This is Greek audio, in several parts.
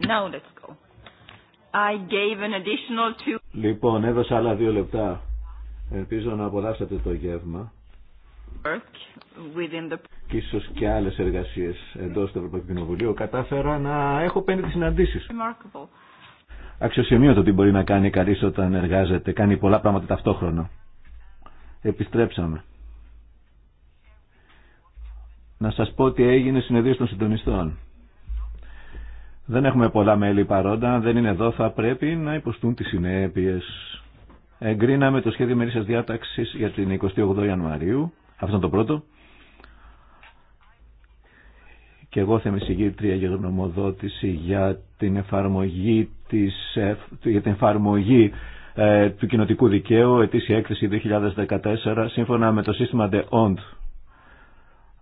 Now let's go. Λοιπόν, έδωσα άλλα δύο λεπτά. Ελπίζω να απολαύσατε το γεύμα. Work Και ίσως και άλλες εργασίες εντός του Ευρωπαϊκού Κοινοβουλίου κατάφερα να έχω πέντε συναντήσεις. Remarkable. Αξιοσημείωτο τι μπορεί να κάνει κανεί όταν εργάζεται. Κάνει πολλά πράγματα ταυτόχρονα. Επιστρέψαμε. Να σας πω τι έγινε συνεδρίες των συντονιστών. Δεν έχουμε πολλά μέλη παρόντα. δεν είναι εδώ θα πρέπει να υποστούν τις συνέπειες. Εγκρίναμε το σχέδιο μερίσας διάταξης για την 28 Ιανουαρίου. Αυτό είναι το πρώτο. Και εγώ θα είμαι συγκήτρια για γνωμοδότηση για την εφαρμογή, της, για την εφαρμογή ε, του κοινοτικού δικαίου, ετήσια έκθεση 2014, σύμφωνα με το σύστημα DEONT.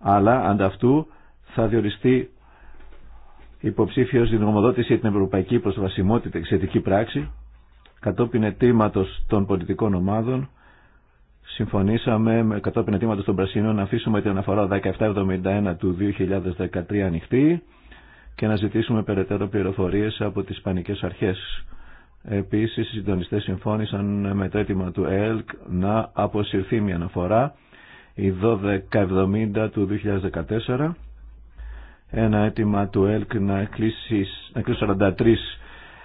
Αλλά ανταυτού θα διοριστεί υποψήφιο την για την ευρωπαϊκή προσβασιμότητα εξαιρετική πράξη, κατόπιν αιτήματο των πολιτικών ομάδων, συμφωνήσαμε με κατόπιν αιτήματο των Πρασίνων να αφήσουμε την αναφορά 1771 του 2013 ανοιχτή και να ζητήσουμε περαιτέρω πληροφορίε από τι Ισπανικέ Αρχέ. Επίση, οι συντονιστέ συμφώνησαν με το αίτημα του ΕΛΚ να αποσυρθεί μια αναφορά η 1270 του 2014 ένα αίτημα του ΕΛΚ να κλείσει, να 43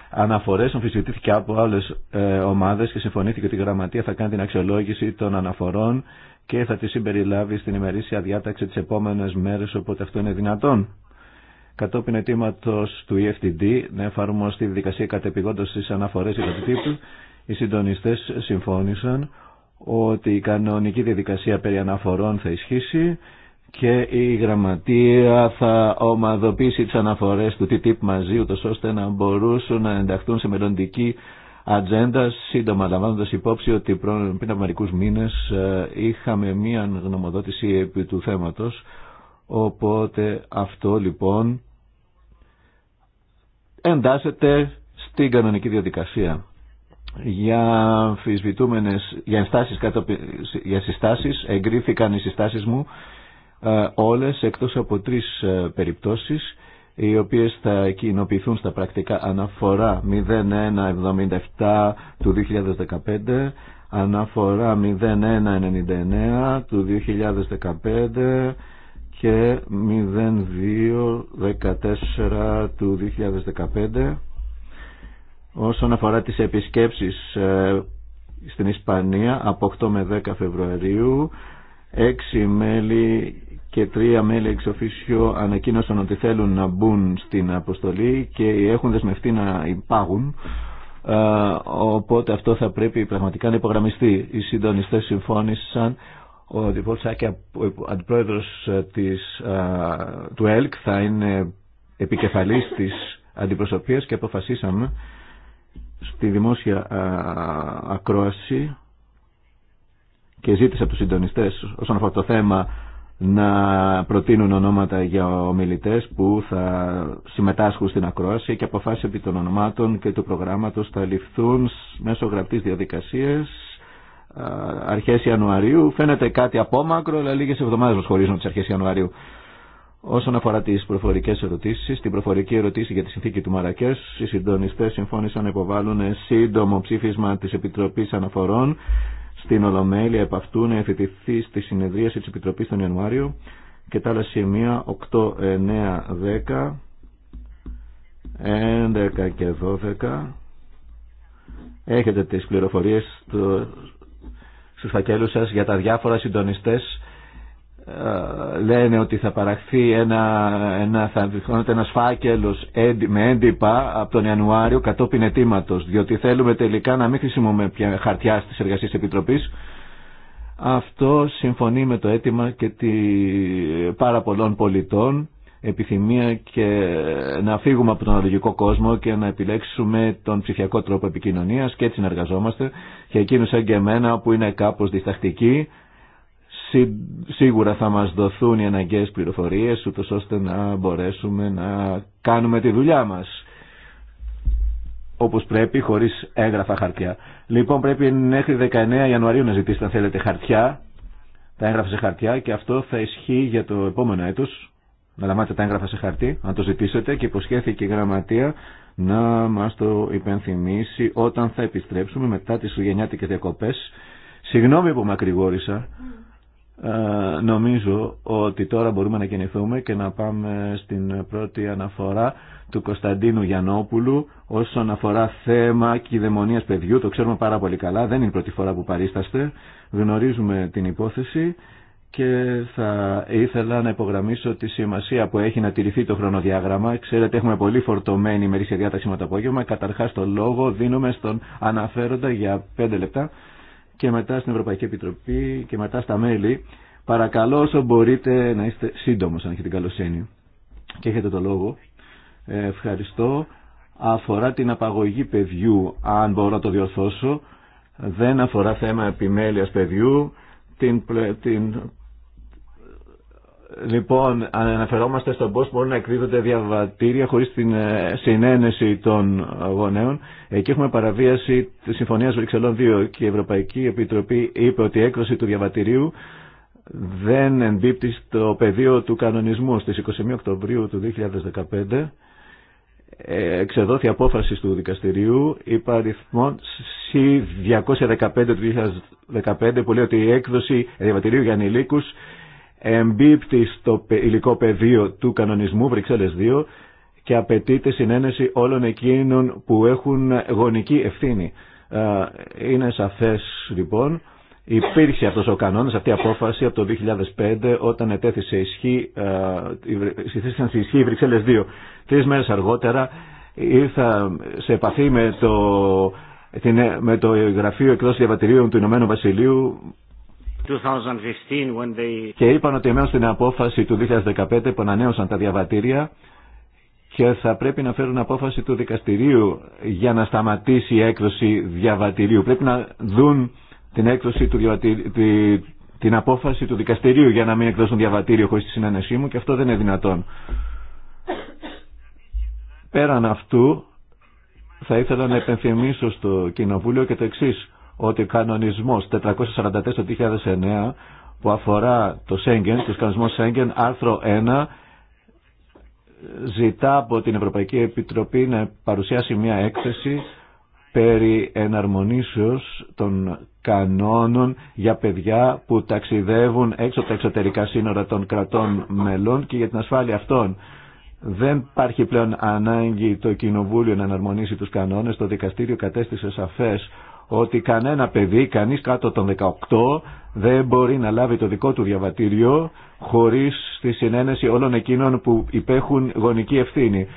αναφορές αμφισβητήθηκε από άλλες ε, ομάδες και συμφωνήθηκε ότι η Γραμματεία θα κάνει την αξιολόγηση των αναφορών και θα τη συμπεριλάβει στην ημερήσια διάταξη τις επόμενες μέρες οπότε αυτό είναι δυνατόν. Κατόπιν αιτήματο του EFTD να εφαρμοστεί τη δικασία κατεπηγόντως στις αναφορές τυπου οι συντονιστές συμφώνησαν ότι η κανονική διαδικασία περί αναφορών θα ισχύσει και η γραμματεία θα ομαδοποιήσει τις αναφορές του TTIP μαζί ούτως ώστε να μπορούσαν να ενταχθούν σε μελλοντική ατζέντα σύντομα λαμβάνοντας υπόψη ότι πριν από μερικούς μήνες ε, είχαμε μία γνωμοδότηση επί του θέματος οπότε αυτό λοιπόν εντάσσεται στην κανονική διαδικασία για, για, για συστάσεις εγκρίθηκαν οι συστάσεις μου ε, όλες εκτός από τρεις ε, περιπτώσεις οι οποίες θα κοινοποιηθούν στα πρακτικά αναφορά 0177 του 2015 αναφορά 0199 του 2015 και 0214 του 2015 όσον αφορά τις επισκέψεις ε, στην Ισπανία από 8 με 10 Φεβρουαρίου έξι μέλη και τρία μέλη εξ ανακοίνωσαν ότι θέλουν να μπουν στην αποστολή και έχουν δεσμευτεί να υπάγουν. Ε, οπότε αυτό θα πρέπει πραγματικά να υπογραμμιστεί. Οι συντονιστέ συμφώνησαν ότι ο αντιπρόεδρος ε, της, ε, του ΕΛΚ, θα είναι επικεφαλής της αντιπροσωπείας και αποφασίσαμε στη δημόσια ακρόαση και ζήτησα από τους συντονιστές όσον αφορά το θέμα να προτείνουν ονόματα για ομιλητές που θα συμμετάσχουν στην ακρόαση και αποφάσει επί των ονομάτων και του προγράμματος θα ληφθούν μέσω γραπτής διαδικασία, αρχές Ιανουαρίου. Φαίνεται κάτι απόμακρο, αλλά λίγες εβδομάδες μας χωρίζουν τις αρχές Ιανουαρίου. Όσον αφορά τι προφορικέ ερωτήσει, την προφορική ερωτήση για τη συνθήκη του Μαρακέ, οι συντονιστέ συμφώνησαν να υποβάλουν σύντομο ψήφισμα τη Επιτροπή Αναφορών στην Ολομέλεια επ' αυτού να εφητηθεί στη συνεδρίαση της Επιτροπής τον Ιανουάριο και τα άλλα σημεία 8, 9, 10, 11 και 12. Έχετε τις πληροφορίες στους φακέλους σας για τα διάφορα συντονιστές ε, λένε ότι θα παραχθεί ένα, ένα, θα ένας φάκελος με έντυπα από τον Ιανουάριο κατόπιν ετήματο, διότι θέλουμε τελικά να μην χρησιμοποιούμε πια χαρτιά στις εργασίες τη Επιτροπής αυτό συμφωνεί με το αίτημα και τη πάρα πολλών πολιτών επιθυμία και να φύγουμε από τον αναλογικό κόσμο και να επιλέξουμε τον ψηφιακό τρόπο επικοινωνίας και έτσι εργαζόμαστε και εκείνους σαν και εμένα που είναι κάπως διστακτικοί σίγουρα θα μας δοθούν οι αναγκαίες πληροφορίες ούτως ώστε να μπορέσουμε να κάνουμε τη δουλειά μας όπως πρέπει χωρίς έγγραφα χαρτιά. Λοιπόν πρέπει μέχρι 19 Ιανουαρίου να ζητήσετε αν θέλετε χαρτιά, τα έγγραφα σε χαρτιά και αυτό θα ισχύει για το επόμενο έτος. Να λαμβάνετε τα έγγραφα σε χαρτί, αν το ζητήσετε και υποσχέθηκε η γραμματεία να μας το υπενθυμίσει όταν θα επιστρέψουμε μετά τις γενιάτικες διακοπές. Συγγνώμη που μακρηγόρησα. Ε, νομίζω ότι τώρα μπορούμε να κινηθούμε και να πάμε στην πρώτη αναφορά του Κωνσταντίνου Γιανόπουλου όσον αφορά θέμα κυδαιμονίας παιδιού. Το ξέρουμε πάρα πολύ καλά, δεν είναι η πρώτη φορά που παρίσταστε. Γνωρίζουμε την υπόθεση και θα ήθελα να υπογραμμίσω τη σημασία που έχει να τηρηθεί το χρονοδιάγραμμα. Ξέρετε, έχουμε πολύ φορτωμένη ημερήσια διάταξη με το απόγευμα. Καταρχάς το λόγο δίνουμε στον αναφέροντα για πέντε λεπτά και μετά στην Ευρωπαϊκή Επιτροπή και μετά στα μέλη. Παρακαλώ όσο μπορείτε να είστε σύντομος αν έχετε την καλοσύνη. Και έχετε το λόγο. Ε, ευχαριστώ. Αφορά την απαγωγή παιδιού, αν μπορώ να το διορθώσω. Δεν αφορά θέμα επιμέλειας παιδιού. Την, την Λοιπόν, αν αναφερόμαστε στον πώ μπορούν να εκδίδονται διαβατήρια χωρί την ε, συνένεση των γονέων. Εκεί έχουμε παραβίαση της Συμφωνίας Βρυξελών 2 και η Ευρωπαϊκή Επιτροπή είπε ότι η έκδοση του διαβατηρίου δεν εμπίπτει στο πεδίο του κανονισμού. στι 21 Οκτωβρίου του 2015 ε, εξεδόθη απόφαση του δικαστηρίου υπαριθμών C215 του 2015 που λέει ότι η έκδοση διαβατηρίου για ανηλίκους εμπίπτει στο υλικό πεδίο του κανονισμού Βρυξέλλες 2 και απαιτείται συνένεση όλων εκείνων που έχουν γονική ευθύνη. Ε, είναι σαφές λοιπόν, υπήρχε αυτός ο κανόνας, αυτή η απόφαση από το 2005 όταν ετέθησε ισχύ, ε, σε ισχύ η Βρυξέλλες 2. Τρεις μέρες αργότερα ήρθα σε επαφή με το, γραφείο Εκτό διαβατηρίων του Ηνωμένου Βασιλείου και είπαν ότι εμένα στην απόφαση του 2015 που ανανέωσαν τα διαβατήρια και θα πρέπει να φέρουν απόφαση του δικαστηρίου για να σταματήσει η έκδοση διαβατηρίου. Πρέπει να δουν την έκδοση του διαβατηρίου, την απόφαση του δικαστηρίου για να μην εκδώσουν διαβατήριο χωρίς τη συνένεσή μου και αυτό δεν είναι δυνατόν. Πέραν αυτού θα ήθελα να επενθυμίσω στο Κοινοβούλιο και το εξής ότι ο κανονισμός 444 2009 που αφορά το Σέγγεν, το κανονισμούς Σέγγεν, άρθρο 1, ζητά από την Ευρωπαϊκή Επιτροπή να παρουσιάσει μια έκθεση περί εναρμονίσεως των κανόνων για παιδιά που ταξιδεύουν έξω από τα εξωτερικά σύνορα των κρατών μελών και για την ασφάλεια αυτών. Δεν υπάρχει πλέον ανάγκη το Κοινοβούλιο να εναρμονίσει τους κανόνες. Το Δικαστήριο κατέστησε σαφές ότι κανένα παιδί, κανείς κάτω των 18 δεν μπορεί να λάβει το δικό του διαβατήριο χωρίς τη συνένεση όλων εκείνων που υπέχουν γονική ευθύνη.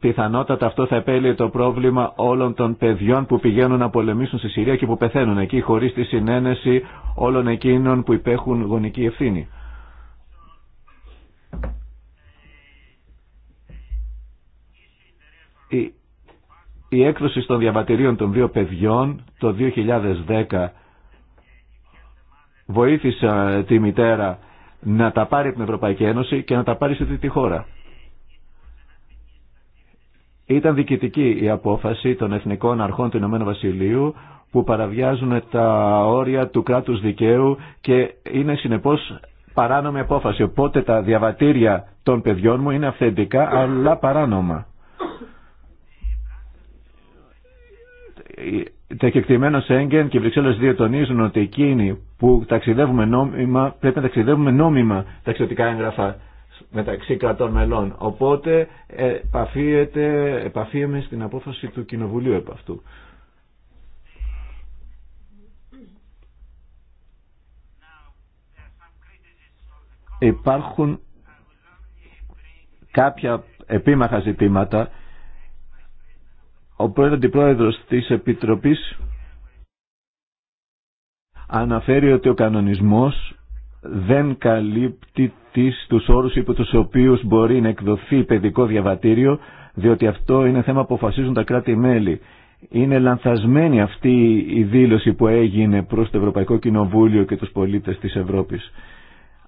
Πιθανότατα αυτό θα επέλυε το πρόβλημα όλων των παιδιών που πηγαίνουν να πολεμήσουν στη Συρία και που πεθαίνουν εκεί χωρίς τη συνένεση όλων εκείνων που υπέχουν γονική ευθύνη η έκδοση των διαβατηρίων των δύο παιδιών το 2010 βοήθησε ε, τη μητέρα να τα πάρει από την Ευρωπαϊκή Ένωση και να τα πάρει σε τρίτη χώρα. Ήταν διοικητική η απόφαση των Εθνικών Αρχών του Ηνωμένου Βασιλείου που παραβιάζουν τα όρια του κράτους δικαίου και είναι συνεπώς παράνομη απόφαση. Οπότε τα διαβατήρια των παιδιών μου είναι αυθεντικά αλλά παράνομα. τα κεκτημένα Σέγγεν και Βρυξέλλες διετονίζουν τονίζουν ότι εκείνοι που ταξιδεύουμε νόμιμα πρέπει να ταξιδεύουμε νόμιμα εξωτικά έγγραφα μεταξύ κρατών μελών. Οπότε επαφίεται, στην απόφαση του Κοινοβουλίου επ' αυτού. Υπάρχουν κάποια επίμαχα ζητήματα ο πρώην αντιπρόεδρος της Επιτροπής αναφέρει ότι ο κανονισμός δεν καλύπτει τις, τους όρους υπό τους οποίους μπορεί να εκδοθεί παιδικό διαβατήριο, διότι αυτό είναι θέμα που αποφασίζουν τα κράτη-μέλη. Είναι λανθασμένη αυτή η δήλωση που έγινε προς το Ευρωπαϊκό Κοινοβούλιο και τους πολίτες της Ευρώπης.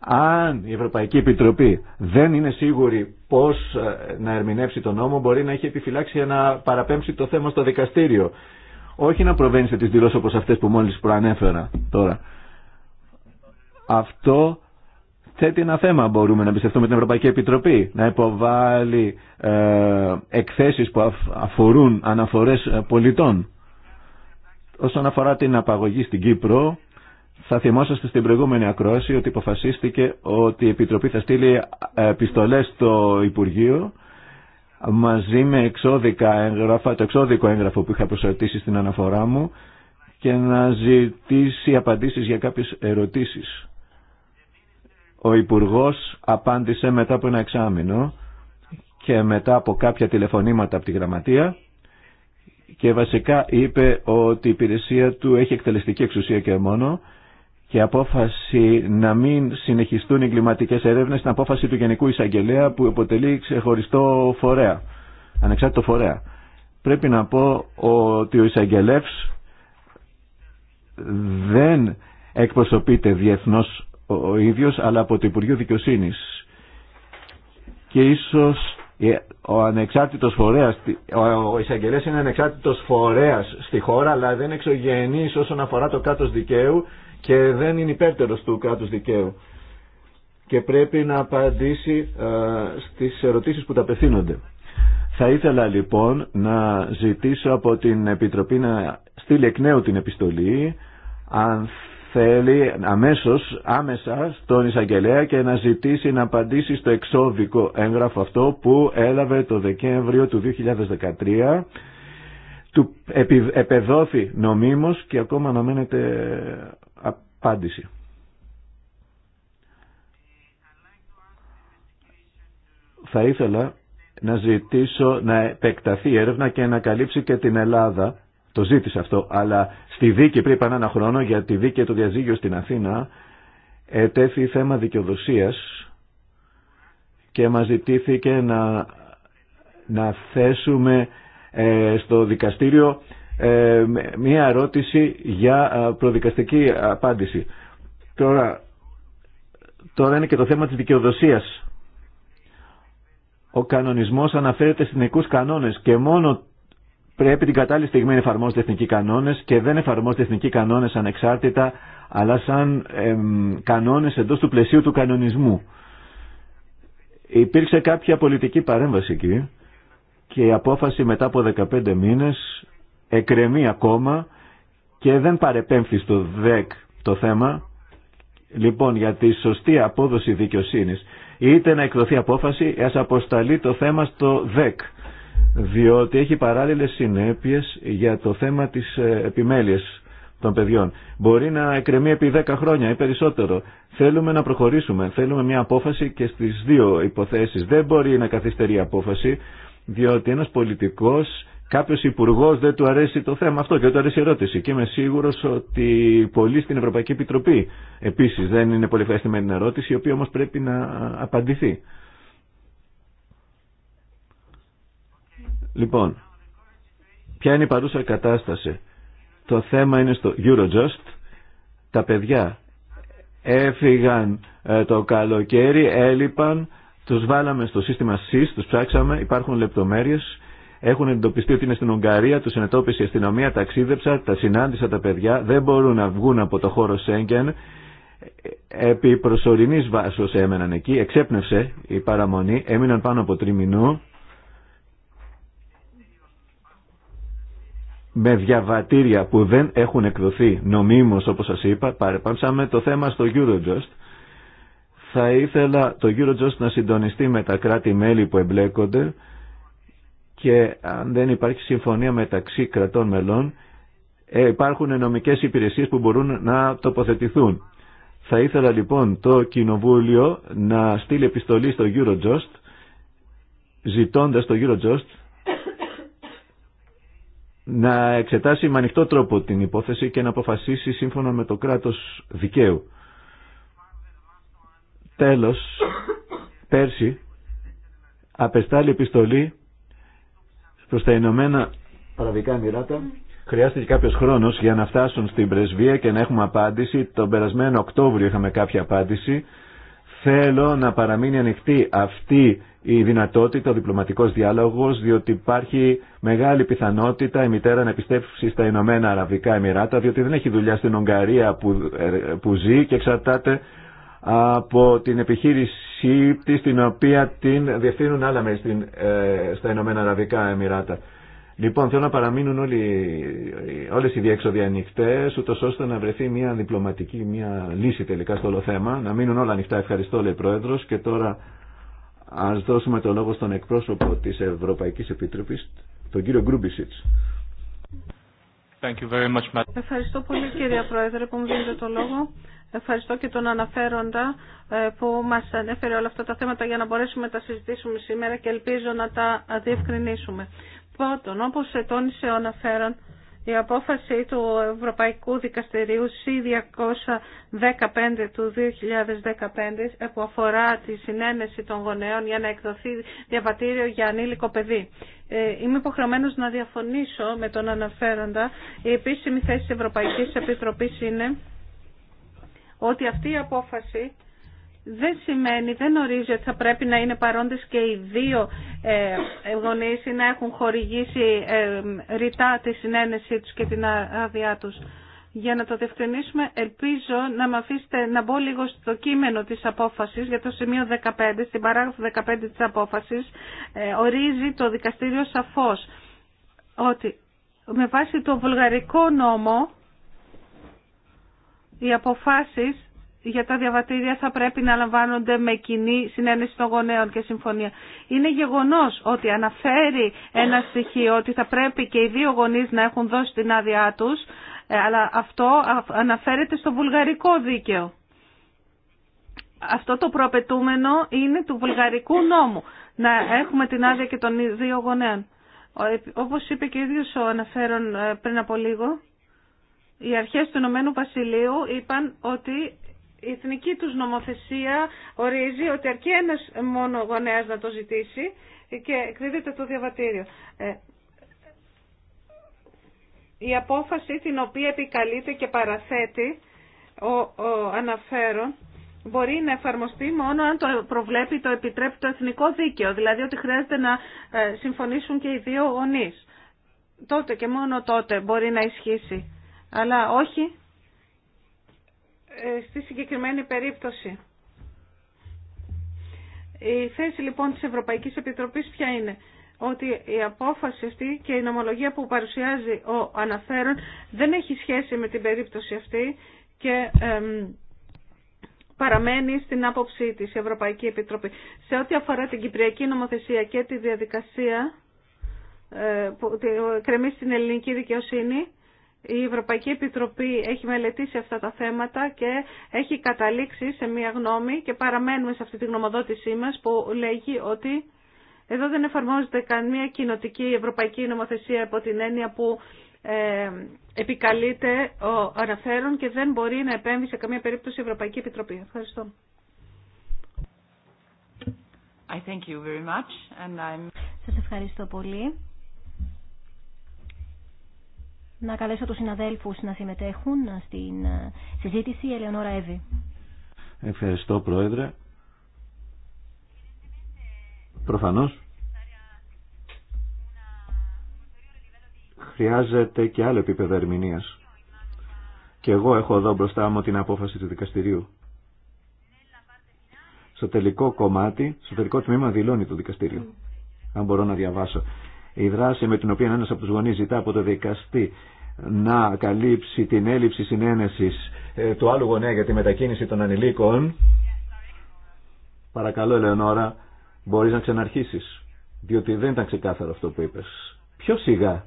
Αν η Ευρωπαϊκή Επιτροπή δεν είναι σίγουρη πώς ε, να ερμηνεύσει τον νόμο, μπορεί να έχει επιφυλάξει να παραπέμψει το θέμα στο δικαστήριο. Όχι να προβαίνει σε τις δηλώσεις όπως αυτές που μόλις προανέφερα τώρα. Αυτό θέτει ένα θέμα. Μπορούμε να εμπιστευτούμε την Ευρωπαϊκή Επιτροπή να υποβάλει ε, εκθέσεις που αφορούν αναφορές ε, πολιτών. Όσον αφορά την απαγωγή στην Κύπρο, θα θυμόσαστε στην προηγούμενη ακρόαση ότι υποφασίστηκε ότι η Επιτροπή θα στείλει ε, επιστολέ στο Υπουργείο μαζί με εξώδικα έγγραφα, το εξώδικο έγγραφο που είχα προσαρτήσει στην αναφορά μου και να ζητήσει απαντήσεις για κάποιες ερωτήσεις. Ο Υπουργός απάντησε μετά από ένα εξάμεινο και μετά από κάποια τηλεφωνήματα από τη Γραμματεία και βασικά είπε ότι η υπηρεσία του έχει εκτελεστική εξουσία και μόνο και απόφαση να μην συνεχιστούν οι κλιματικές έρευνες στην απόφαση του Γενικού Εισαγγελέα που αποτελεί ξεχωριστό φορέα, ανεξάρτητο φορέα. Πρέπει να πω ότι ο Ισαγγελέας δεν εκπροσωπείται διεθνώς ο ίδιος αλλά από το Υπουργείο Δικαιοσύνης και ίσως ο ανεξάρτητος φορέας, ο Ισαγγελέας είναι ανεξάρτητος φορέας στη χώρα αλλά δεν εξωγενής όσον αφορά το κάτω δικαίου και δεν είναι υπέρτερος του κράτους δικαίου και πρέπει να απαντήσει ε, στις ερωτήσεις που τα απευθύνονται. Θα ήθελα λοιπόν να ζητήσω από την Επιτροπή να στείλει εκ νέου την επιστολή αν θέλει αμέσως, άμεσα στον Ισαγγελέα και να ζητήσει να απαντήσει στο εξώδικο έγγραφο αυτό που έλαβε το Δεκέμβριο του 2013 του επεδόθη νομίμως και ακόμα αναμένεται απάντηση. Θα ήθελα να ζητήσω να επεκταθεί η έρευνα και να καλύψει και την Ελλάδα. Το ζήτησα αυτό, αλλά στη δίκη πριν πάνω ένα χρόνο για τη δίκη του διαζύγιο στην Αθήνα ετέθη θέμα δικαιοδοσίας και μας ζητήθηκε να, να θέσουμε ε, στο δικαστήριο ε, μία ερώτηση για ε, προδικαστική απάντηση. Τώρα, τώρα είναι και το θέμα της δικαιοδοσίας. Ο κανονισμός αναφέρεται στις εθνικούς κανόνες και μόνο πρέπει την κατάλληλη στιγμή να εφαρμόζεται εθνικοί κανόνες και δεν εφαρμόζεται εθνικοί κανόνες ανεξάρτητα αλλά σαν κανόνες εντός του πλαισίου του κανονισμού. Υπήρξε κάποια πολιτική παρέμβαση εκεί και η απόφαση μετά από 15 μήνες εκρεμεί ακόμα και δεν παρεπέμφθη στο ΔΕΚ το θέμα. Λοιπόν, για τη σωστή απόδοση δικαιοσύνης, είτε να εκδοθεί απόφαση, ας αποσταλεί το θέμα στο ΔΕΚ, διότι έχει παράλληλες συνέπειες για το θέμα της ε, επιμέλειας των παιδιών. Μπορεί να εκκρεμεί επί 10 χρόνια ή περισσότερο. Θέλουμε να προχωρήσουμε. Θέλουμε μια απόφαση και στις δύο υποθέσεις. Δεν μπορεί να καθυστερεί η απόφαση, διότι ένας πολιτικός κάποιο υπουργό δεν του αρέσει το θέμα αυτό και δεν του αρέσει η ερώτηση. Και είμαι σίγουρο ότι πολλοί στην Ευρωπαϊκή Επιτροπή επίση δεν είναι πολύ ευχαριστημένοι την ερώτηση, η οποία όμω πρέπει να απαντηθεί. Λοιπόν, ποια είναι η παρούσα κατάσταση. Το θέμα είναι στο Eurojust. Τα παιδιά έφυγαν ε, το καλοκαίρι, έλειπαν, τους βάλαμε στο σύστημα SIS, τους ψάξαμε, υπάρχουν λεπτομέρειες έχουν εντοπιστεί ότι είναι στην Ουγγαρία, του συνετόπισε η αστυνομία, ταξίδεψα, τα συνάντησα τα παιδιά, δεν μπορούν να βγουν από το χώρο Σέγγεν. Επί προσωρινής βάσης έμεναν εκεί, εξέπνευσε η παραμονή, έμειναν πάνω από τριμηνού. με διαβατήρια που δεν έχουν εκδοθεί νομίμως όπως σας είπα, παρεπάμψαμε το θέμα στο Eurojust. Θα ήθελα το Eurojust να συντονιστεί με τα κράτη-μέλη που εμπλέκονται και αν δεν υπάρχει συμφωνία μεταξύ κρατών μελών ε, υπάρχουν νομικές υπηρεσίες που μπορούν να τοποθετηθούν. Θα ήθελα λοιπόν το Κοινοβούλιο να στείλει επιστολή στο Eurojust ζητώντας το Eurojust να εξετάσει με ανοιχτό τρόπο την υπόθεση και να αποφασίσει σύμφωνα με το κράτος δικαίου. Τέλος, πέρσι απεστάλλει επιστολή προς τα Ηνωμένα Αραβικά Εμμυράτα. Χρειάστηκε κάποιο χρόνο για να φτάσουν στην πρεσβεία και να έχουμε απάντηση. Τον περασμένο Οκτώβριο είχαμε κάποια απάντηση. Θέλω να παραμείνει ανοιχτή αυτή η δυνατότητα, ο διπλωματικό διάλογο, διότι υπάρχει μεγάλη πιθανότητα η μητέρα να επιστρέψει στα Ηνωμένα Αραβικά Εμμυράτα, διότι δεν έχει δουλειά στην Ουγγαρία που, ε, που ζει και εξαρτάται από την επιχείρησή της την οποία την διευθύνουν άλλα μέρη ε, στα Ηνωμένα Αραβικά Εμμυράτα. Λοιπόν, θέλω να παραμείνουν όλοι, όλες οι διέξοδοι ανοιχτέ, ούτω ώστε να βρεθεί μια διπλωματική, μια λύση τελικά στο όλο θέμα. Να μείνουν όλα ανοιχτά. Ευχαριστώ, λέει Πρόεδρο Και τώρα α δώσουμε το λόγο στον εκπρόσωπο τη Ευρωπαϊκή Επίτροπή, τον κύριο Γκρούμπισιτ. Ευχαριστώ πολύ, κύριε Πρόεδρε, που μου δίνετε το λόγο. Ευχαριστώ και τον αναφέροντα ε, που μας ανέφερε όλα αυτά τα θέματα για να μπορέσουμε να τα συζητήσουμε σήμερα και ελπίζω να τα διευκρινίσουμε. Πρώτον, όπως τόνισε ο αναφέρον, η απόφαση του Ευρωπαϊκού Δικαστηρίου C215 του 2015 ε, που αφορά τη συνένεση των γονέων για να εκδοθεί διαβατήριο για ανήλικο παιδί. Ε, είμαι υποχρεωμένος να διαφωνήσω με τον αναφέροντα. Η επίσημη θέση της Ευρωπαϊκής Επιτροπής είναι ότι αυτή η απόφαση δεν σημαίνει, δεν ορίζει ότι θα πρέπει να είναι παρόντες και οι δύο ε, γονείς ή να έχουν χορηγήσει ε, ρητά τη συνένεσή τους και την άδειά τους. Για να το διευκρινίσουμε, ελπίζω να με να μπω λίγο στο κείμενο της απόφασης, για το σημείο 15, στην παράγραφο 15 της απόφασης, ε, ορίζει το δικαστήριο σαφώς ότι με βάση το βουλγαρικό νόμο οι αποφάσεις για τα διαβατήρια θα πρέπει να λαμβάνονται με κοινή συνένεση των γονέων και συμφωνία. Είναι γεγονός ότι αναφέρει ένα στοιχείο ότι θα πρέπει και οι δύο γονείς να έχουν δώσει την άδειά τους, ε, αλλά αυτό αναφέρεται στο βουλγαρικό δίκαιο. Αυτό το προπετούμενο είναι του βουλγαρικού νόμου, να έχουμε την άδεια και των δύο γονέων. Όπως είπε και ο ίδιος ο αναφέρον ε, πριν από λίγο, οι αρχές του Ηνωμένου Βασιλείου είπαν ότι η εθνική τους νομοθεσία ορίζει ότι αρκεί ένας μόνο γονέας να το ζητήσει και εκδίδεται το διαβατήριο. Ε, η απόφαση την οποία επικαλείται και παραθέτει ο, ο αναφέρον μπορεί να εφαρμοστεί μόνο αν το προβλέπει, το επιτρέπει το εθνικό δίκαιο, δηλαδή ότι χρειάζεται να ε, συμφωνήσουν και οι δύο γονείς. Τότε και μόνο τότε μπορεί να ισχύσει αλλά όχι ε, στη συγκεκριμένη περίπτωση. Η θέση λοιπόν της Ευρωπαϊκής Επιτροπής ποια είναι ότι η απόφαση αυτή και η νομολογία που παρουσιάζει ο αναφέρον δεν έχει σχέση με την περίπτωση αυτή και παραμένει στην άποψή της Ευρωπαϊκή Επιτροπή. Σε ό,τι αφορά την Κυπριακή νομοθεσία και τη διαδικασία ε, που κρεμεί στην ελληνική δικαιοσύνη, η Ευρωπαϊκή Επιτροπή έχει μελετήσει αυτά τα θέματα και έχει καταλήξει σε μία γνώμη και παραμένουμε σε αυτή τη γνωμοδότησή μας που λέγει ότι εδώ δεν εφαρμόζεται καμία κοινοτική ευρωπαϊκή νομοθεσία από την έννοια που ε, επικαλείται ο αναφέρον και δεν μπορεί να επέμβει σε καμία περίπτωση η Ευρωπαϊκή Επιτροπή. Ευχαριστώ. I thank you very much and I'm... Σας ευχαριστώ πολύ να καλέσω τους συναδέλφους να συμμετέχουν στην ε, συζήτηση. Ελεονόρα Εύη. Ευχαριστώ Πρόεδρε. Προφανώς χρειάζεται και άλλο επίπεδο ερμηνεία. Και εγώ έχω εδώ μπροστά μου την απόφαση του δικαστηρίου. Στο τελικό κομμάτι, στο τελικό τμήμα δηλώνει το δικαστήριο. Αν μπορώ να διαβάσω. Η δράση με την οποία ένας από τους γονείς ζητά από το δικαστή να καλύψει την έλλειψη συνένεσης ε, του άλλου γονέα για τη μετακίνηση των ανηλίκων. Παρακαλώ, Ελεονόρα, μπορείς να ξαναρχίσεις, διότι δεν ήταν ξεκάθαρο αυτό που είπες. Πιο σιγά.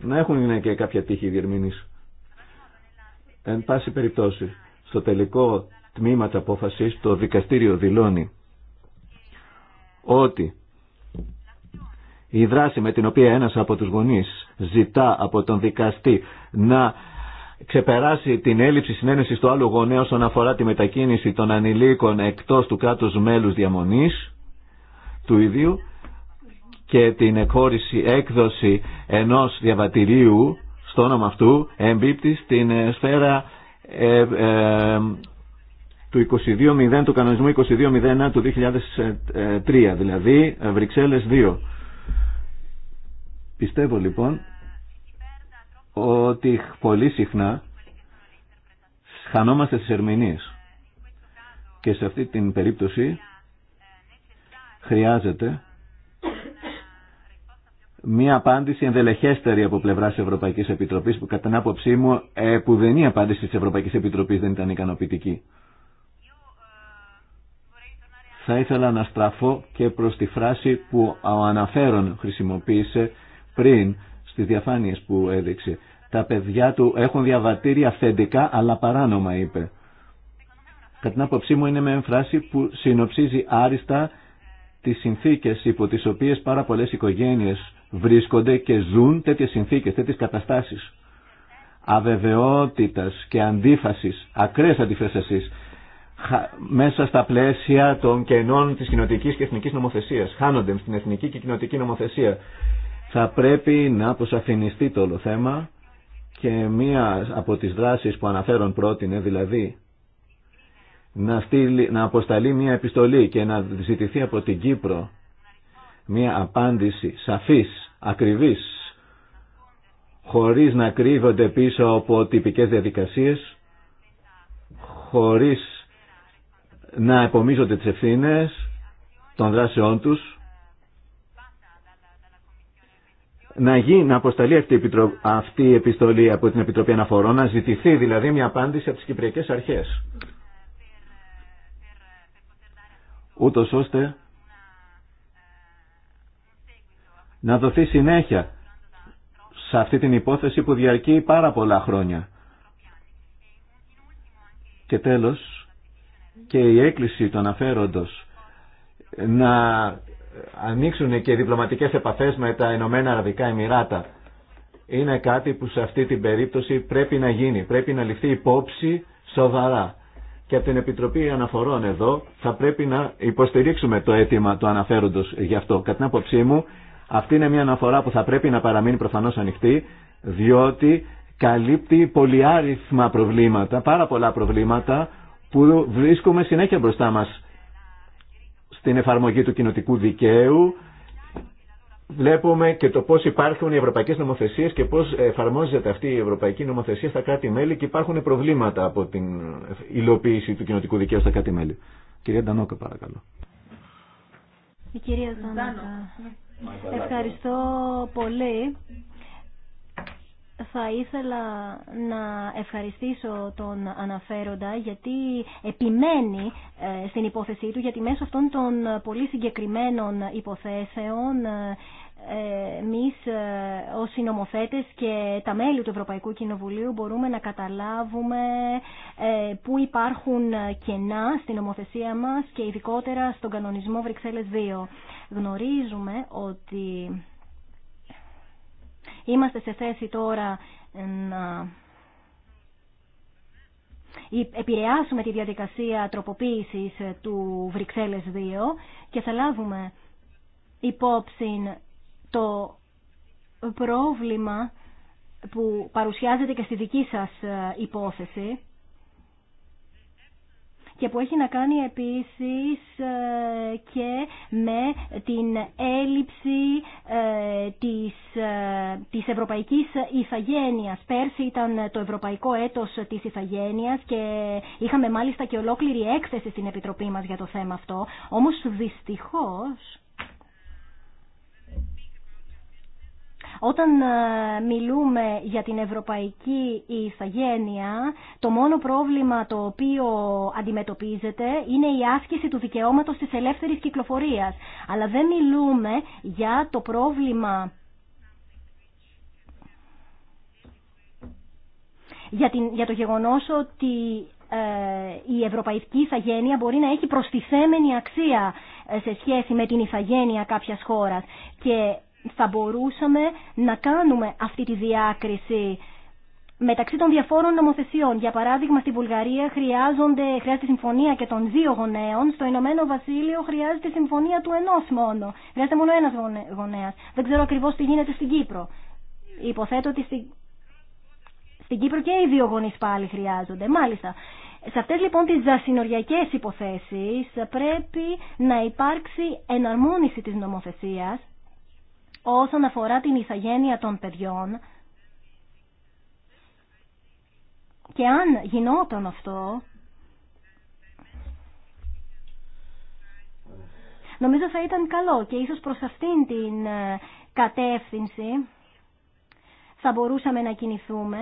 Να έχουν και κάποια τύχη διερμηνής. Εν πάση περιπτώσει, στο τελικό τμήμα της απόφασης το δικαστήριο δηλώνει ότι η δράση με την οποία ένας από τους γονείς ζητά από τον δικαστή να ξεπεράσει την έλλειψη συνένεση του άλλου γονέα όσον αφορά τη μετακίνηση των ανηλίκων εκτός του κράτους μέλους διαμονής του ιδίου και την εκχώρηση έκδοση ενός διαβατηρίου στο όνομα αυτού εμπίπτει στην ε, σφαίρα ε, ε, του 22.0 του κανονισμού 22.01 του 2003 δηλαδή Βρυξέλλες 2 Πιστεύω λοιπόν ότι πολύ συχνά χανόμαστε στις ερμηνείες και σε αυτή την περίπτωση χρειάζεται μία απάντηση ενδελεχέστερη από πλευρά τη Ευρωπαϊκή Επιτροπή, που κατά την άποψή μου ε, που δεν η απάντηση τη Ευρωπαϊκή Επιτροπή δεν ήταν ικανοποιητική. Θα ήθελα να στραφώ και προς τη φράση που ο αναφέρον χρησιμοποίησε πριν στις διαφάνειες που έδειξε. Τα παιδιά του έχουν διαβατήρια αυθεντικά αλλά παράνομα είπε. Κατά την άποψή μου είναι με εμφράση που συνοψίζει άριστα τις συνθήκες υπό τις οποίες πάρα πολλές οικογένειες βρίσκονται και ζουν τέτοιες συνθήκες, τέτοιες καταστάσεις αβεβαιότητας και αντίφασης, ακραίες αντιφέστασης μέσα στα πλαίσια των κενών της κοινοτικής και εθνικής νομοθεσίας. Χάνονται στην εθνική και κοινοτική νομοθεσία. Θα πρέπει να αποσαφινιστεί το όλο θέμα και μία από τις δράσεις που αναφέρον πρότεινε, δηλαδή να, να αποσταλεί μία επιστολή και να ζητηθεί από την Κύπρο μία απάντηση σαφής, ακριβής, χωρίς να κρύβονται πίσω από τυπικές διαδικασίες, χωρίς να επομίζονται τις ευθύνες των δράσεών τους, να γίνει, να αποσταλεί αυτή η, επιστολή από την Επιτροπή Αναφορών, να ζητηθεί δηλαδή μια απάντηση από τις Κυπριακές Αρχές. Ούτως ώστε να δοθεί συνέχεια σε αυτή την υπόθεση που διαρκεί πάρα πολλά χρόνια. Και τέλος, και η έκκληση των αφέροντος να ανοίξουν και διπλωματικές επαφές με τα Ηνωμένα Αραβικά Εμμυράτα. Είναι κάτι που σε αυτή την περίπτωση πρέπει να γίνει, πρέπει να ληφθεί υπόψη σοβαρά. Και από την Επιτροπή Αναφορών εδώ θα πρέπει να υποστηρίξουμε το αίτημα του αναφέροντος γι' αυτό. Κατά την άποψή μου αυτή είναι μια αναφορά που θα πρέπει να παραμείνει προφανώς ανοιχτή διότι καλύπτει πολυάριθμα προβλήματα, πάρα πολλά προβλήματα που βρίσκουμε συνέχεια μπροστά μας στην εφαρμογή του κοινοτικού δικαίου. Βλέπουμε και το πώς υπάρχουν οι ευρωπαϊκές νομοθεσίες και πώς εφαρμόζεται αυτή η ευρωπαϊκή νομοθεσία στα κράτη-μέλη και υπάρχουν προβλήματα από την υλοποίηση του κοινοτικού δικαίου στα κράτη-μέλη. Κυρία Ντανόκα, παρακαλώ. κυρία Ντανόκα. Ευχαριστώ πολύ θα ήθελα να ευχαριστήσω τον αναφέροντα γιατί επιμένει ε, στην υπόθεσή του γιατί μέσω αυτών των πολύ συγκεκριμένων υποθέσεων ε, εμεί ε, ω συνομοθέτες και τα μέλη του Ευρωπαϊκού Κοινοβουλίου μπορούμε να καταλάβουμε πού υπάρχουν κενά στην νομοθεσία μας και ειδικότερα στον κανονισμό Βρυξέλλες 2. Γνωρίζουμε ότι Είμαστε σε θέση τώρα ε, να επηρεάσουμε τη διαδικασία τροποποίησης ε, του Βρυξέλλες 2 και θα λάβουμε υπόψη το πρόβλημα που παρουσιάζεται και στη δική σας ε, υπόθεση και που έχει να κάνει επίσης ε, και με την έλλειψη ε, της, ε, της ευρωπαϊκής ηθαγένειας. Πέρσι ήταν το ευρωπαϊκό έτος της ηθαγένειας και είχαμε μάλιστα και ολόκληρη έκθεση στην Επιτροπή μας για το θέμα αυτό. Όμως δυστυχώς Όταν ε, μιλούμε για την ευρωπαϊκή ηθαγένεια, το μόνο πρόβλημα το οποίο αντιμετωπίζεται είναι η άσκηση του δικαιώματος της ελεύθερης κυκλοφορίας. Αλλά δεν μιλούμε για το πρόβλημα για, την, για το γεγονός ότι ε, η ευρωπαϊκή ηθαγένεια μπορεί να έχει προστιθέμενη αξία ε, σε σχέση με την ηθαγένεια κάποιας χώρας. Και θα μπορούσαμε να κάνουμε αυτή τη διάκριση μεταξύ των διαφόρων νομοθεσιών. Για παράδειγμα, στη Βουλγαρία χρειάζονται, χρειάζεται συμφωνία και των δύο γονέων. Στο Ηνωμένο Βασίλειο χρειάζεται συμφωνία του ενό μόνο. Χρειάζεται μόνο ένα γονέα. Δεν ξέρω ακριβώ τι γίνεται στην Κύπρο. Υποθέτω ότι στην... στην Κύπρο και οι δύο γονεί πάλι χρειάζονται. Μάλιστα. Σε αυτέ λοιπόν τις δασυνοριακέ υποθέσεις πρέπει να υπάρξει εναρμόνιση τη νομοθεσία όσον αφορά την ηθαγένεια των παιδιών και αν γινόταν αυτό νομίζω θα ήταν καλό και ίσως προς αυτήν την ε, κατεύθυνση θα μπορούσαμε να κινηθούμε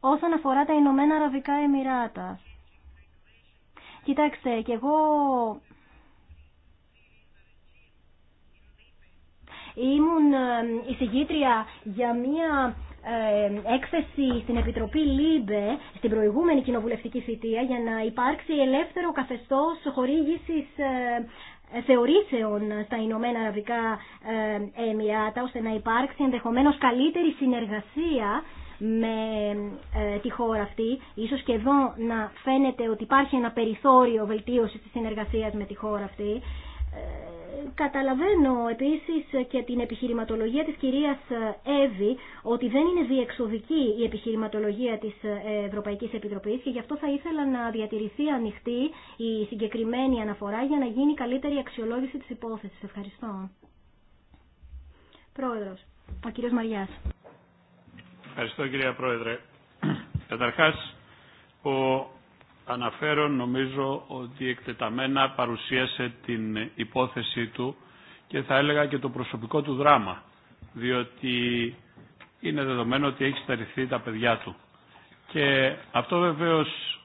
όσον αφορά τα Ηνωμένα Αραβικά Εμμυράτα. Κοιτάξτε, και εγώ Ήμουν ε, εισηγήτρια για μία ε, έκθεση στην Επιτροπή ΛΥΜΠΕ στην προηγούμενη κοινοβουλευτική θητεία για να υπάρξει ελεύθερο καθεστώς χορήγησης ε, θεωρήσεων στα Ηνωμένα Αραβικά Εμμυράτα ώστε να υπάρξει ενδεχομένως καλύτερη συνεργασία με τη χώρα αυτή. Ίσως και εδώ να φαίνεται ότι υπάρχει ένα περιθώριο βελτίωσης της συνεργασίας με τη χώρα αυτή. Ε, καταλαβαίνω επίσης και την επιχειρηματολογία της κυρίας Εύη ότι δεν είναι διεξοδική η επιχειρηματολογία της Ευρωπαϊκής Επιτροπής και γι' αυτό θα ήθελα να διατηρηθεί ανοιχτή η συγκεκριμένη αναφορά για να γίνει καλύτερη αξιολόγηση της υπόθεσης. Ευχαριστώ. Πρόεδρος, ο κύριος Μαριάς. Ευχαριστώ κυρία Πρόεδρε. Καταρχάς, ο αναφέρον νομίζω ότι εκτεταμένα παρουσίασε την υπόθεσή του και θα έλεγα και το προσωπικό του δράμα, διότι είναι δεδομένο ότι έχει στερηθεί τα παιδιά του. Και αυτό βεβαίως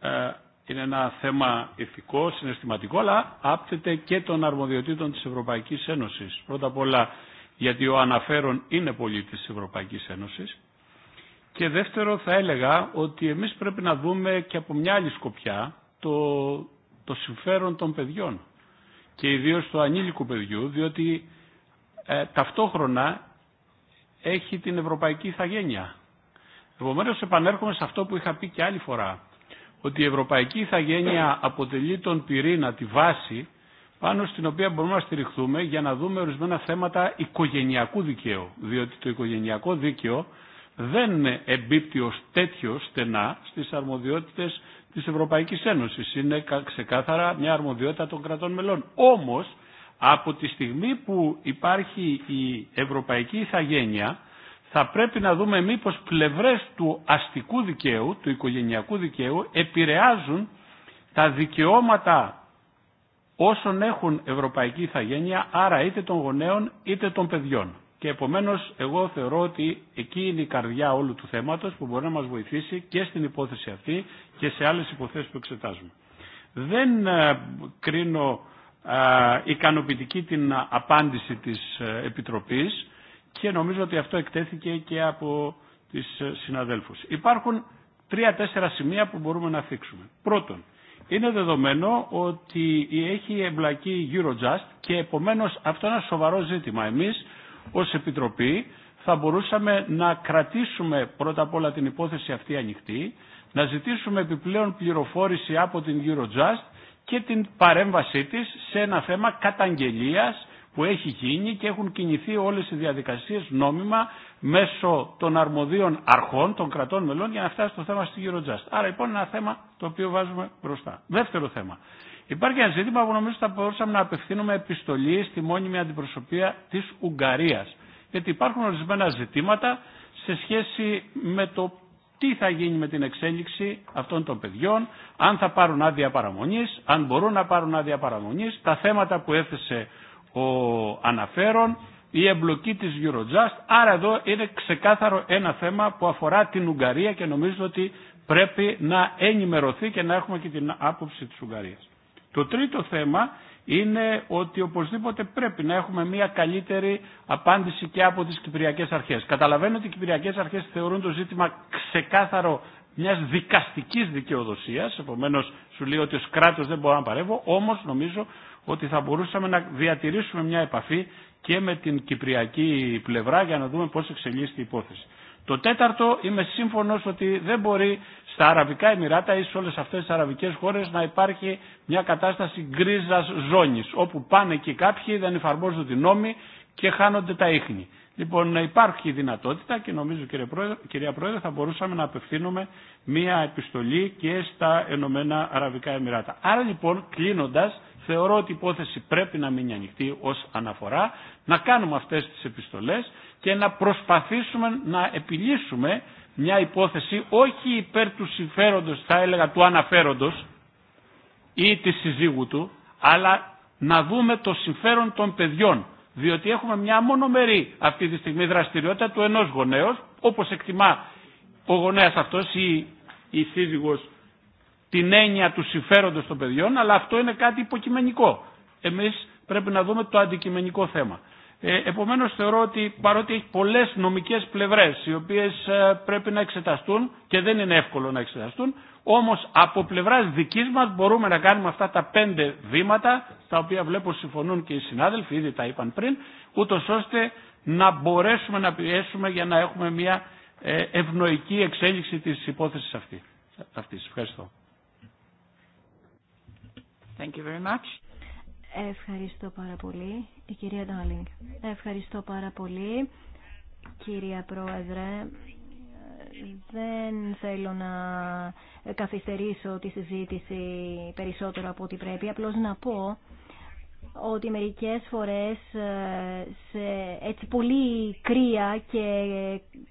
ε, είναι ένα θέμα ηθικό, συναισθηματικό, αλλά άπτεται και των αρμοδιοτήτων της Ευρωπαϊκής Ένωσης. Πρώτα απ' όλα γιατί ο αναφέρον είναι πολίτης της Ευρωπαϊκής Ένωσης και δεύτερο θα έλεγα ότι εμείς πρέπει να δούμε και από μια άλλη σκοπιά το, το συμφέρον των παιδιών και ιδίως του ανήλικου παιδιού διότι ε, ταυτόχρονα έχει την ευρωπαϊκή ηθαγένεια. Επομένω επανέρχομαι σε αυτό που είχα πει και άλλη φορά ότι η ευρωπαϊκή ηθαγένεια αποτελεί τον πυρήνα, τη βάση πάνω στην οποία μπορούμε να στηριχθούμε για να δούμε ορισμένα θέματα οικογενειακού δικαίου διότι το οικογενειακό δίκαιο δεν εμπίπτει ως τέτοιο στενά στις αρμοδιότητες της Ευρωπαϊκής Ένωσης. Είναι ξεκάθαρα μια αρμοδιότητα των κρατών μελών. Όμως, από τη στιγμή που υπάρχει η Ευρωπαϊκή Ιθαγένεια, θα πρέπει να δούμε μήπως πλευρές του αστικού δικαίου, του οικογενειακού δικαίου, επηρεάζουν τα δικαιώματα όσων έχουν ευρωπαϊκή ηθαγένεια, άρα είτε των γονέων είτε των παιδιών και επομένως εγώ θεωρώ ότι εκεί είναι η καρδιά όλου του θέματος που μπορεί να μας βοηθήσει και στην υπόθεση αυτή και σε άλλες υποθέσεις που εξετάζουμε. Δεν ε, κρίνω ε, ικανοποιητική την απάντηση της ε, Επιτροπής και νομίζω ότι αυτό εκτέθηκε και από τις συναδέλφους. Υπάρχουν τρία-τέσσερα σημεία που μπορούμε να θίξουμε. Πρώτον, είναι δεδομένο ότι έχει εμπλακεί η Eurojust και επομένω, αυτό είναι ένα σοβαρό ζήτημα. Εμείς ως Επιτροπή θα μπορούσαμε να κρατήσουμε πρώτα απ' όλα την υπόθεση αυτή ανοιχτή, να ζητήσουμε επιπλέον πληροφόρηση από την Eurojust και την παρέμβασή της σε ένα θέμα καταγγελίας που έχει γίνει και έχουν κινηθεί όλες οι διαδικασίες νόμιμα μέσω των αρμοδίων αρχών των κρατών μελών για να φτάσει το θέμα στη Eurojust. Άρα λοιπόν ένα θέμα το οποίο βάζουμε μπροστά. Δεύτερο θέμα. Υπάρχει ένα ζήτημα που νομίζω θα μπορούσαμε να απευθύνουμε επιστολή στη μόνιμη αντιπροσωπεία τη Ουγγαρία. Γιατί υπάρχουν ορισμένα ζητήματα σε σχέση με το τι θα γίνει με την εξέλιξη αυτών των παιδιών, αν θα πάρουν άδεια παραμονή, αν μπορούν να πάρουν άδεια παραμονή, τα θέματα που έθεσε ο αναφέρον, η εμπλοκή της Eurojust. Άρα εδώ είναι ξεκάθαρο ένα θέμα που αφορά την Ουγγαρία και νομίζω ότι πρέπει να ενημερωθεί και να έχουμε και την άποψη της Ουγγαρίας. Το τρίτο θέμα είναι ότι οπωσδήποτε πρέπει να έχουμε μια καλύτερη απάντηση και από τις Κυπριακές Αρχές. Καταλαβαίνω ότι οι Κυπριακές Αρχές θεωρούν το ζήτημα ξεκάθαρο μιας δικαστικής δικαιοδοσίας, επομένως σου λέει ότι ως κράτος δεν μπορώ να παρεύω, όμως νομίζω ότι θα μπορούσαμε να διατηρήσουμε μια επαφή και με την Κυπριακή πλευρά για να δούμε πώς εξελίσσεται η υπόθεση. Το τέταρτο, είμαι σύμφωνος ότι δεν μπορεί στα Αραβικά Εμμυράτα ή σε όλες αυτές τις αραβικές χώρες να υπάρχει μια κατάσταση γκρίζας ζώνης, όπου πάνε και κάποιοι δεν εφαρμόζονται νόμοι και χάνονται τα ίχνη. Λοιπόν, να υπάρχει η δυνατότητα και νομίζω κύριε Πρόεδρε, κυρία Πρόεδρε θα μπορούσαμε να απευθύνουμε μία νομιζω κυριε κυρια προεδρε θα μπορουσαμε να απευθυνουμε μια επιστολη και στα Ενωμένα Αραβικά Εμμυράτα. Άρα λοιπόν κλείνοντας θεωρώ ότι η υπόθεση πρέπει να μείνει ανοιχτή ως αναφορά, να κάνουμε αυτές τις επιστολές και να προσπαθήσουμε να επιλύσουμε μια υπόθεση όχι υπέρ του συμφέροντος, θα έλεγα του αναφέροντος ή της συζύγου του, αλλά να δούμε το συμφέρον των παιδιών. Διότι έχουμε μια μονομερή αυτή τη στιγμή δραστηριότητα του ενός γονέως, όπως εκτιμά ο γονέας αυτός ή η σύζυγος την έννοια του συμφέροντος των παιδιών, αλλά αυτό είναι κάτι υποκειμενικό. Εμείς πρέπει να δούμε το αντικειμενικό θέμα. Ε, επομένως θεωρώ ότι παρότι έχει πολλές νομικές πλευρές οι οποίες ε, πρέπει να εξεταστούν και δεν είναι εύκολο να εξεταστούν όμως από πλευράς δικής μας μπορούμε να κάνουμε αυτά τα πέντε βήματα τα οποία βλέπω συμφωνούν και οι συνάδελφοι ήδη τα είπαν πριν ούτω ώστε να μπορέσουμε να πιέσουμε για να έχουμε μια ε, ευνοϊκή εξέλιξη της υπόθεσης αυτή. αυτής. Ευχαριστώ. Thank you very much. Ευχαριστώ πάρα πολύ. Η κυρία Ντάλινγκ. Ευχαριστώ πάρα πολύ, κυρία Πρόεδρε. Δεν θέλω να καθυστερήσω τη συζήτηση περισσότερο από ό,τι πρέπει. Απλώς να πω ότι μερικές φορές ε, σε έτσι πολύ κρύα και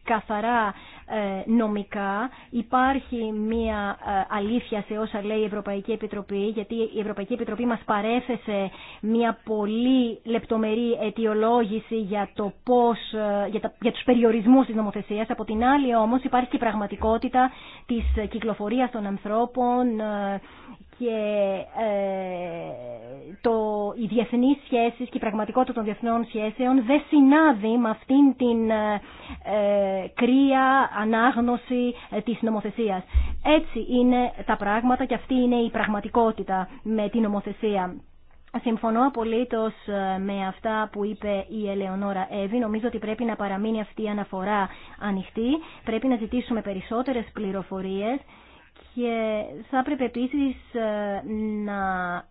καθαρά ε, νομικά υπάρχει μία ε, αλήθεια σε όσα λέει η Ευρωπαϊκή Επιτροπή γιατί η Ευρωπαϊκή Επιτροπή μας παρέθεσε μία πολύ λεπτομερή αιτιολόγηση για, το πώς, για, τα, για τους περιορισμούς της νομοθεσίας. Από την άλλη όμως υπάρχει και η πραγματικότητα της κυκλοφορίας των ανθρώπων και ε, το, οι διεθνείς και η πραγματικότητα των διεθνών σχέσεων δεν συνάδει με αυτήν την ε, ε κρύα ανάγνωση ε, της νομοθεσίας. Έτσι είναι τα πράγματα και αυτή είναι η πραγματικότητα με την νομοθεσία. Συμφωνώ απολύτως με αυτά που είπε η Ελεονόρα Εύη. Νομίζω ότι πρέπει να παραμείνει αυτή η αναφορά ανοιχτή. Πρέπει να ζητήσουμε περισσότερες πληροφορίες και θα έπρεπε επίσης ε, να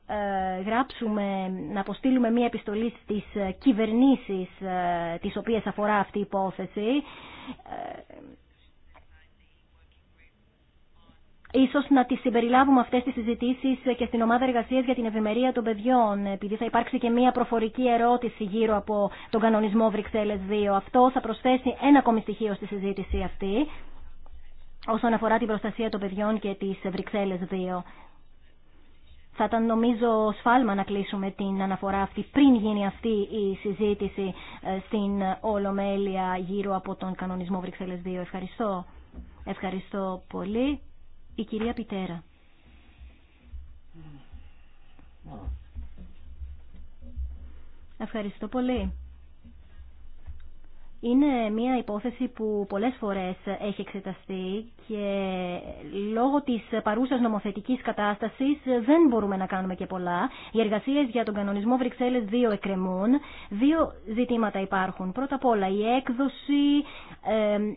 ε, γράψουμε, να αποστείλουμε μία επιστολή στις κυβερνήσεις ε, τις οποίες αφορά αυτή η υπόθεση. Ίσως να τις συμπεριλάβουμε αυτές τις συζητήσεις και στην ομάδα εργασίας για την ευημερία των παιδιών, επειδή θα υπάρξει και μία προφορική ερώτηση γύρω από τον κανονισμό Βρυξέλλες 2. Αυτό θα προσθέσει ένα ακόμη στοιχείο στη συζήτηση αυτή όσον αφορά την προστασία των παιδιών και τις Βρυξέλλες 2. Θα ήταν νομίζω σφάλμα να κλείσουμε την αναφορά αυτή πριν γίνει αυτή η συζήτηση ε, στην Ολομέλεια γύρω από τον κανονισμό Βρυξέλλες 2. Ευχαριστώ. Ευχαριστώ πολύ. Η κυρία Πιτέρα. Ευχαριστώ πολύ είναι μια υπόθεση που πολλές φορές έχει εξεταστεί και λόγω της παρούσας νομοθετικής κατάστασης δεν μπορούμε να κάνουμε και πολλά. Οι εργασίες για τον κανονισμό Βρυξέλλες 2 εκκρεμούν. Δύο ζητήματα υπάρχουν. Πρώτα απ' όλα η έκδοση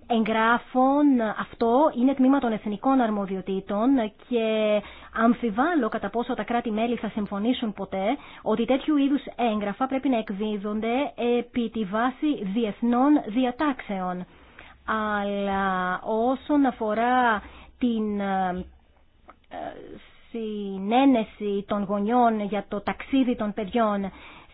εγγράφων. Αυτό είναι τμήμα των εθνικών αρμοδιοτήτων και Αμφιβάλλω κατά πόσο τα κράτη-μέλη θα συμφωνήσουν ποτέ ότι τέτοιου είδους έγγραφα πρέπει να εκδίδονται επί τη βάση διεθνών διατάξεων. Αλλά όσον αφορά την ε, συνένεση των γονιών για το ταξίδι των παιδιών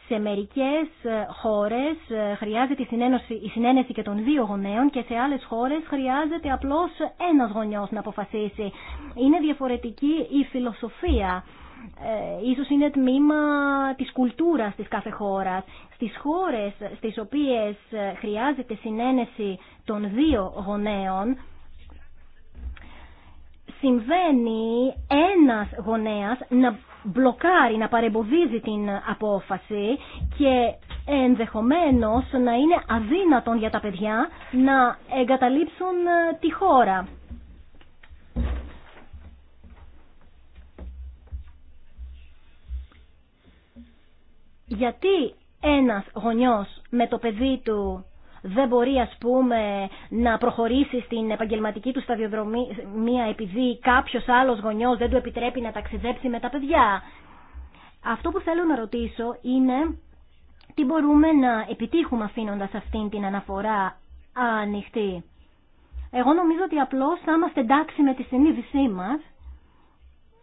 σε μερικές ε, χώρες ε, χρειάζεται η, συνένωση, η συνένεση και των δύο γονέων και σε άλλες χώρες χρειάζεται απλώς ένας γονιός να αποφασίσει. Είναι διαφορετική η φιλοσοφία. Ε, ίσως είναι τμήμα της κουλτούρας της κάθε χώρας. Στις χώρες στις οποίες ε, χρειάζεται συνένεση των δύο γονέων, συμβαίνει ένας γονέας να μπλοκάρει, να παρεμποδίζει την απόφαση και ενδεχομένως να είναι αδύνατον για τα παιδιά να εγκαταλείψουν ε, τη χώρα. Γιατί ένας γονιός με το παιδί του δεν μπορεί ας πούμε να προχωρήσει στην επαγγελματική του σταδιοδρομία επειδή κάποιος άλλος γονιός δεν του επιτρέπει να ταξιδέψει με τα παιδιά. Αυτό που θέλω να ρωτήσω είναι τι μπορούμε να επιτύχουμε αφήνοντας αυτήν την αναφορά ανοιχτή. Εγώ νομίζω ότι απλώς θα είμαστε εντάξει με τη συνείδησή μας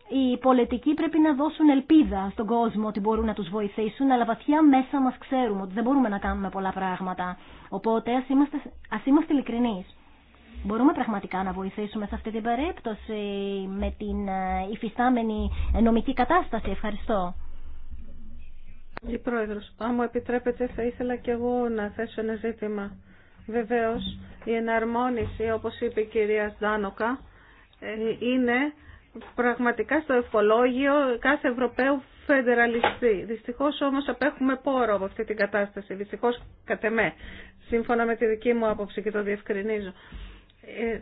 οι πολιτικοί πρέπει να δώσουν ελπίδα στον κόσμο ότι μπορούν να τους βοηθήσουν, αλλά βαθιά μέσα μας ξέρουμε ότι δεν μπορούμε να κάνουμε πολλά πράγματα. Οπότε ας είμαστε, ας είμαστε ειλικρινείς. Μπορούμε πραγματικά να βοηθήσουμε σε αυτή την περίπτωση με την ε, υφιστάμενη νομική κατάσταση. Ευχαριστώ. Η Πρόεδρος, αν μου επιτρέπετε θα ήθελα και εγώ να θέσω ένα ζήτημα. Βεβαίως η εναρμόνιση, όπως είπε η κυρία Σδάνοκα, ε, είναι πραγματικά στο ευχολόγιο κάθε Ευρωπαίου φεντεραλιστή. Δυστυχώς όμως απέχουμε πόρο από αυτή την κατάσταση. Δυστυχώς κατ' σύμφωνα με τη δική μου άποψη και το διευκρινίζω. Ε,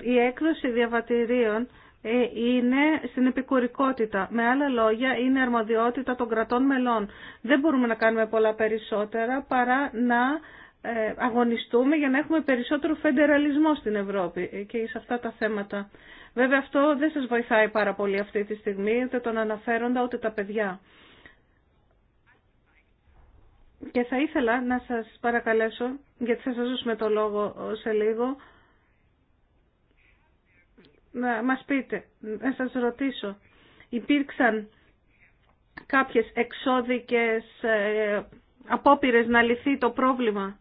η έκδοση διαβατηρίων ε, είναι στην επικουρικότητα. Με άλλα λόγια, είναι αρμοδιότητα των κρατών μελών. Δεν μπορούμε να κάνουμε πολλά περισσότερα παρά να ε, αγωνιστούμε για να έχουμε περισσότερο φεντεραλισμό στην Ευρώπη και σε αυτά τα θέματα. Βέβαια αυτό δεν σας βοηθάει πάρα πολύ αυτή τη στιγμή, ούτε τον αναφέροντα, ούτε τα παιδιά. Και θα ήθελα να σας παρακαλέσω, γιατί θα σας δώσουμε το λόγο σε λίγο, να μας πείτε, να σας ρωτήσω, υπήρξαν κάποιες εξώδικες ε, απόπειρες να λυθεί το πρόβλημα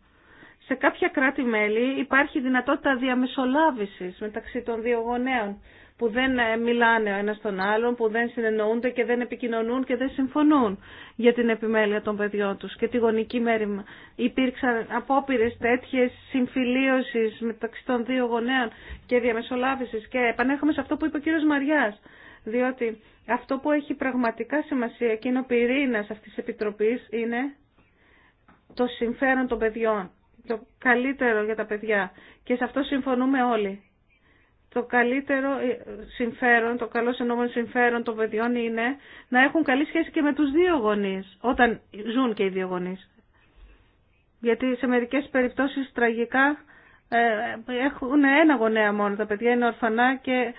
σε κάποια κράτη-μέλη υπάρχει δυνατότητα διαμεσολάβησης μεταξύ των δύο γονέων που δεν ε, μιλάνε ο ένας τον άλλον, που δεν συνεννοούνται και δεν επικοινωνούν και δεν συμφωνούν για την επιμέλεια των παιδιών τους και τη γονική μέρη. Υπήρξαν απόπειρες τέτοιες συμφιλίωσης μεταξύ των δύο γονέων και διαμεσολάβησης και επανέρχομαι σε αυτό που είπε ο κύριος Μαριάς, διότι αυτό που έχει πραγματικά σημασία και είναι ο πυρήνας αυτής της Επιτροπής είναι το συμφέρον των παιδιών το καλύτερο για τα παιδιά. Και σε αυτό συμφωνούμε όλοι. Το καλύτερο ε, συμφέρον, το καλό ενόμενο συμφέρον των παιδιών είναι να έχουν καλή σχέση και με τους δύο γονείς, όταν ζουν και οι δύο γονείς. Γιατί σε μερικές περιπτώσεις τραγικά ε, έχουν ένα γονέα μόνο, τα παιδιά είναι ορφανά και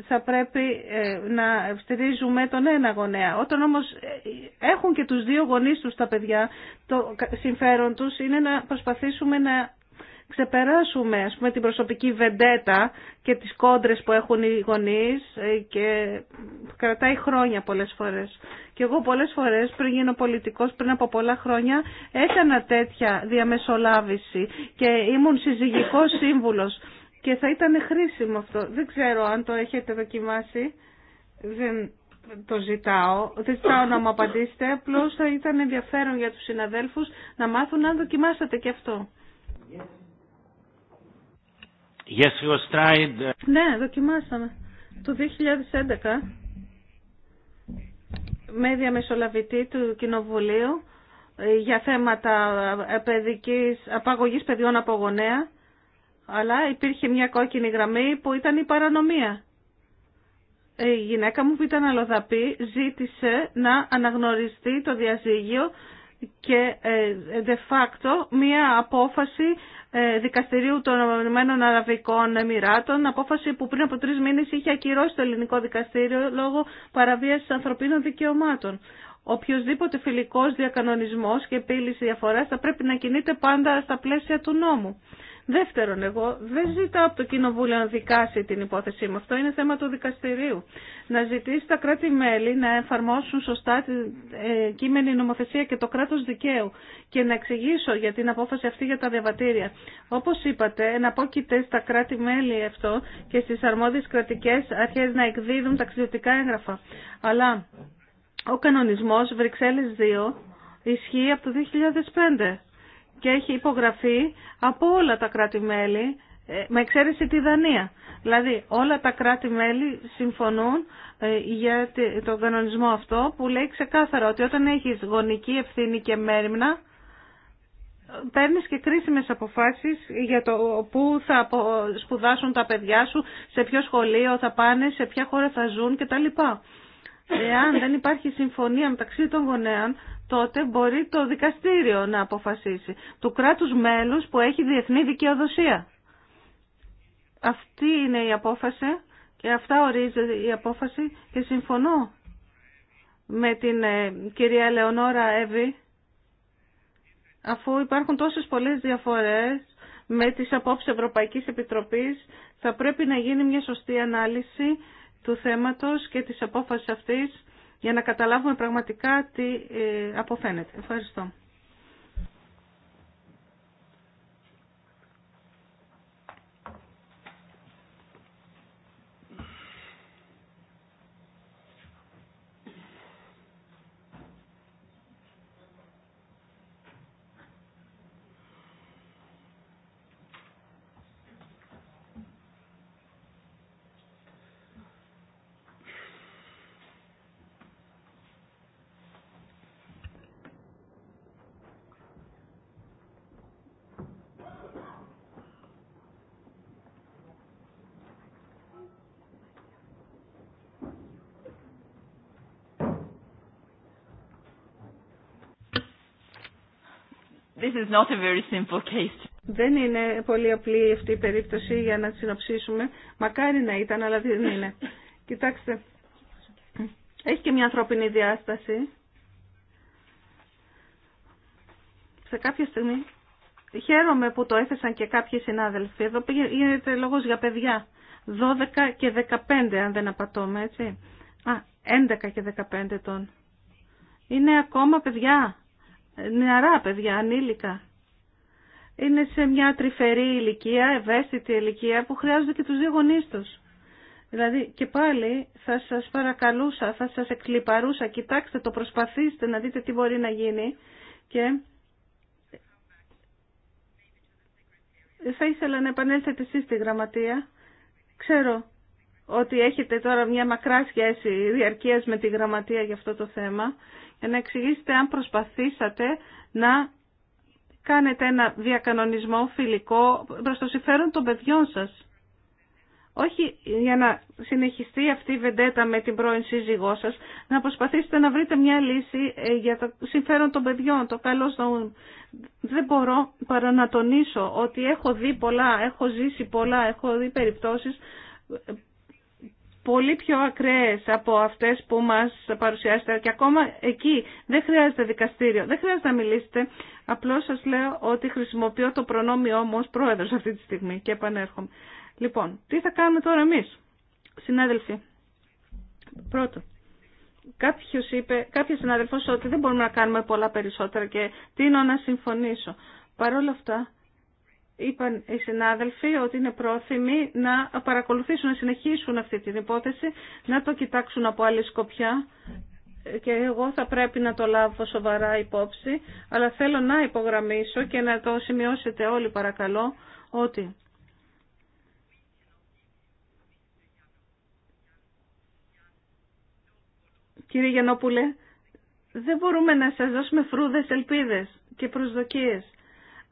θα πρέπει ε, να στηρίζουμε τον ένα γονέα. Όταν όμως ε, έχουν και τους δύο γονείς τους τα παιδιά, το συμφέρον τους είναι να προσπαθήσουμε να ξεπεράσουμε ας πούμε, την προσωπική βεντέτα και τις κόντρες που έχουν οι γονείς ε, και κρατάει χρόνια πολλές φορές. Και εγώ πολλές φορές πριν γίνω πολιτικός, πριν από πολλά χρόνια, έκανα τέτοια διαμεσολάβηση και ήμουν συζυγικός σύμβουλος και θα ήταν χρήσιμο αυτό. Δεν ξέρω αν το έχετε δοκιμάσει, δεν το ζητάω, δεν ζητάω να μου απαντήσετε, απλώ θα ήταν ενδιαφέρον για τους συναδέλφους να μάθουν αν δοκιμάσατε και αυτό. Yes, we was Ναι, δοκιμάσαμε. Το 2011 με διαμεσολαβητή του Κοινοβουλίου ε, για θέματα ε, παιδικής, απαγωγής παιδιών από γονέα αλλά υπήρχε μια κόκκινη γραμμή που ήταν η παρανομία. Η γυναίκα μου που ήταν αλλοδαπή ζήτησε να αναγνωριστεί το διαζύγιο και ε, de facto μια απόφαση ε, δικαστηρίου των Ηνωμένων Αραβικών Εμμυράτων, απόφαση που πριν από τρεις μήνες είχε ακυρώσει το ελληνικό δικαστήριο λόγω παραβίασης ανθρωπίνων δικαιωμάτων. Οποιοδήποτε φιλικός διακανονισμός και επίλυση διαφοράς θα πρέπει να κινείται πάντα στα πλαίσια του νόμου. Δεύτερον, εγώ δεν ζητάω από το Κοινοβούλιο να δικάσει την υπόθεσή μου. Αυτό είναι θέμα του δικαστηρίου. Να ζητήσει τα κράτη-μέλη να εφαρμόσουν σωστά την ε, κείμενη νομοθεσία και το κράτο δικαίου και να εξηγήσω για την απόφαση αυτή για τα διαβατήρια. Όπω είπατε, να απόκειται στα κράτη-μέλη αυτό και στι αρμόδιε κρατικέ αρχέ να εκδίδουν ταξιδιωτικά έγγραφα. Αλλά ο κανονισμό Βρυξέλλε 2 ισχύει από το 2005 και έχει υπογραφεί από όλα τα κράτη-μέλη, ε, με εξαίρεση τη Δανία. Δηλαδή όλα τα κράτη-μέλη συμφωνούν ε, για τον κανονισμό αυτό που λέει ξεκάθαρα ότι όταν έχεις γονική ευθύνη και μέρημνα παίρνεις και κρίσιμες αποφάσεις για το πού θα σπουδάσουν τα παιδιά σου, σε ποιο σχολείο θα πάνε, σε ποια χώρα θα ζουν κτλ. Εάν δεν υπάρχει συμφωνία μεταξύ των γονέων, τότε μπορεί το δικαστήριο να αποφασίσει του κράτους μέλους που έχει διεθνή δικαιοδοσία. Αυτή είναι η απόφαση και αυτά ορίζει η απόφαση και συμφωνώ με την ε, κυρία Λεωνόρα Εύη αφού υπάρχουν τόσες πολλές διαφορές με τις απόψεις Ευρωπαϊκής Επιτροπής θα πρέπει να γίνει μια σωστή ανάλυση του θέματος και της απόφασης αυτής για να καταλάβουμε πραγματικά τι ε, αποφαίνεται. Ευχαριστώ. Δεν είναι πολύ απλή αυτή η περίπτωση για να συνοψίσουμε. Μακάρι να ήταν, αλλά δεν είναι. Κοιτάξτε, έχει και μια ανθρώπινη διάσταση. Σε κάποια στιγμή, χαίρομαι που το έθεσαν και κάποιοι συνάδελφοι. Εδώ γίνεται λόγος για παιδιά. 12 και 15, αν δεν απατώμε, έτσι. Α, 11 και 15 των. Είναι ακόμα παιδιά νεαρά παιδιά, ανήλικα. Είναι σε μια τρυφερή ηλικία, ευαίσθητη ηλικία που χρειάζονται και τους δύο γονείς τους. Δηλαδή και πάλι θα σας παρακαλούσα, θα σας εκλυπαρούσα, κοιτάξτε το, προσπαθήστε να δείτε τι μπορεί να γίνει και θα ήθελα να επανέλθετε εσείς στη γραμματεία. Ξέρω ότι έχετε τώρα μια μακρά σχέση διαρκείας με τη γραμματεία για αυτό το θέμα ε, να εξηγήσετε αν προσπαθήσατε να κάνετε ένα διακανονισμό φιλικό προς το συμφέρον των παιδιών σας. Όχι για να συνεχιστεί αυτή η βεντέτα με την πρώην σύζυγό σας, να προσπαθήσετε να βρείτε μια λύση ε, για το συμφέρον των παιδιών, το καλό Δεν μπορώ παρά να τονίσω ότι έχω δει πολλά, έχω ζήσει πολλά, έχω δει περιπτώσεις πολύ πιο ακραίες από αυτές που μας παρουσιάσετε και ακόμα εκεί δεν χρειάζεται δικαστήριο, δεν χρειάζεται να μιλήσετε. Απλώς σας λέω ότι χρησιμοποιώ το προνόμιο μου ως πρόεδρος αυτή τη στιγμή και επανέρχομαι. Λοιπόν, τι θα κάνουμε τώρα εμείς, συνάδελφοι. Πρώτο, κάποιος, είπε, κάποιος συνάδελφος ότι δεν μπορούμε να κάνουμε πολλά περισσότερα και τίνω να συμφωνήσω. Παρ' όλα αυτά, είπαν οι συνάδελφοι ότι είναι πρόθυμοι να παρακολουθήσουν, να συνεχίσουν αυτή την υπόθεση, να το κοιτάξουν από άλλη σκοπιά και εγώ θα πρέπει να το λάβω σοβαρά υπόψη, αλλά θέλω να υπογραμμίσω και να το σημειώσετε όλοι παρακαλώ ότι Κύριε Γιαννόπουλε, δεν μπορούμε να σας δώσουμε φρούδες ελπίδες και προσδοκίες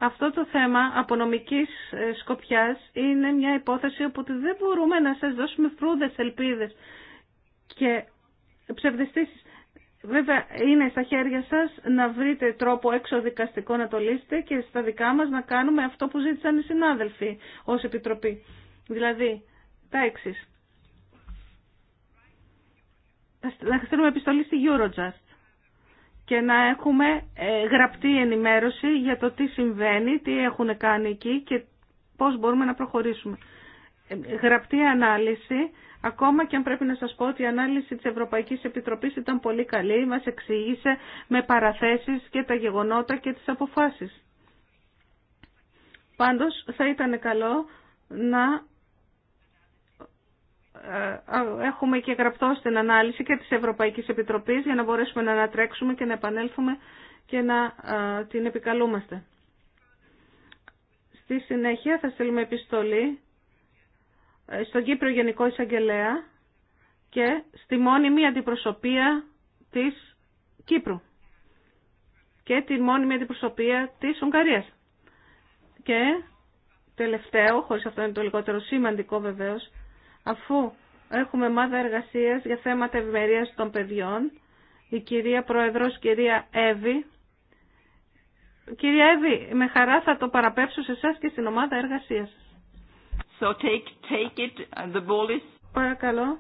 αυτό το θέμα από ε, σκοπιάς είναι μια υπόθεση όπου δεν μπορούμε να σας δώσουμε φρούδες, ελπίδες και ψευδεστήσεις. Βέβαια είναι στα χέρια σας να βρείτε τρόπο δικαστικό να το λύσετε και στα δικά μας να κάνουμε αυτό που ζήτησαν οι συνάδελφοι ως Επιτροπή. Δηλαδή, τα έξις. Να στείλουμε επιστολή στη Eurojust και να έχουμε ε, γραπτή ενημέρωση για το τι συμβαίνει, τι έχουν κάνει εκεί και πώς μπορούμε να προχωρήσουμε. Ε, γραπτή ανάλυση, ακόμα και αν πρέπει να σας πω ότι η ανάλυση της Ευρωπαϊκής Επιτροπής ήταν πολύ καλή, μας εξήγησε με παραθέσεις και τα γεγονότα και τις αποφάσεις. Πάντως θα ήταν καλό να ε, έχουμε και γραπτό στην ανάλυση και της Ευρωπαϊκής Επιτροπής για να μπορέσουμε να ανατρέξουμε και να επανέλθουμε και να την επικαλούμαστε. Στη συνέχεια θα στείλουμε επιστολή ε, στον Κύπριο Γενικό Εισαγγελέα και στη μόνιμη αντιπροσωπεία της Κύπρου και τη μόνιμη αντιπροσωπεία της Ουγγαρίας. Και τελευταίο, χωρίς αυτό είναι το λιγότερο σημαντικό βεβαίως, αφού έχουμε ομάδα εργασίας για θέματα ευημερία των παιδιών, η κυρία Πρόεδρος, κυρία Εύη. Κυρία Εύη, με χαρά θα το παραπέψω σε εσά και στην ομάδα εργασίας. So take, take it, the ball Παρακαλώ.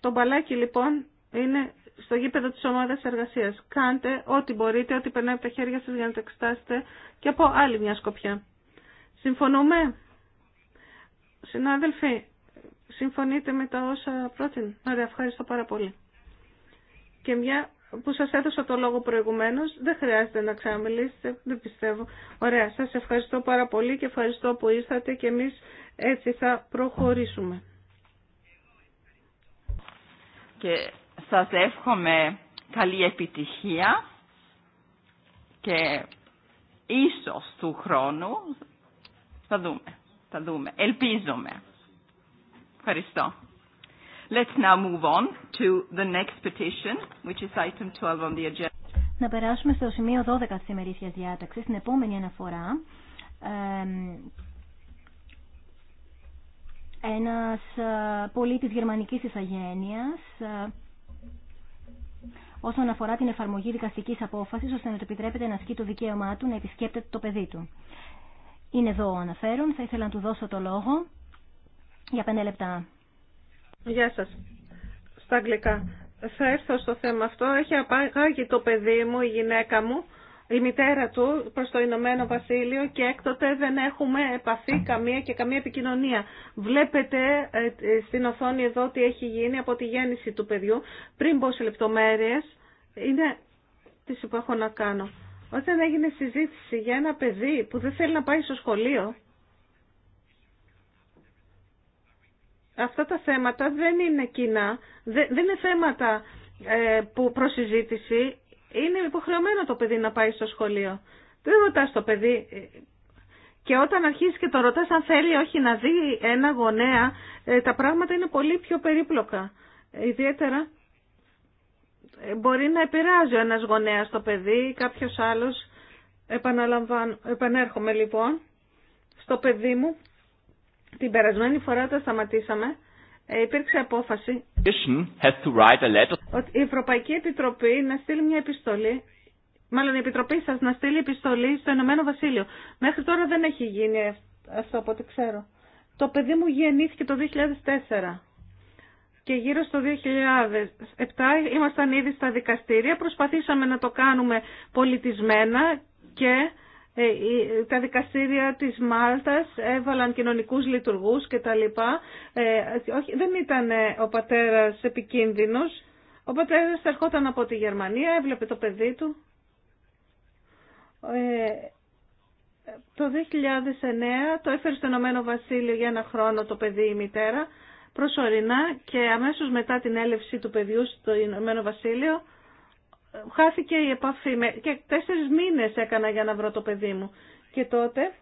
Το μπαλάκι λοιπόν είναι στο γήπεδο της ομάδας εργασίας. Κάντε ό,τι μπορείτε, ό,τι περνάει από τα χέρια σας για να το εξετάσετε και από άλλη μια σκοπιά. Συμφωνούμε. Συνάδελφοι, συμφωνείτε με τα όσα πρότεινα. Ωραία, ευχαριστώ πάρα πολύ. Και μια που σας έδωσα το λόγο προηγουμένως, δεν χρειάζεται να ξαναμιλήσετε, δεν πιστεύω. Ωραία, σας ευχαριστώ πάρα πολύ και ευχαριστώ που ήρθατε και εμείς έτσι θα προχωρήσουμε. Και σας εύχομαι καλή επιτυχία και ίσως του χρόνου θα δούμε. Θα δούμε. Ελπίζομαι. Ευχαριστώ. Let's now move on to the next petition, which is item 12 on the agenda. Να περάσουμε στο σημείο 12 της ημερήσιας διάταξης, στην επόμενη αναφορά. ένας ε, πολίτης γερμανικής εισαγένειας ε, όσον αφορά την εφαρμογή δικαστικής απόφασης ώστε να του επιτρέπεται να ασκεί το δικαίωμά του να επισκέπτεται το παιδί του. Είναι εδώ ο αναφέρον. Θα ήθελα να του δώσω το λόγο για πέντε λεπτά. Γεια σας. Στα αγγλικά. Θα έρθω στο θέμα αυτό. Έχει απάγει το παιδί μου, η γυναίκα μου, η μητέρα του προς το Ηνωμένο Βασίλειο και έκτοτε δεν έχουμε επαφή καμία και καμία επικοινωνία. Βλέπετε ε, ε, στην οθόνη εδώ τι έχει γίνει από τη γέννηση του παιδιού. Πριν πω σε είναι τι που έχω να κάνω. Όταν έγινε συζήτηση για ένα παιδί που δεν θέλει να πάει στο σχολείο, αυτά τα θέματα δεν είναι κοινά, δεν είναι θέματα ε, που συζήτηση. είναι υποχρεωμένο το παιδί να πάει στο σχολείο. Δεν ρωτάς το παιδί και όταν αρχίσει και το ρωτάς αν θέλει όχι να δει ένα γονέα, ε, τα πράγματα είναι πολύ πιο περίπλοκα. Ιδιαίτερα ε, μπορεί να επηρεάζει ο ένας γονέας το παιδί ή κάποιος άλλος. επανέρχομαι λοιπόν στο παιδί μου. Την περασμένη φορά τα σταματήσαμε. Ε, υπήρξε απόφαση ότι η Ευρωπαϊκή Επιτροπή να στείλει μια επιστολή μάλλον η Επιτροπή σας να στείλει επιστολή στο Ηνωμένο Βασίλειο. Μέχρι τώρα δεν έχει γίνει αυτό από ό,τι ξέρω. Το παιδί μου γεννήθηκε το 2004 και γύρω στο 2007 ήμασταν ήδη στα δικαστήρια, προσπαθήσαμε να το κάνουμε πολιτισμένα και ε, τα δικαστήρια της Μάλτας έβαλαν κοινωνικούς λειτουργούς και τα λοιπά. Ε, όχι, δεν ήταν ε, ο πατέρας επικίνδυνος. Ο πατέρας ερχόταν από τη Γερμανία, έβλεπε το παιδί του. το 2009 το έφερε στο Ηνωμένο Βασίλειο για ένα χρόνο το παιδί η μητέρα προσωρινά και αμέσως μετά την έλευση του παιδιού στο Ηνωμένο Βασίλειο χάθηκε η επαφή με... και τέσσερις μήνες έκανα για να βρω το παιδί μου. Και τότε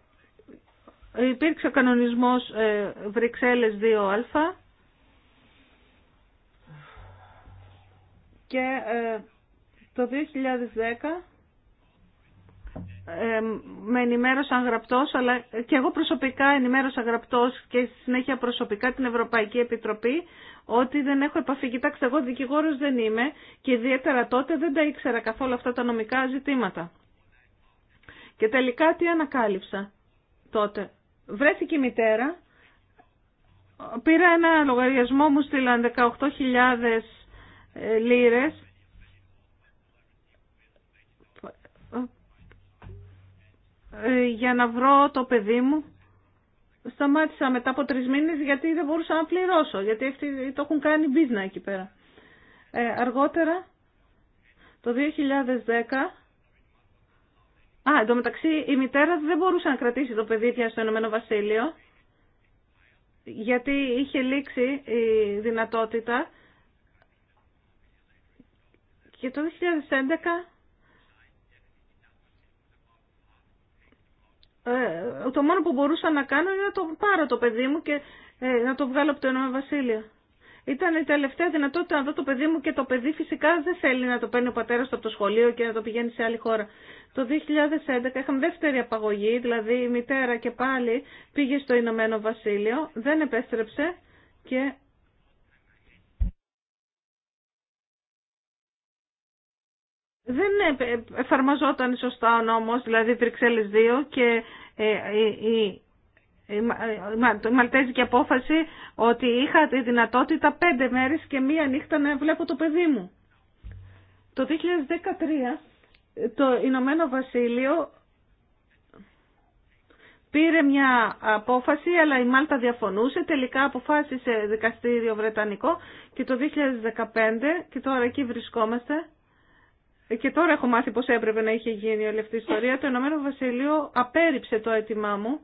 υπήρξε ο κανονισμός ε, Βρυξέλλες 2α και ε, το 2010 με ενημέρωσαν γραπτός, αλλά και εγώ προσωπικά ενημέρωσα γραπτός και στη συνέχεια προσωπικά την Ευρωπαϊκή Επιτροπή ότι δεν έχω επαφή. Κοιτάξτε, εγώ δικηγόρος δεν είμαι και ιδιαίτερα τότε δεν τα ήξερα καθόλου αυτά τα νομικά ζητήματα. Και τελικά τι ανακάλυψα τότε. Βρέθηκε η μητέρα, πήρα ένα λογαριασμό μου, στείλαν 18.000 ε, λίρες Ε, για να βρω το παιδί μου. Σταμάτησα μετά από τρεις μήνες γιατί δεν μπορούσα να πληρώσω, γιατί αυτοί το έχουν κάνει μπίζνα εκεί πέρα. Ε, αργότερα, το 2010, α, εντωμεταξύ η μητέρα δεν μπορούσε να κρατήσει το παιδί πια στο Ηνωμένο Βασίλειο, γιατί είχε λήξει η δυνατότητα και το 2011 Ε, το μόνο που μπορούσα να κάνω είναι να το πάρω το παιδί μου και ε, να το βγάλω από το Ηνωμένο Βασίλειο. Ήταν η τελευταία δυνατότητα να δω το παιδί μου και το παιδί φυσικά δεν θέλει να το παίρνει ο πατέρας του από το σχολείο και να το πηγαίνει σε άλλη χώρα. Το 2011 είχαμε δεύτερη απαγωγή, δηλαδή η μητέρα και πάλι πήγε στο Ηνωμένο Βασίλειο, δεν επέστρεψε και δεν ε, ε, εφαρμοζόταν σωστά ο νόμος, δηλαδή Βρυξέλλες 2 και ε, η, η Μαλτέζικη απόφαση ότι είχα τη δυνατότητα πέντε μέρες και μία νύχτα να βλέπω το παιδί μου. Το 2013 το Ηνωμένο Βασίλειο πήρε μια απόφαση αλλά η Μάλτα διαφωνούσε, τελικά αποφάσισε δικαστήριο Βρετανικό και το 2015 και τώρα εκεί βρισκόμαστε ε, και τώρα έχω μάθει πώς έπρεπε να είχε γίνει όλη αυτή η ιστορία, το Ηνωμένο Βασιλείο απέρριψε το αίτημά μου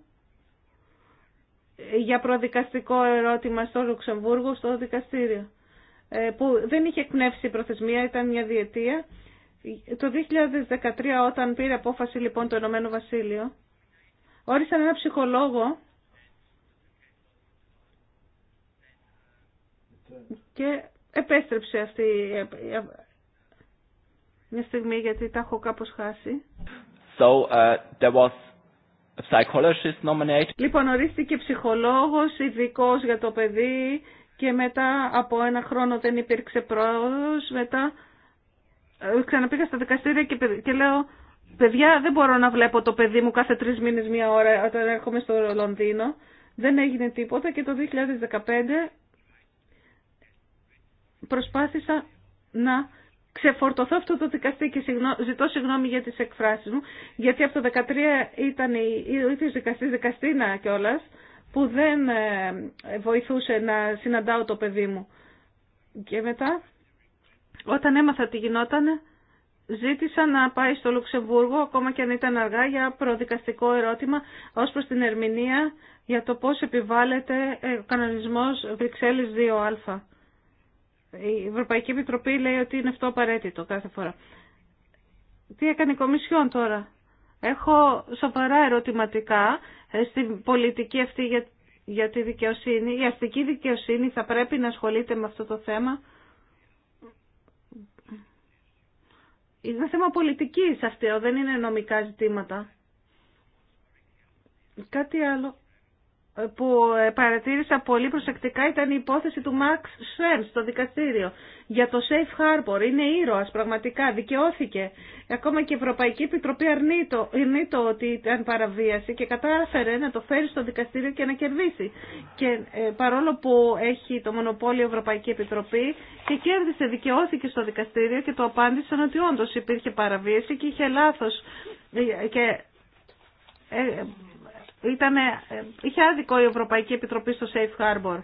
ε, για προδικαστικό ερώτημα στο Λουξεμβούργο, στο δικαστήριο, ε, που δεν είχε εκπνεύσει η προθεσμία, ήταν μια διετία. Το 2013 όταν πήρε απόφαση λοιπόν το Ηνωμένο Βασίλειο, όρισαν ένα ψυχολόγο και επέστρεψε αυτή μια στιγμή γιατί τα έχω κάπως χάσει. Uh, λοιπόν, ορίστηκε ψυχολόγος, ειδικό για το παιδί και μετά από ένα χρόνο δεν υπήρξε πρόοδος, μετά ε, ξαναπήγα στα δικαστήρια και, και λέω «Παιδιά, δεν μπορώ να βλέπω το παιδί μου κάθε τρεις μήνες μία ώρα όταν έρχομαι στο Λονδίνο». Δεν έγινε τίποτα και το 2015 προσπάθησα να ξεφορτωθώ αυτό το δικαστή και ζητώ συγγνώμη για τις εκφράσεις μου, γιατί από το 2013 ήταν η ίδιος δικαστής δικαστήνα κιόλα που δεν ε, βοηθούσε να συναντάω το παιδί μου. Και μετά, όταν έμαθα τι γινόταν, ζήτησα να πάει στο Λουξεμβούργο, ακόμα και αν ήταν αργά, για προδικαστικό ερώτημα ως προς την ερμηνεία για το πώς επιβάλλεται ε, ο κανονισμός Βρυξέλλης 2α. Η Ευρωπαϊκή Επιτροπή λέει ότι είναι αυτό απαραίτητο κάθε φορά. Τι έκανε η Κομισιόν τώρα. Έχω σοβαρά ερωτηματικά ε, στην πολιτική αυτή για, για τη δικαιοσύνη. Η αστική δικαιοσύνη θα πρέπει να ασχολείται με αυτό το θέμα. Είναι θέμα πολιτικής αυτό, δεν είναι νομικά ζητήματα. Κάτι άλλο που ε, παρατήρησα πολύ προσεκτικά ήταν η υπόθεση του Μαξ Σερν στο δικαστήριο για το Safe Harbor. Είναι ήρωας πραγματικά, δικαιώθηκε. Ακόμα και η Ευρωπαϊκή Επιτροπή αρνεί το ότι ήταν παραβίαση και κατάφερε να το φέρει στο δικαστήριο και να κερδίσει. Και ε, παρόλο που έχει το μονοπόλιο Ευρωπαϊκή Επιτροπή και κέρδισε, δικαιώθηκε στο δικαστήριο και το απάντησαν ότι όντω υπήρχε παραβίαση και είχε λάθος. Ε, Ήτανε, ε, είχε άδικο η Ευρωπαϊκή Επιτροπή στο Safe Harbor.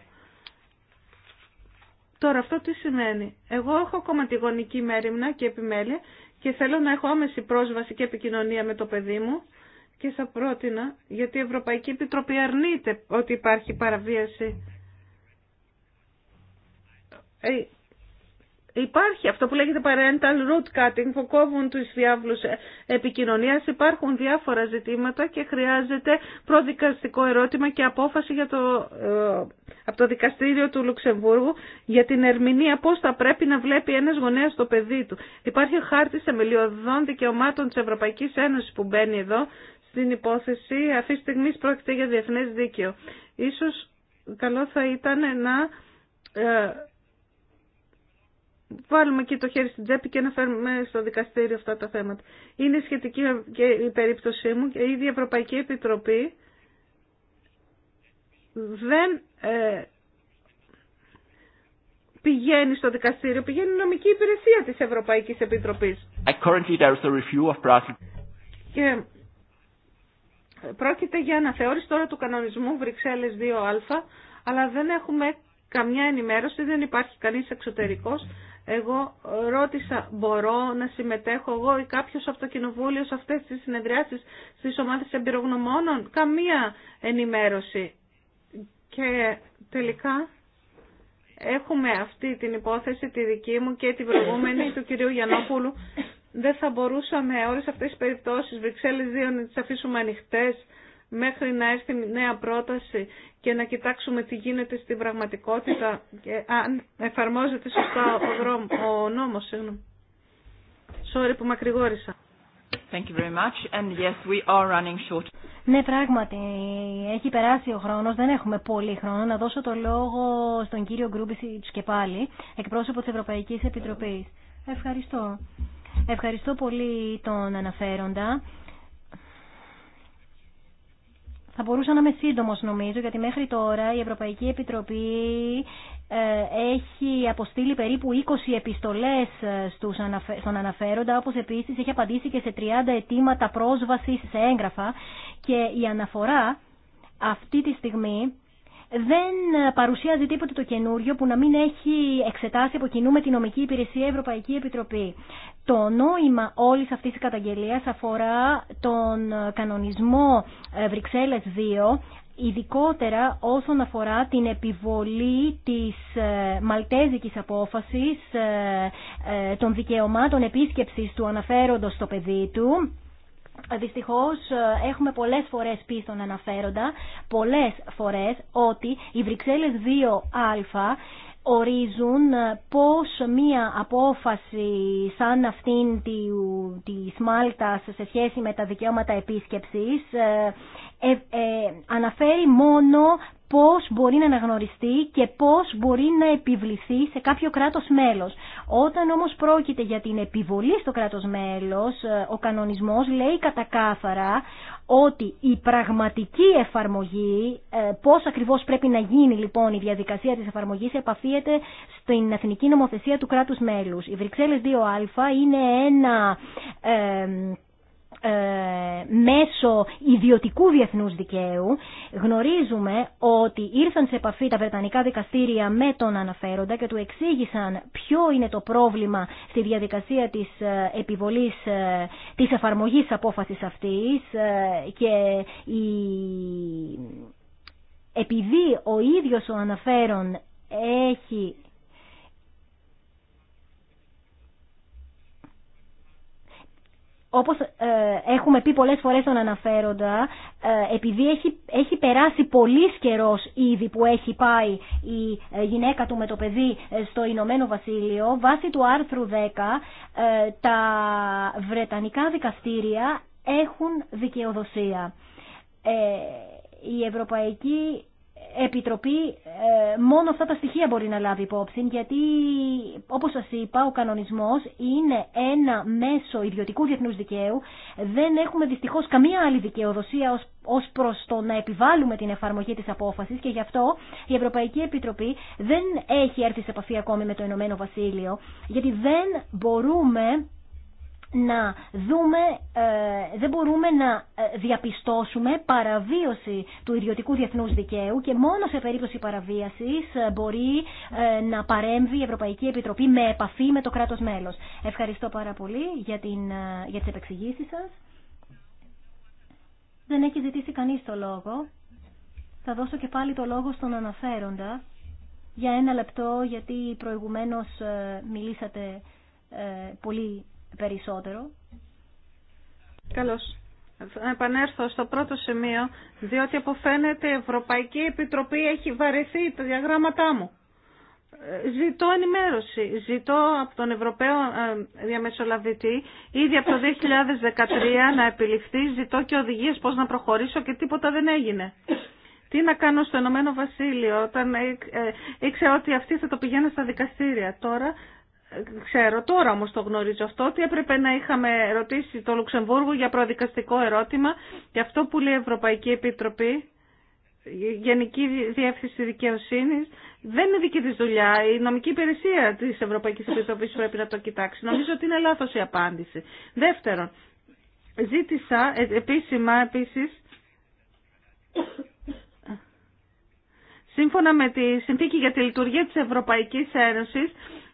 Τώρα αυτό τι σημαίνει. Εγώ έχω ακόμα τη γονική μέρημνα και επιμέλεια και θέλω να έχω άμεση πρόσβαση και επικοινωνία με το παιδί μου και θα πρότεινα, γιατί η Ευρωπαϊκή Επιτροπή αρνείται ότι υπάρχει παραβίαση ε, Υπάρχει αυτό που λέγεται parental root cutting που κόβουν τους διάβλους επικοινωνίας. Υπάρχουν διάφορα ζητήματα και χρειάζεται προδικαστικό ερώτημα και απόφαση για το, ε, από το δικαστήριο του Λουξεμβούργου για την ερμηνεία πώς θα πρέπει να βλέπει ένας γονέας το παιδί του. Υπάρχει χάρτη σε θεμελιωδών δικαιωμάτων της Ευρωπαϊκής Ένωσης που μπαίνει εδώ στην υπόθεση. Αυτή τη στιγμή πρόκειται για διεθνές δίκαιο. Ίσως καλό θα ήταν να ε, βάλουμε και το χέρι στην τσέπη και να φέρουμε στο δικαστήριο αυτά τα θέματα. Είναι σχετική και η περίπτωσή μου και η ίδια Ευρωπαϊκή Επιτροπή δεν ε, πηγαίνει στο δικαστήριο, πηγαίνει η νομική υπηρεσία της Ευρωπαϊκής Επιτροπής. Currently και πρόκειται για αναθεώρηση τώρα του κανονισμού Βρυξέλλες 2α, αλλά δεν έχουμε καμιά ενημέρωση, δεν υπάρχει κανείς εξωτερικός εγώ ρώτησα, μπορώ να συμμετέχω εγώ ή κάποιος από το κοινοβούλιο σε αυτές τις συνεδριάσεις στις ομάδες εμπειρογνωμόνων. Καμία ενημέρωση. Και τελικά έχουμε αυτή την υπόθεση, τη δική μου και την προηγούμενη του κυρίου Γιαννόπουλου. Δεν θα μπορούσαμε όλες αυτές τις περιπτώσεις, Βρυξέλλες 2, να τις αφήσουμε ανοιχτές μέχρι να έρθει νέα πρόταση και να κοιτάξουμε τι γίνεται στην πραγματικότητα και αν εφαρμόζεται σωστά ο, δρόμ, ο νόμος. Συγγνώμη. Sorry που μακρηγόρησα. Thank you very much. And yes, we are running short. Ναι, πράγματι, έχει περάσει ο χρόνος, δεν έχουμε πολύ χρόνο. Να δώσω το λόγο στον κύριο Γκρούμπισιτς και πάλι, εκπρόσωπο της Ευρωπαϊκής Επιτροπής. Ευχαριστώ. Ευχαριστώ πολύ τον αναφέροντα. Θα μπορούσα να είμαι σύντομο νομίζω, γιατί μέχρι τώρα η Ευρωπαϊκή Επιτροπή ε, έχει αποστείλει περίπου 20 επιστολές ε, στον αναφέροντα, όπω επίση έχει απαντήσει και σε 30 αιτήματα πρόσβαση σε έγγραφα και η αναφορά αυτή τη στιγμή δεν παρουσιάζει τίποτε το καινούριο που να μην έχει εξετάσει από κοινού με την νομική υπηρεσία Ευρωπαϊκή Επιτροπή. Το νόημα όλης αυτής της καταγγελίας αφορά τον κανονισμό ε, Βρυξέλλες 2 ειδικότερα όσον αφορά την επιβολή της ε, μαλτέζικης απόφασης ε, των δικαιωμάτων επίσκεψης του αναφέροντος στο παιδί του Δυστυχώς ε, έχουμε πολλές φορές πει στον αναφέροντα, πολλές φορές ότι οι Βρυξέλλες 2α ορίζουν ε, πώς μία απόφαση σαν αυτήν της Μάλτας σε σχέση με τα δικαιώματα επίσκεψης ε, αναφέρει μόνο πώς μπορεί να αναγνωριστεί και πώς μπορεί να επιβληθεί σε κάποιο κράτος μέλος. Όταν όμως πρόκειται για την επιβολή στο κράτος μέλος, ε, ο κανονισμός λέει κατακάθαρα ότι η πραγματική εφαρμογή, ε, πώς ακριβώς πρέπει να γίνει λοιπόν η διαδικασία της εφαρμογής, επαφίεται στην εθνική νομοθεσία του κράτους μέλους. Η Βρυξέλλες 2α είναι ένα... Ε, ε, μέσω ιδιωτικού διεθνούς δικαίου γνωρίζουμε ότι ήρθαν σε επαφή τα Βρετανικά δικαστήρια με τον αναφέροντα και του εξήγησαν ποιο είναι το πρόβλημα στη διαδικασία της ε, επιβολής ε, της εφαρμογής απόφασης αυτής και η... επειδή ο ίδιος ο αναφέρον έχει όπως ε, έχουμε πει πολλές φορές τον αναφέροντα, ε, επειδή έχει, περάσει πολύ καιρό ήδη που έχει πάει η ε, γυναίκα του με το παιδί στο Ηνωμένο Βασίλειο, βάσει του άρθρου 10 τα Βρετανικά δικαστήρια έχουν δικαιοδοσία. η Ευρωπαϊκή Επιτροπή ε, μόνο αυτά τα στοιχεία μπορεί να λάβει υπόψη γιατί όπως σας είπα ο κανονισμός είναι ένα μέσο ιδιωτικού διεθνούς δικαίου δεν έχουμε δυστυχώς καμία άλλη δικαιοδοσία ως ως προς το να επιβάλλουμε την εφαρμογή της απόφασης και γι' αυτό η Ευρωπαϊκή Επιτροπή δεν έχει έρθει σε επαφή ακόμη με το Ηνωμένο Βασίλειο γιατί δεν μπορούμε να δούμε, ε, δεν μπορούμε να ε, διαπιστώσουμε παραβίωση του ιδιωτικού διεθνούς δικαίου και μόνο σε περίπτωση παραβίασης ε, μπορεί ε, να παρέμβει η Ευρωπαϊκή Επιτροπή με επαφή με το κράτος μέλος. Ευχαριστώ πάρα πολύ για, την, για τις επεξηγήσεις σας. Δεν έχει ζητήσει κανείς το λόγο. Θα δώσω και πάλι το λόγο στον αναφέροντα για ένα λεπτό γιατί προηγουμένως μιλήσατε ε, πολύ περισσότερο. Καλώς. Θα επανέλθω στο πρώτο σημείο, διότι αποφαίνεται η Ευρωπαϊκή Επιτροπή έχει βαρεθεί τα διαγράμματά μου. Ε, ζητώ ενημέρωση. Ζητώ από τον Ευρωπαίο ε, Διαμεσολαβητή ήδη από το 2013 να επιληφθεί. Ζητώ και οδηγίες πώς να προχωρήσω και τίποτα δεν έγινε. Τι να κάνω στο Ενωμένο Βασίλειο όταν ε, ήξερα ότι αυτοί θα το πηγαίνουν στα δικαστήρια. Τώρα Ξέρω τώρα όμως το γνωρίζω αυτό ότι έπρεπε να είχαμε ρωτήσει το Λουξεμβούργο για προδικαστικό ερώτημα και αυτό που λέει η Ευρωπαϊκή Επιτροπή, Γενική Διεύθυνση δικαιοσύνη, δεν είναι δική τη δουλειά. Η νομική υπηρεσία της Ευρωπαϊκής Επιτροπή πρέπει να το κοιτάξει. Νομίζω ότι είναι λάθο η απάντηση. Δεύτερον, ζήτησα ε, επίσημα επίση. Σύμφωνα με τη Συνθήκη για τη Λειτουργία της Ευρωπαϊκής Ένωση.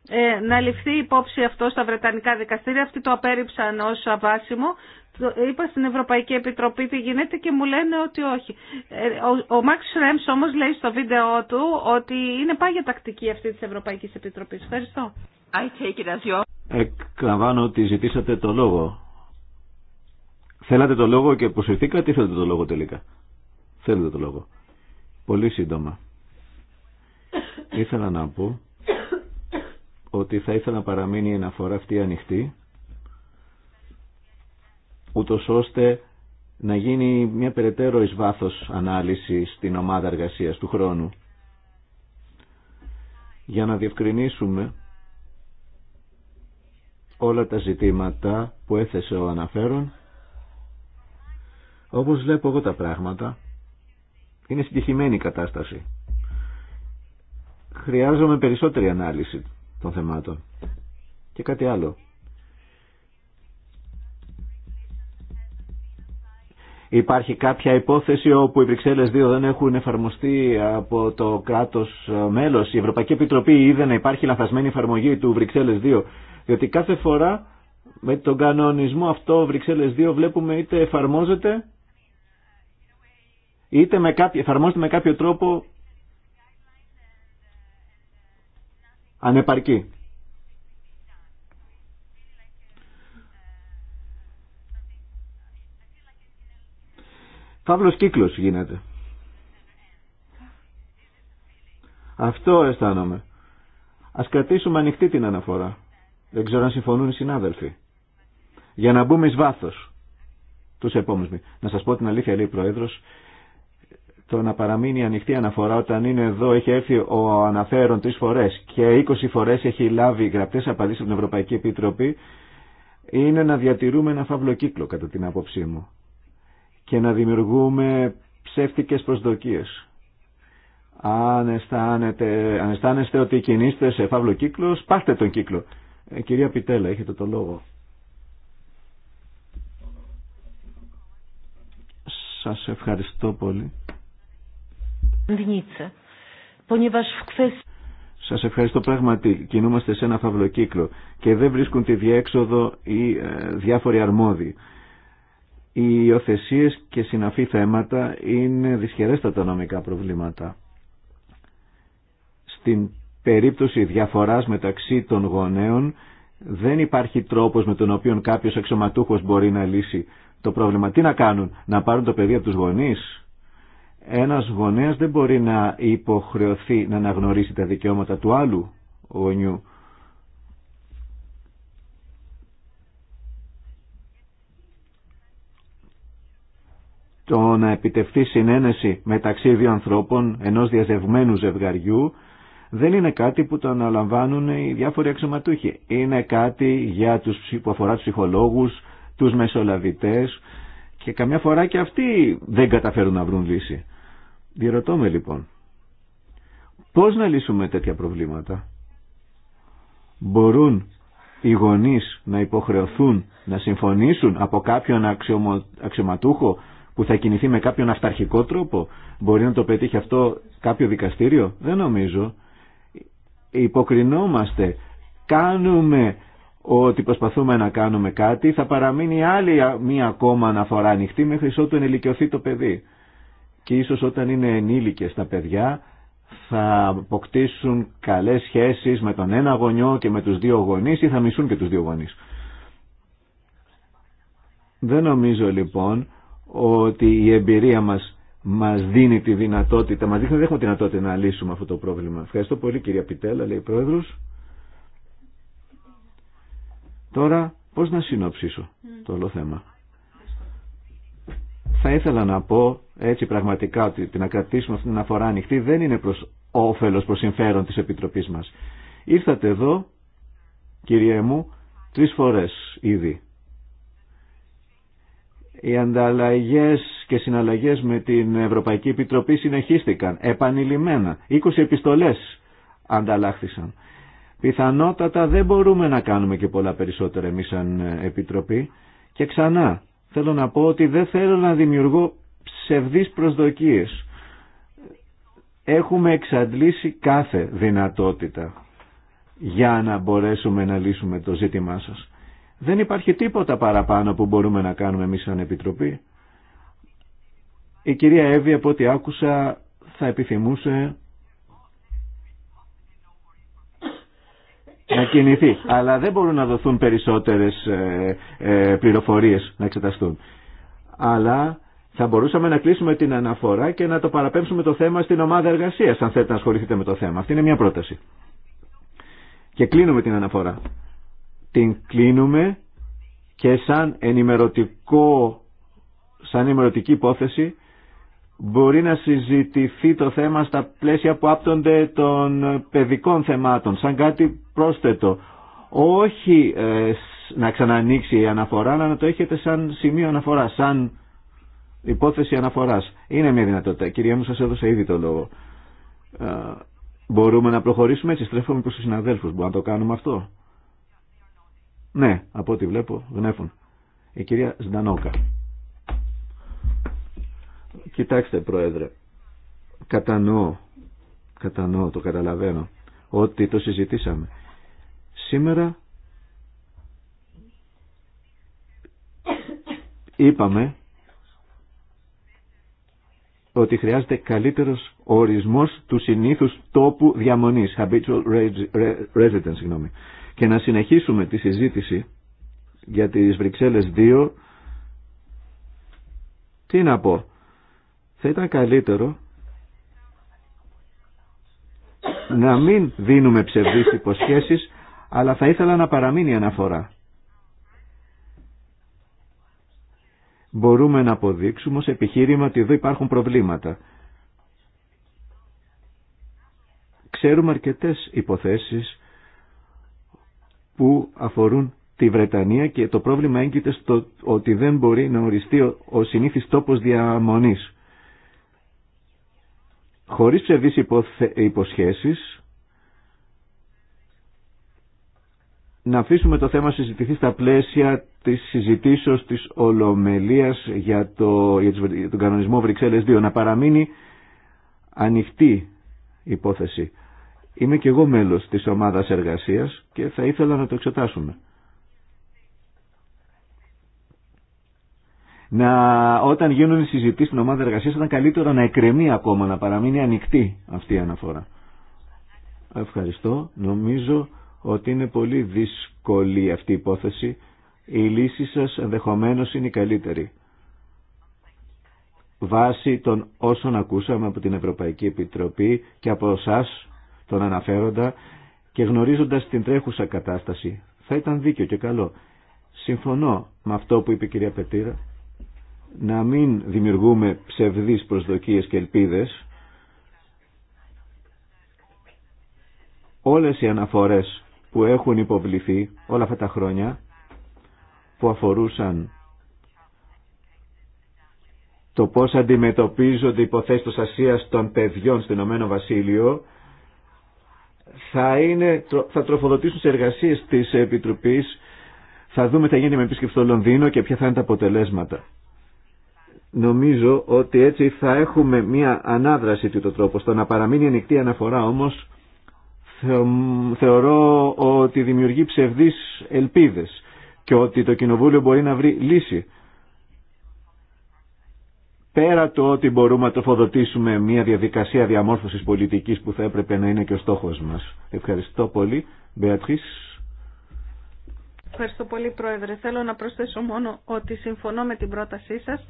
Ε, να ληφθεί υπόψη αυτό στα Βρετανικά δικαστήρια. Αυτοί το απέρριψαν ω αβάσιμο. Είπα στην Ευρωπαϊκή Επιτροπή τι γίνεται και μου λένε ότι όχι. Ε, ο Μαξ Ρέμ όμως λέει στο βίντεο του ότι είναι πάγια τακτική αυτή της Ευρωπαϊκής Επιτροπής. Ευχαριστώ. Εκλαμβάνω ότι ζητήσατε το λόγο. Θέλατε το λόγο και αποσυρθήκατε ή θέλετε το λόγο τελικά. Θέλετε το λόγο. Πολύ σύντομα. Ήθελα να πω ότι θα ήθελα να παραμείνει η αναφορά αυτή ανοιχτή, ούτω ώστε να γίνει μια περαιτέρω εις βάθος ανάλυση στην ομάδα εργασίας του χρόνου. Για να διευκρινίσουμε όλα τα ζητήματα που έθεσε ο αναφέρον, όπως βλέπω εγώ τα πράγματα, είναι συγκεκριμένη η κατάσταση. Χρειάζομαι περισσότερη ανάλυση των θεμάτων. Και κάτι άλλο. Υπάρχει κάποια υπόθεση όπου οι Βρυξέλλες 2 δεν έχουν εφαρμοστεί από το κράτος ε, μέλος. Η Ευρωπαϊκή Επιτροπή είδε να υπάρχει λαθασμένη εφαρμογή του Βρυξέλλες 2. Διότι κάθε φορά με τον κανονισμό αυτό Βρυξέλλες 2 βλέπουμε είτε εφαρμόζεται είτε με κάποιο, εφαρμόζεται με κάποιο τρόπο ανεπαρκή. Φαύλος κύκλος γίνεται. Αυτό αισθάνομαι. Ας κρατήσουμε ανοιχτή την αναφορά. Δεν ξέρω αν συμφωνούν οι συνάδελφοι. Για να μπούμε εις βάθος τους επόμενους. Να σας πω την αλήθεια, λέει ο Πρόεδρος, το να παραμείνει ανοιχτή αναφορά όταν είναι εδώ, έχει έρθει ο αναφέρον τρεις φορές και 20 φορές έχει λάβει γραπτές απαντήσεις από την Ευρωπαϊκή Επιτροπή, είναι να διατηρούμε ένα φαύλο κύκλο κατά την άποψή μου και να δημιουργούμε ψεύτικες προσδοκίες. Αν αισθάνεστε, αν ότι κινείστε σε φαύλο κύκλο, σπάστε τον κύκλο. Ε, κυρία Πιτέλα, έχετε το λόγο. Σας ευχαριστώ πολύ. Σας ευχαριστώ πράγματι. Κινούμαστε σε ένα φαυλοκύκλο και δεν βρίσκουν τη διέξοδο οι ε, διάφοροι αρμόδιοι. Οι υιοθεσίε και συναφή θέματα είναι δυσχερέστατα νομικά προβλήματα. Στην περίπτωση διαφοράς μεταξύ των γονέων δεν υπάρχει τρόπος με τον οποίο κάποιος αξιωματούχος μπορεί να λύσει το πρόβλημα. Τι να κάνουν, να πάρουν το παιδί από τους γονείς, ένας γονέας δεν μπορεί να υποχρεωθεί να αναγνωρίσει τα δικαιώματα του άλλου γονιού. Το να επιτευχθεί συνένεση μεταξύ δύο ανθρώπων ενός διαζευμένου ζευγαριού δεν είναι κάτι που το αναλαμβάνουν οι διάφοροι αξιωματούχοι. Είναι κάτι για τους, που αφορά τους ψυχολόγους, τους μεσολαβητές και καμιά φορά και αυτοί δεν καταφέρουν να βρουν λύση. Διερωτώ λοιπόν, πώς να λύσουμε τέτοια προβλήματα. Μπορούν οι γονείς να υποχρεωθούν να συμφωνήσουν από κάποιον αξιωματούχο που θα κινηθεί με κάποιον αυταρχικό τρόπο. Μπορεί να το πετύχει αυτό κάποιο δικαστήριο. Δεν νομίζω. Υποκρινόμαστε. Κάνουμε ότι προσπαθούμε να κάνουμε κάτι. Θα παραμείνει άλλη μία ακόμα αναφορά ανοιχτή μέχρι ότου ενηλικιωθεί το παιδί και ίσως όταν είναι ενήλικες τα παιδιά θα αποκτήσουν καλές σχέσεις με τον ένα γονιό και με τους δύο γονείς ή θα μισούν και τους δύο γονείς. Δεν νομίζω λοιπόν ότι η εμπειρία μας μας δίνει τη δυνατότητα, μας δείχνει ότι έχουμε τη δυνατότητα να λύσουμε αυτό το πρόβλημα. Ευχαριστώ πολύ κυρία Πιτέλα, λέει πρόεδρος. Τώρα πώς να συνοψίσω το όλο θέμα. Θα ήθελα να πω έτσι πραγματικά ότι να κρατήσουμε αυτή την αφορά ανοιχτή δεν είναι προς όφελος, προς συμφέρον της Επιτροπής μας. Ήρθατε εδώ, κύριε μου, τρεις φορές ήδη. Οι ανταλλαγές και συναλλαγές με την Ευρωπαϊκή Επιτροπή συνεχίστηκαν επανειλημμένα. 20 επιστολές ανταλλάχθησαν. Πιθανότατα δεν μπορούμε να κάνουμε και πολλά περισσότερα εμείς σαν Επιτροπή. Και ξανά, Θέλω να πω ότι δεν θέλω να δημιουργώ ψευδείς προσδοκίες. Έχουμε εξαντλήσει κάθε δυνατότητα για να μπορέσουμε να λύσουμε το ζήτημά σας. Δεν υπάρχει τίποτα παραπάνω που μπορούμε να κάνουμε εμείς σαν Επιτροπή. Η κυρία Εύη, από ό,τι άκουσα, θα επιθυμούσε να κινηθεί. Αλλά δεν μπορούν να δοθούν περισσότερες ε, ε, πληροφορίες να εξεταστούν. Αλλά θα μπορούσαμε να κλείσουμε την αναφορά και να το παραπέμψουμε το θέμα στην ομάδα εργασίας, αν θέλετε να ασχοληθείτε με το θέμα. Αυτή είναι μια πρόταση. Και κλείνουμε την αναφορά. Την κλείνουμε και σαν ενημερωτικό, σαν ενημερωτική υπόθεση μπορεί να συζητηθεί το θέμα στα πλαίσια που άπτονται των παιδικών θεμάτων, σαν κάτι πρόσθετο. Όχι ε, να ξανανοίξει η αναφορά, αλλά να το έχετε σαν σημείο αναφορά, σαν υπόθεση αναφοράς. Είναι μια δυνατότητα. Κυρία μου, σα έδωσα ήδη το λόγο. Ε, μπορούμε να προχωρήσουμε έτσι, στρέφομαι προς τους συναδέλφους. Μπορούμε να το κάνουμε αυτό. Ναι, από ό,τι βλέπω, γνέφουν. Η κυρία Σντανόκα. Κοιτάξτε Πρόεδρε, κατανοώ, κατανοώ, το καταλαβαίνω, ότι το συζητήσαμε. Σήμερα είπαμε ότι χρειάζεται καλύτερος ορισμός του συνήθους τόπου διαμονής, habitual residence, συγγνώμη. Και να συνεχίσουμε τη συζήτηση για τις Βρυξέλλες 2, τι να πω, θα ήταν καλύτερο να μην δίνουμε ψευδείς υποσχέσεις, αλλά θα ήθελα να παραμείνει αναφορά. Μπορούμε να αποδείξουμε ως επιχείρημα ότι εδώ υπάρχουν προβλήματα. Ξέρουμε αρκετές υποθέσεις που αφορούν τη Βρετανία και το πρόβλημα έγκυται στο ότι δεν μπορεί να οριστεί ο συνήθις τόπος διαμονής χωρίς ψευδείς υποσχέσεις να αφήσουμε το θέμα συζητηθεί στα πλαίσια της συζητήσεως της Ολομελίας για, το, τον κανονισμό Βρυξέλλες 2 να παραμείνει ανοιχτή υπόθεση. Είμαι και εγώ μέλος της ομάδας εργασίας και θα ήθελα να το εξετάσουμε. να, όταν γίνουν οι συζητήσεις στην ομάδα εργασίας ήταν καλύτερο να εκκρεμεί ακόμα, να παραμείνει ανοιχτή αυτή η αναφορά. Ευχαριστώ. Νομίζω ότι είναι πολύ δύσκολη αυτή η υπόθεση. Η λύση σας ενδεχομένως είναι η καλύτερη. Βάσει των όσων ακούσαμε από την Ευρωπαϊκή Επιτροπή και από εσά τον αναφέροντα και γνωρίζοντας την τρέχουσα κατάσταση, θα ήταν δίκιο και καλό. Συμφωνώ με αυτό που είπε η κυρία Πετήρα να μην δημιουργούμε ψευδείς προσδοκίες και ελπίδες. Όλες οι αναφορές που έχουν υποβληθεί όλα αυτά τα χρόνια που αφορούσαν το πώς αντιμετωπίζονται οι υποθέσεις της Ασίας των παιδιών στην Ηνωμένο Βασίλειο θα, είναι, θα τροφοδοτήσουν τις εργασίες της Επιτροπής θα δούμε τι θα γίνει με επίσκεψη στο Λονδίνο και ποια θα είναι τα αποτελέσματα. Νομίζω ότι έτσι θα έχουμε μία ανάδραση του τρόπο. Στο να παραμείνει ανοιχτή αναφορά όμως θεωρώ ότι δημιουργεί ψευδείς ελπίδες και ότι το Κοινοβούλιο μπορεί να βρει λύση. Πέρα το ότι μπορούμε να τροφοδοτήσουμε μια διαδικασία διαμόρφωσης πολιτικής που θα έπρεπε να είναι και ο στόχος μας. Ευχαριστώ πολύ. Μπεατρίς. Ευχαριστώ πολύ Πρόεδρε. Θέλω να προσθέσω μόνο ότι συμφωνώ με την πρότασή σας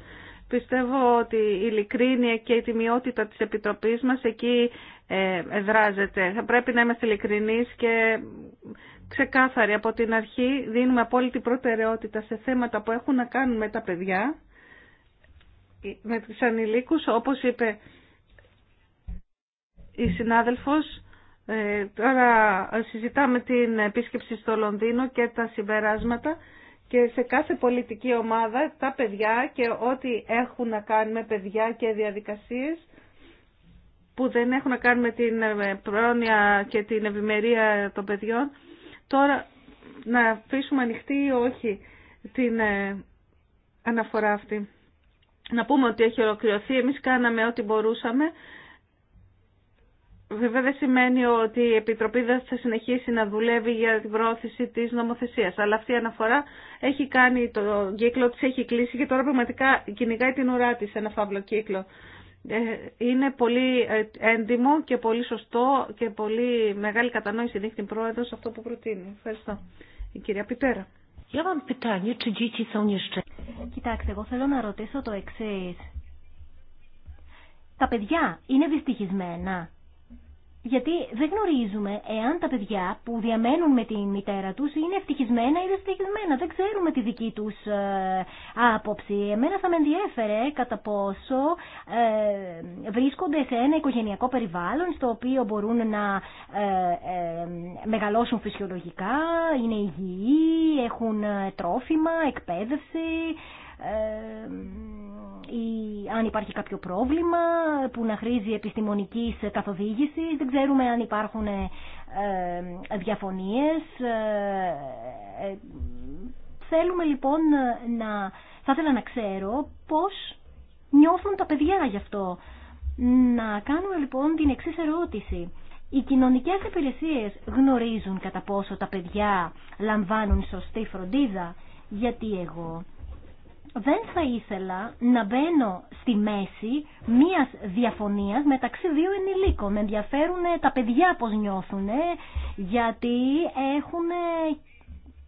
Πιστεύω ότι η ειλικρίνεια και η τιμιότητα της Επιτροπής μας εκεί ε, δράζεται. Θα πρέπει να είμαστε ειλικρινείς και ξεκάθαροι. Από την αρχή δίνουμε απόλυτη προτεραιότητα σε θέματα που έχουν να κάνουν με τα παιδιά, ε, με τους ανηλίκους, όπως είπε η συνάδελφος. Ε, τώρα συζητάμε την επίσκεψη στο Λονδίνο και τα συμπεράσματα και σε κάθε πολιτική ομάδα τα παιδιά και ό,τι έχουν να κάνουν με παιδιά και διαδικασίες που δεν έχουν να κάνουν με την ε, πρόνοια και την ευημερία των παιδιών. Τώρα να αφήσουμε ανοιχτή ή όχι την ε, αναφορά αυτή. Να πούμε ότι έχει ολοκληρωθεί. Εμείς κάναμε ό,τι μπορούσαμε Βέβαια δεν σημαίνει ότι η Επιτροπή δεν θα συνεχίσει να δουλεύει για την πρόθεση της νομοθεσίας. Αλλά αυτή η αναφορά έχει κάνει το κύκλο της, έχει κλείσει και τώρα πραγματικά κυνηγάει την ουρά της ένα φαύλο κύκλο. Ε, είναι πολύ ε, έντιμο και πολύ σωστό και πολύ μεγάλη κατανόηση δείχνει πρόεδρος αυτό που προτείνει. Ευχαριστώ. Η κυρία Πιτέρα. Κοιτάξτε, εγώ θέλω να ρωτήσω το εξή. Τα παιδιά είναι δυστυχισμένα γιατί δεν γνωρίζουμε εάν τα παιδιά που διαμένουν με τη μητέρα τους είναι ευτυχισμένα ή δυστυχισμένα. Δεν ξέρουμε τη δική τους ε, άποψη. Εμένα θα με ενδιέφερε κατά πόσο ε, βρίσκονται σε ένα οικογενειακό περιβάλλον στο οποίο μπορούν να ε, μεγαλώσουν φυσιολογικά, είναι υγιεί, έχουν τρόφιμα, εκπαίδευση ε, αν υπάρχει κάποιο πρόβλημα που να χρήζει επιστημονικής καθοδήγησης. Δεν ξέρουμε αν υπάρχουν ε, διαφωνίες. Ε, θέλουμε λοιπόν να... Θα ήθελα να ξέρω πώς νιώθουν τα παιδιά γι' αυτό. Να κάνουμε λοιπόν την εξή ερώτηση. Οι κοινωνικές υπηρεσίε γνωρίζουν κατά πόσο τα παιδιά λαμβάνουν σωστή φροντίδα. Γιατί εγώ δεν θα ήθελα να μπαίνω στη μέση μίας διαφωνίας μεταξύ δύο ενηλίκων. Με ενδιαφέρουν ε, τα παιδιά πώς νιώθουν, γιατί έχουν ε,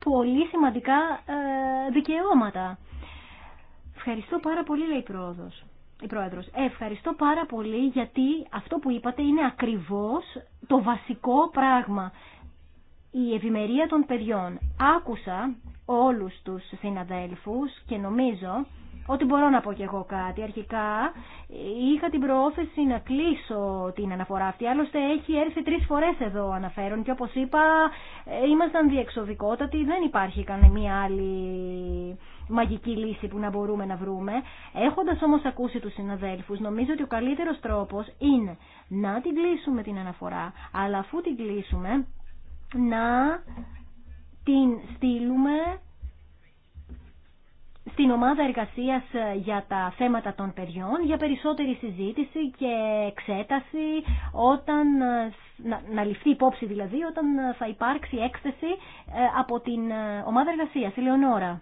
πολύ σημαντικά ε, δικαιώματα. Ευχαριστώ πάρα πολύ, λέει η Πρόεδρος. Η Ευχαριστώ πάρα πολύ, γιατί αυτό που είπατε είναι ακριβώς το βασικό πράγμα. Η ευημερία των παιδιών. Άκουσα όλους τους συναδέλφους και νομίζω ότι μπορώ να πω κι εγώ κάτι. Αρχικά είχα την προώθηση να κλείσω την αναφορά αυτή. Άλλωστε έχει έρθει τρεις φορές εδώ αναφέρον και όπως είπα ήμασταν διεξοδικότατοι. Δεν υπάρχει κανένα άλλη μαγική λύση που να μπορούμε να βρούμε. Έχοντας όμως ακούσει τους συναδέλφους νομίζω ότι ο καλύτερος τρόπος είναι να την κλείσουμε την αναφορά αλλά αφού την κλείσουμε να την στείλουμε στην ομάδα εργασίας ε, για τα θέματα των παιδιών για περισσότερη συζήτηση και εξέταση όταν, ε, να, ληφθεί υπόψη δηλαδή όταν ε, θα υπάρξει έκθεση από την ομάδα εργασίας, η Λεωνόρα.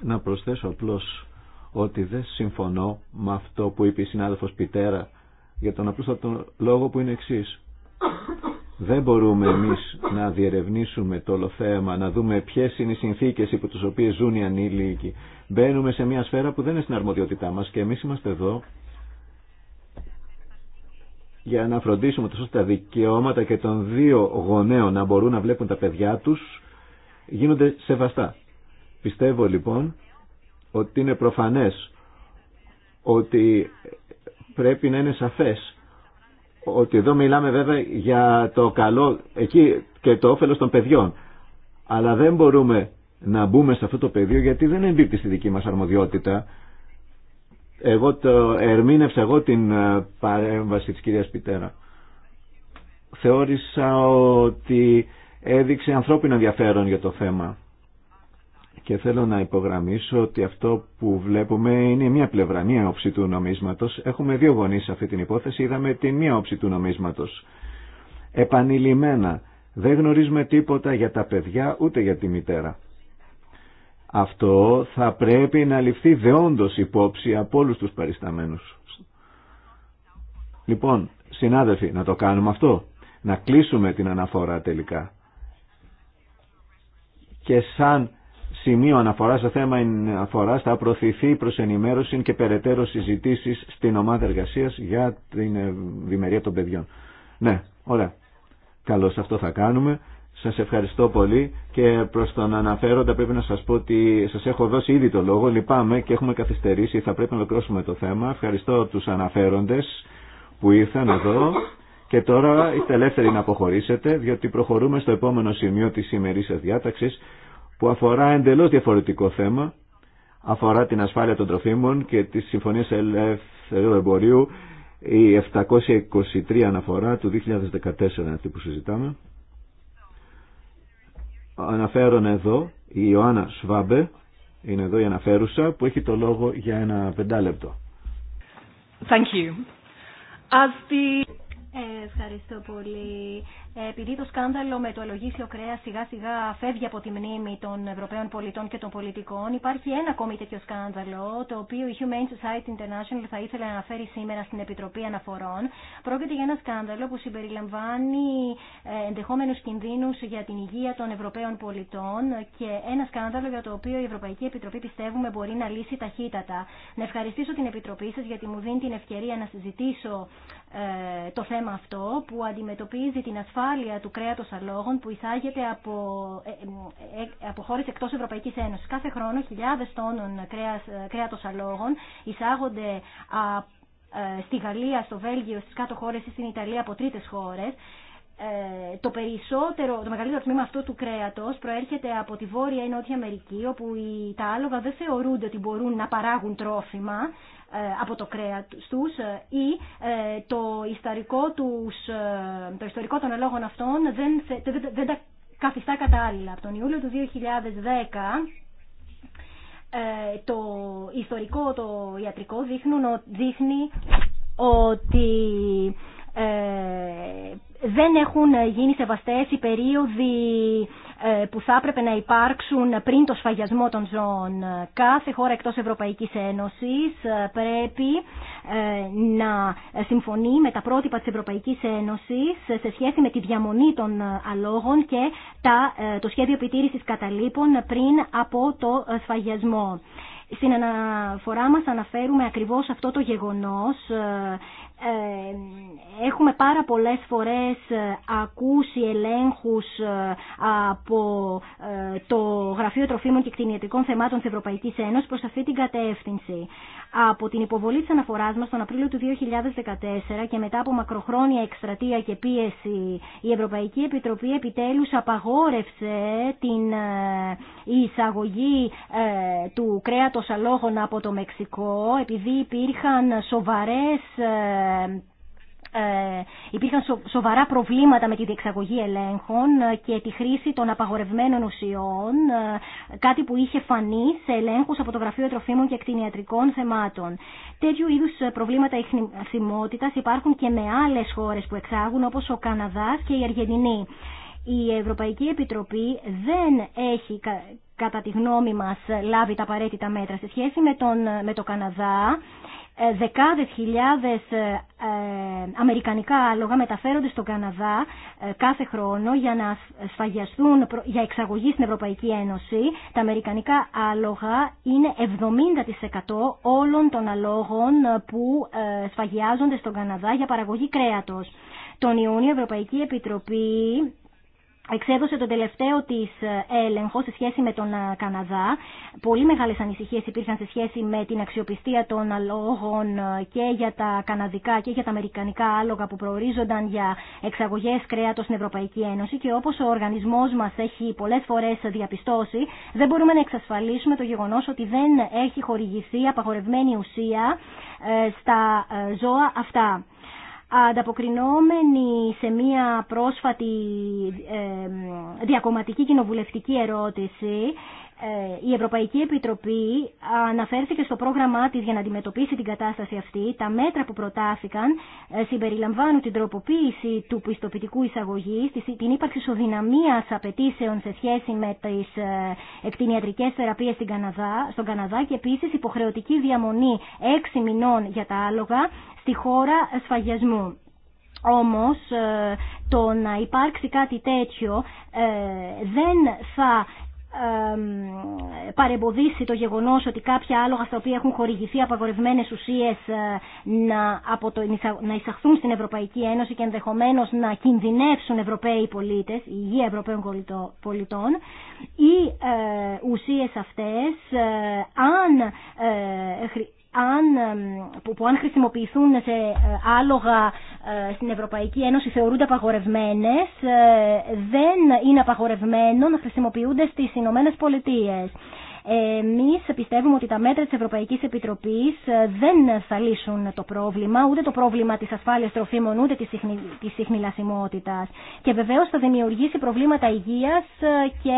Να προσθέσω απλώς ότι δεν συμφωνώ με αυτό που είπε η συνάδελφος Πιτέρα για τον απλούστατο λόγο που είναι εξή. Δεν μπορούμε εμείς να διερευνήσουμε το όλο θέμα, να δούμε ποιες είναι οι συνθήκες υπό τις οποίες ζουν οι ανήλικοι. Μπαίνουμε σε μια σφαίρα που δεν είναι στην αρμοδιότητά μας και εμείς είμαστε εδώ για να φροντίσουμε τόσο τα δικαιώματα και των δύο γονέων να μπορούν να βλέπουν τα παιδιά τους γίνονται σεβαστά. Πιστεύω λοιπόν ότι είναι προφανές ότι πρέπει να είναι σαφές ότι εδώ μιλάμε βέβαια για το καλό εκεί και το όφελος των παιδιών. Αλλά δεν μπορούμε να μπούμε σε αυτό το πεδίο γιατί δεν εμπίπτει στη δική μας αρμοδιότητα. Εγώ το ερμήνευσα εγώ την ε, παρέμβαση της κυρίας Πιτέρα. Θεώρησα ότι έδειξε ανθρώπινο ενδιαφέρον για το θέμα και θέλω να υπογραμμίσω ότι αυτό που βλέπουμε είναι μία πλευρά, μία όψη του νομίσματος. Έχουμε δύο γονείς σε αυτή την υπόθεση, είδαμε τη μία όψη του νομίσματος. Επανειλημμένα, δεν γνωρίζουμε τίποτα για τα παιδιά ούτε για τη μητέρα. Αυτό θα πρέπει να ληφθεί δεόντως υπόψη από όλους τους παρισταμένους. Λοιπόν, συνάδελφοι, να το κάνουμε αυτό. Να κλείσουμε την αναφορά τελικά. Και σαν σημείο αναφορά στο θέμα αναφορά θα προωθηθεί προ ενημέρωση και περαιτέρω συζητήσει στην ομάδα εργασία για την ευημερία των παιδιών. Ναι, ωραία. Καλώ αυτό θα κάνουμε. Σα ευχαριστώ πολύ και προ τον αναφέροντα πρέπει να σα πω ότι σα έχω δώσει ήδη το λόγο, λυπάμαι και έχουμε καθυστερήσει, θα πρέπει να ολοκληρώσουμε το θέμα. Ευχαριστώ του αναφέροντε που ήρθαν εδώ και τώρα είστε ελεύθεροι να αποχωρήσετε διότι προχωρούμε στο επόμενο σημείο της σα διάταξης που αφορά εντελώς διαφορετικό θέμα, αφορά την ασφάλεια των τροφίμων και τις συμφωνίες ελεύθερου εμπορίου, η 723 αναφορά του 2014 αυτή που συζητάμε. Αναφέρον εδώ η Ιωάννα Σβάμπε, είναι εδώ η αναφέρουσα, που έχει το λόγο για ένα πεντάλεπτο. Thank you. As the... Ε, ευχαριστώ πολύ. Ε, επειδή το σκάνδαλο με το ελογίσιο κρέα σιγά σιγά φεύγει από τη μνήμη των Ευρωπαίων πολιτών και των πολιτικών, υπάρχει ένα ακόμη τέτοιο σκάνδαλο, το οποίο η Humane Society International θα ήθελε να αναφέρει σήμερα στην Επιτροπή Αναφορών. Πρόκειται για ένα σκάνδαλο που συμπεριλαμβάνει ε, ενδεχόμενου κινδύνου για την υγεία των Ευρωπαίων πολιτών και ένα σκάνδαλο για το οποίο η Ευρωπαϊκή Επιτροπή πιστεύουμε μπορεί να λύσει ταχύτατα. Να ευχαριστήσω την Επιτροπή σα γιατί μου δίνει την ευκαιρία να συζητήσω ε, το θέμα αυτό που αντιμετωπίζει την ασφάλεια του κρέατος αλόγων που εισάγεται από, ε, ε, από χώρες εκτός Ευρωπαϊκής Ένωσης. Κάθε χρόνο χιλιάδες τόνων κρέας, κρέατος αλόγων εισάγονται στη Γαλλία, στο Βέλγιο, στις κάτω χώρες ή στην Ιταλία από τρίτες χώρες ε, το περισσότερο, το μεγαλύτερο τμήμα αυτού του κρέατος προέρχεται από τη Βόρεια ή Νότια Αμερική, όπου οι, τα άλογα δεν θεωρούνται ότι μπορούν να παράγουν τρόφιμα ε, από το κρέα τους ε, ή το, ιστορικό τους, το ιστορικό των αλόγων αυτών δεν, δεν, δεν τα καθιστά κατάλληλα. Από τον Ιούλιο του 2010 το ιστορικό, το ιατρικό δείχνουν, δείχνει ότι ε, δεν έχουν γίνει σεβαστές οι περίοδοι ε, που θα έπρεπε να υπάρξουν πριν το σφαγιασμό των ζώων. Κάθε χώρα εκτός Ευρωπαϊκής Ένωσης ε, πρέπει να συμφωνεί με τα πρότυπα της Ευρωπαϊκής Ένωσης σε σχέση με τη διαμονή των αλόγων και το σχέδιο επιτήρησης καταλήπων πριν από το σφαγιασμό. Στην αναφορά μας αναφέρουμε ακριβώς αυτό το γεγονός ε, έχουμε πάρα πολλές φορές ε, ακούσει ελέγχους ε, από το Γραφείο Τροφίμων και Κτηνιατρικών Θεμάτων της Ευρωπαϊκής Ένωσης προς αυτή την κατεύθυνση. Από την υποβολή της αναφοράς μας τον Απρίλιο του 2014 και μετά από μακροχρόνια εκστρατεία και πίεση η Ευρωπαϊκή Επιτροπή επιτέλους απαγόρευσε την εισαγωγή του κρέατος αλόγων από το Μεξικό επειδή υπήρχαν σοβαρές ε, ε, υπήρχαν σοβαρά προβλήματα με τη διεξαγωγή ελέγχων και τη χρήση των απαγορευμένων ουσιών, ε, κάτι που είχε φανεί σε ελέγχους από το Γραφείο Τροφίμων και Εκτινιατρικών Θεμάτων. Τέτοιου είδους προβλήματα ειχνημότητας υπάρχουν και με άλλες χώρες που εξάγουν όπως ο Καναδάς και η Αργεντινή. Η Ευρωπαϊκή Επιτροπή δεν έχει κατά τη γνώμη μας λάβει τα απαραίτητα μέτρα σε σχέση με, τον, με το Καναδά ε, δεκάδες χιλιάδες ε, ε, αμερικανικά άλογα μεταφέρονται στον Καναδά κάθε χρόνο για να σφαγιαστούν για εξαγωγή στην Ευρωπαϊκή Ένωση. Τα αμερικανικά άλογα είναι 70% όλων των αλόγων που σφαγιάζονται στον Καναδά για παραγωγή κρέατος. Τον Ιούνιο η Ευρωπαϊκή Επιτροπή εξέδωσε τον τελευταίο της ε, έλεγχο σε σχέση με τον ε, Καναδά. Πολύ μεγάλες ανησυχίες υπήρχαν σε σχέση με την αξιοπιστία των αλόγων ε, και για τα καναδικά και για τα αμερικανικά άλογα που προορίζονταν για εξαγωγές κρέατος στην Ευρωπαϊκή Ένωση και όπως ο οργανισμός μας έχει πολλές φορές διαπιστώσει, δεν μπορούμε να εξασφαλίσουμε το γεγονός ότι δεν έχει χορηγηθεί απαγορευμένη ουσία στα ζώα αυτά ανταποκρινόμενη σε μία πρόσφατη διακομματική κοινοβουλευτική ερώτηση, ε, η Ευρωπαϊκή Επιτροπή αναφέρθηκε στο πρόγραμμά της για να αντιμετωπίσει την κατάσταση αυτή. Τα μέτρα που προτάθηκαν ε, συμπεριλαμβάνουν την τροποποίηση του πιστοποιητικού εισαγωγής, την ύπαρξη ισοδυναμίας απαιτήσεων σε σχέση με τις ε, εκτινιατρικές θεραπείες στον Καναδά και επίσης υποχρεωτική διαμονή έξι μηνών για τα άλογα η χώρα σφαγιασμού. Όμως ε, το να υπάρξει κάτι τέτοιο ε, δεν θα παρεμποδίσει το γεγονός ότι κάποια άλογα στα οποία έχουν χορηγηθεί απαγορευμένες ουσίες ε, να, από το, να εισαχθούν στην Ευρωπαϊκή Ένωση και ενδεχομένως να κινδυνεύσουν Ευρωπαίοι πολίτες, η υγεία Ευρωπαίων πολιτών οι ε, ουσίες αυτές αν αν, που, που αν χρησιμοποιηθούν σε ε, άλογα ε, στην Ευρωπαϊκή Ένωση θεωρούνται απαγορευμένες, ε, δεν είναι απαγορευμένο να χρησιμοποιούνται στις Ηνωμένε Πολιτείες. Εμεί πιστεύουμε ότι τα μέτρα τη Ευρωπαϊκή Επιτροπή δεν θα λύσουν το πρόβλημα, ούτε το πρόβλημα τη ασφάλεια τροφίμων, ούτε τη συχνηλασιμότητα. Και βεβαίω θα δημιουργήσει προβλήματα υγεία και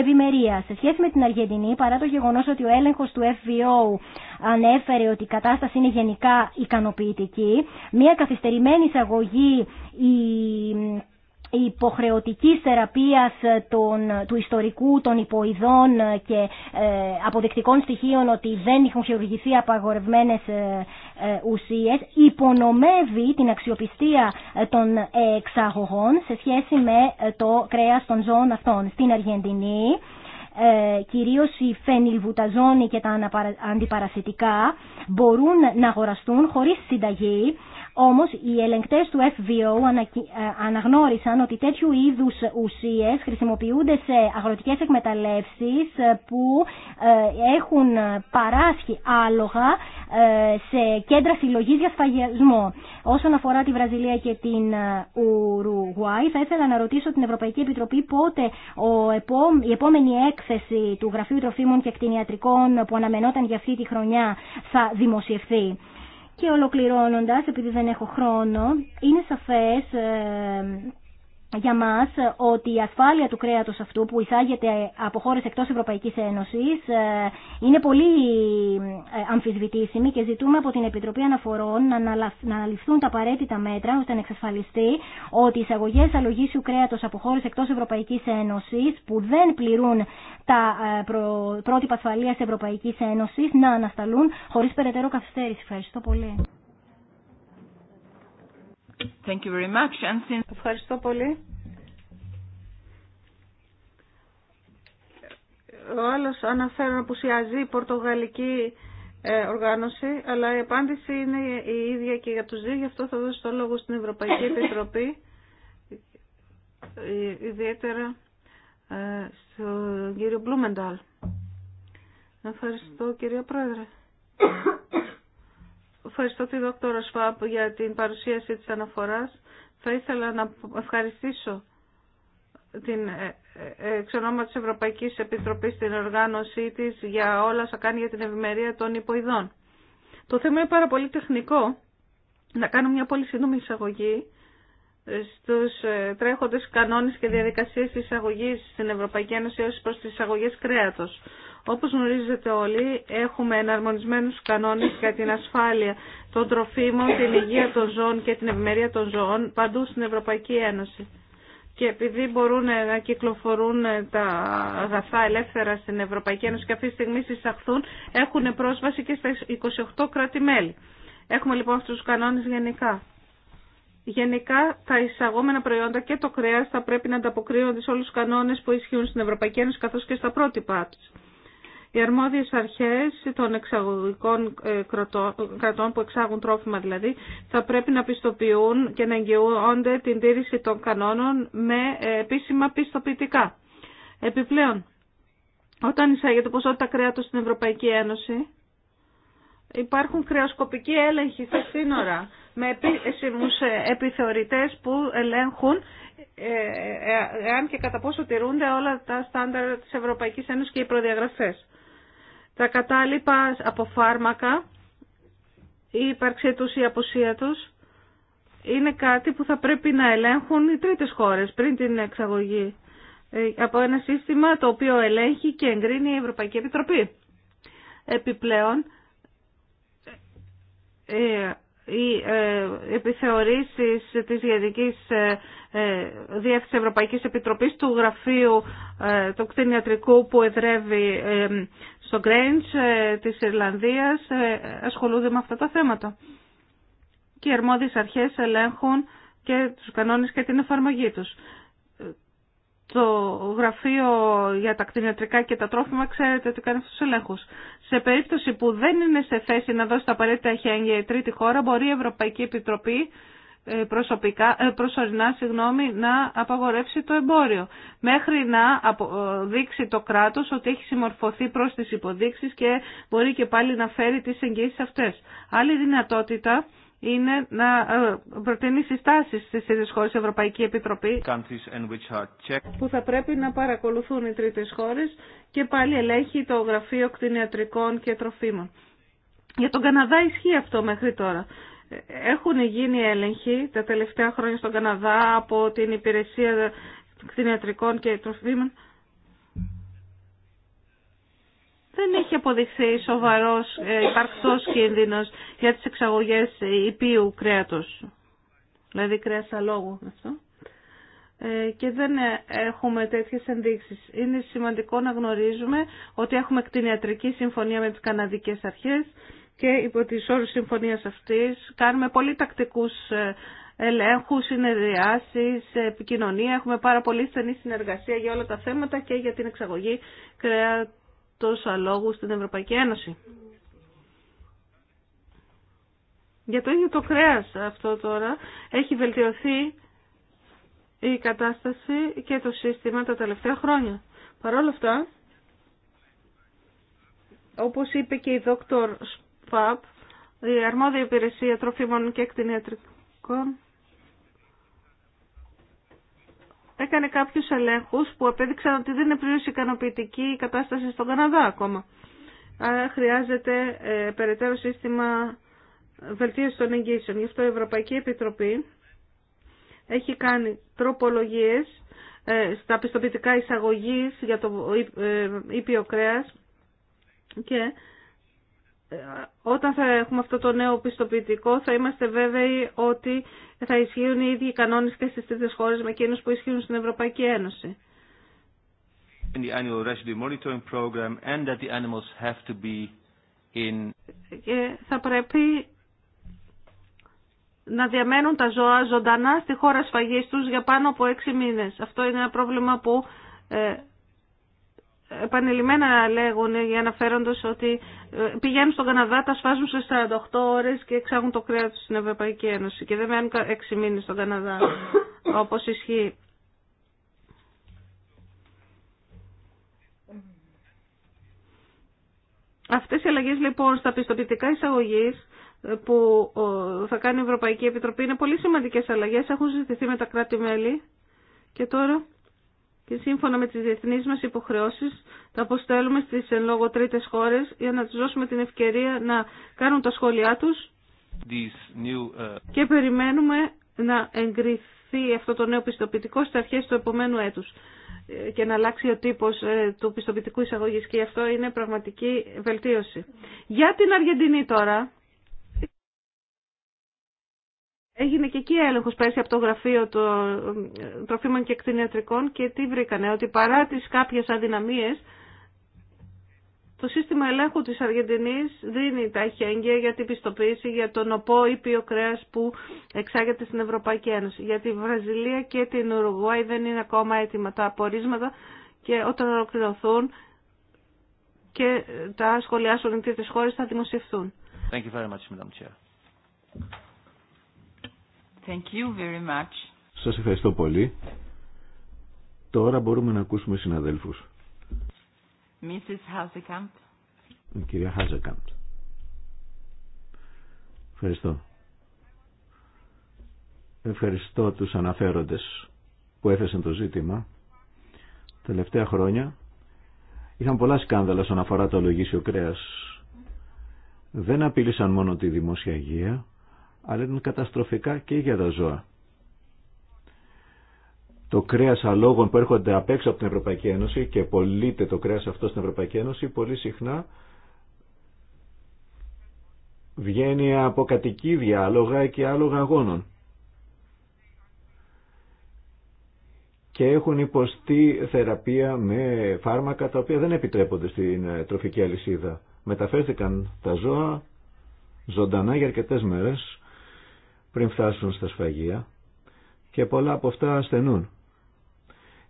ευημερία. Σε σχέση με την Αργεντινή, παρά το γεγονό ότι ο έλεγχο του FVO ανέφερε ότι η κατάσταση είναι γενικά ικανοποιητική. Μια καθυστερημένη εισαγωγή η υποχρεωτική θεραπείας του ιστορικού των υποειδών και ε, αποδεκτικών στοιχείων ότι δεν έχουν χειρουργηθεί απαγορευμένες ε, ε ουσίες υπονομεύει την αξιοπιστία ε, των εξαγωγών σε σχέση με το κρέας των ζώων αυτών. Στην Αργεντινή ε, κυρίως οι φενιλβουταζόνη και τα αντιπαρασιτικά μπορούν να αγοραστούν χωρίς συνταγή Όμω, οι ελεγκτές του FVO ε, αναγνώρισαν ότι τέτοιου είδου ουσίε χρησιμοποιούνται σε αγροτικέ εκμεταλλεύσεις ε, που ε, έχουν παράσχει άλογα σε κέντρα συλλογή για σφαγιασμό. Όσον αφορά τη Βραζιλία και την Ουρουγουάη, θα ήθελα να ρωτήσω την Ευρωπαϊκή Επιτροπή πότε η επόμενη έκθεση του Γραφείου Τροφίμων και Εκτινιατρικών που αναμενόταν για αυτή τη χρονιά θα δημοσιευθεί. Και ολοκληρώνοντας, επειδή δεν έχω χρόνο, είναι σαφές ε, για μας ε, ότι η ασφάλεια του κρέατος αυτού που εισάγεται από χώρες εκτός Ευρωπαϊκής Ένωσης ε, είναι πολύ ε, αμφισβητήσιμη και ζητούμε από την Επιτροπή Αναφορών να αναλυφθούν τα απαραίτητα μέτρα ώστε να εξασφαλιστεί ότι οι εισαγωγές αλογίσιου κρέατος από χώρες εκτός Ευρωπαϊκής Ένωσης που δεν πληρούν τα πρότυπα ασφαλείας Ευρωπαϊκής Ένωσης να ανασταλούν χωρίς περαιτέρω καθυστέρηση. Ευχαριστώ πολύ. Thank you very much. And since... Ευχαριστώ πολύ. Ο αναφέρω να απουσιάζει η πορτογαλική ε, οργάνωση, αλλά η απάντηση είναι η ίδια και για τους δύο, γι' αυτό θα δώσω το λόγο στην Ευρωπαϊκή Επιτροπή, ε, ιδιαίτερα ε, στον κύριο Μπλούμενταλ. Ευχαριστώ κύριο Πρόεδρε. Ευχαριστώ τη δόκτωρα Σφάπ για την παρουσίαση της αναφοράς. Θα ήθελα να ευχαριστήσω την ε, ε, εξονόμα της Ευρωπαϊκής Επιτροπής την οργάνωσή της για όλα όσα κάνει για την ευημερία των υποειδών. Το θέμα είναι πάρα πολύ τεχνικό. Να κάνω μια πολύ σύντομη εισαγωγή στους ε, τρέχοντες κανόνες και διαδικασίες εισαγωγής στην Ευρωπαϊκή Ένωση ως προς τις εισαγωγές κρέατος. Όπως γνωρίζετε όλοι, έχουμε εναρμονισμένους κανόνες για την ασφάλεια των τροφίμων, την υγεία των ζώων και την ευημερία των ζώων παντού στην Ευρωπαϊκή Ένωση. Και επειδή μπορούν να κυκλοφορούν τα αγαθά ελεύθερα στην Ευρωπαϊκή Ένωση και αυτή τη στιγμή συσταχθούν, έχουν πρόσβαση και στα 28 κράτη-μέλη. Έχουμε λοιπόν αυτούς τους κανόνες γενικά. Γενικά τα εισαγόμενα προϊόντα και το κρέας θα πρέπει να ανταποκρίνονται σε όλους τους κανόνες που ισχύουν στην Ευρωπαϊκή Ένωση καθώς και στα πρότυπά τους. Οι αρμόδιες αρχές των εξαγωγικών ε, κρατών που εξάγουν τρόφιμα δηλαδή θα πρέπει να πιστοποιούν και να εγγυούνται την τήρηση των κανόνων με ε, επίσημα πιστοποιητικά. Επιπλέον, όταν εισάγεται ποσότητα κρέατος στην Ευρωπαϊκή Ένωση υπάρχουν κρεοσκοπικοί έλεγχοι στα σύνορα με επίσημους ε, επιθεωρητές που ελέγχουν εάν και κατά πόσο τηρούνται όλα τα στάνταρ της Ευρωπαϊκής Ένωσης και οι προδιαγραφές τα κατάλοιπα από φάρμακα, η ύπαρξή τους ή η αποσια τους, είναι κάτι που θα πρέπει να ελέγχουν οι τρίτες χώρες πριν την εξαγωγή ε, από ένα σύστημα το οποίο ελέγχει και εγκρίνει η Ευρωπαϊκή Επιτροπή. Επιπλέον, ε, οι ε, επιθεωρήσεις της Γενικής Διεύθυνσης Ευρωπαϊκής Επιτροπής του Γραφείου του Κτηνιατρικού που εδρεύει στο Grange ε, της Ιρλανδίας ε, ασχολούνται με αυτά τα θέματα. Και οι αρμόδιες αρχές ελέγχουν και τους κανόνες και την εφαρμογή τους. Το γραφείο για τα κτηνιατρικά και τα τρόφιμα ξέρετε ότι κάνει του ελέγχου. Σε περίπτωση που δεν είναι σε θέση να δώσει τα απαραίτητα χένια η τρίτη χώρα, μπορεί η Ευρωπαϊκή Επιτροπή ε, προσωπικά, ε, προσωρινά συγγνώμη, να απαγορεύσει το εμπόριο. Μέχρι να δείξει το κράτος ότι έχει συμμορφωθεί προς τις υποδείξεις και μπορεί και πάλι να φέρει τις εγγύσεις αυτές. Άλλη δυνατότητα είναι να ε, προτείνει συστάσεις στις τρίτες χώρες Ευρωπαϊκή Επιτροπή που θα πρέπει να παρακολουθούν οι τρίτες χώρες και πάλι ελέγχει το Γραφείο Κτηνιατρικών και Τροφίμων. Για τον Καναδά ισχύει αυτό μέχρι τώρα. Έχουν γίνει έλεγχοι τα τελευταία χρόνια στον Καναδά από την υπηρεσία κτηνιατρικών και τροφίμων. Δεν έχει αποδειχθεί σοβαρός ε, υπαρκτός κίνδυνος για τις εξαγωγές υπείου κρέατος. Δηλαδή κρέας αλόγου αυτό. Ε, και δεν ε, έχουμε τέτοιες ενδείξεις. Είναι σημαντικό να γνωρίζουμε ότι έχουμε κτηνιατρική συμφωνία με τις καναδικές αρχές και υπό τις όρους συμφωνίας αυτής κάνουμε πολύ τακτικούς ε, ελέγχους, συνεδριάσεις, επικοινωνία. Έχουμε πάρα πολύ στενή συνεργασία για όλα τα θέματα και για την εξαγωγή κρέατος αλόγου στην Ευρωπαϊκή Ένωση. Για το ίδιο το κρέας αυτό τώρα έχει βελτιωθεί η κατάσταση και το σύστημα τα τελευταία χρόνια. Παρ' αυτά, όπως είπε και η δόκτωρ ΠΑΠ, η αρμόδια υπηρεσία τροφίμων και εκτινιατρικών, έκανε κάποιους ελέγχους που απέδειξαν ότι δεν είναι πλήρως ικανοποιητική η κατάσταση στον Καναδά ακόμα. Άρα χρειάζεται ε, περαιτέρω σύστημα βελτίωση των εγγύσεων. Γι' αυτό η Ευρωπαϊκή Επιτροπή έχει κάνει τροπολογίες ε, στα πιστοποιητικά εισαγωγής για το ε, ε, ήπιο κρέας και ε, όταν θα έχουμε αυτό το νέο πιστοποιητικό θα είμαστε βέβαιοι ότι θα ισχύουν οι ίδιοι κανόνες και στις τρίτες χώρες με εκείνους που ισχύουν στην Ευρωπαϊκή Ένωση. Και θα πρέπει να διαμένουν τα ζώα ζωντανά στη χώρα σφαγής τους για πάνω από έξι μήνες. Αυτό είναι ένα πρόβλημα που ε, επανειλημμένα λέγουν οι αναφέροντα ότι ε, πηγαίνουν στον Καναδά, τα σφάζουν σε 48 ώρες και εξάγουν το κρέα του στην Ευρωπαϊκή Ένωση και δεν μένουν 6 μήνες στον Καναδά όπως ισχύει. Αυτές οι αλλαγέ λοιπόν στα πιστοποιητικά εισαγωγή ε, που ε, θα κάνει η Ευρωπαϊκή Επιτροπή είναι πολύ σημαντικές αλλαγέ. έχουν συζητηθεί με τα κράτη-μέλη και τώρα και σύμφωνα με τις διεθνείς μας υποχρεώσεις τα αποστέλουμε στις εν λόγω τρίτες χώρες για να τους δώσουμε την ευκαιρία να κάνουν τα σχόλιά τους uh, και περιμένουμε να εγκριθεί αυτό το νέο πιστοποιητικό στα αρχές του επομένου έτους και να αλλάξει ο τύπος ε, του πιστοποιητικού εισαγωγής και αυτό είναι πραγματική βελτίωση. Για την Αργεντινή τώρα, Έγινε και εκεί έλεγχος πέρσι από το γραφείο των ε, τροφίμων και κτηνιατρικών και τι βρήκανε, ότι παρά τις κάποιες αδυναμίες, το σύστημα ελέγχου της Αργεντινής δίνει τα χέγγια για την πιστοποίηση για τον οπό η ποιο κρέας που εξάγεται στην Ευρωπαϊκή Ένωση. Για τη Βραζιλία και την Ουρουγουάη δεν είναι ακόμα έτοιμα τα απορίσματα και όταν ολοκληρωθούν και ε, τα σχολιάσουν οι τρίτες χώρες θα δημοσιευθούν. Thank you very much, Thank you Σας ευχαριστώ πολύ. Τώρα μπορούμε να ακούσουμε συναδέλφους. Mrs. Hazekamp. κυρία Χάζεκαμπ. Ευχαριστώ. Ευχαριστώ τους αναφέροντες που έθεσαν το ζήτημα. Τα τελευταία χρόνια είχαν πολλά σκάνδαλα στον αφορά το λογίσιο κρέας. Δεν απειλήσαν μόνο τη δημόσια υγεία, αλλά είναι καταστροφικά και για τα ζώα. Το κρέας αλόγων που έρχονται απ' έξω από την Ευρωπαϊκή Ένωση και πωλείται το κρέας αυτό στην Ευρωπαϊκή Ένωση, πολύ συχνά βγαίνει από κατοικίδια άλογα και άλογα αγώνων. και έχουν υποστεί θεραπεία με φάρμακα τα οποία δεν επιτρέπονται στην ε, τροφική αλυσίδα. Μεταφέρθηκαν τα ζώα ζωντανά για αρκετές μέρες πριν φτάσουν στα σφαγεία και πολλά από αυτά ασθενούν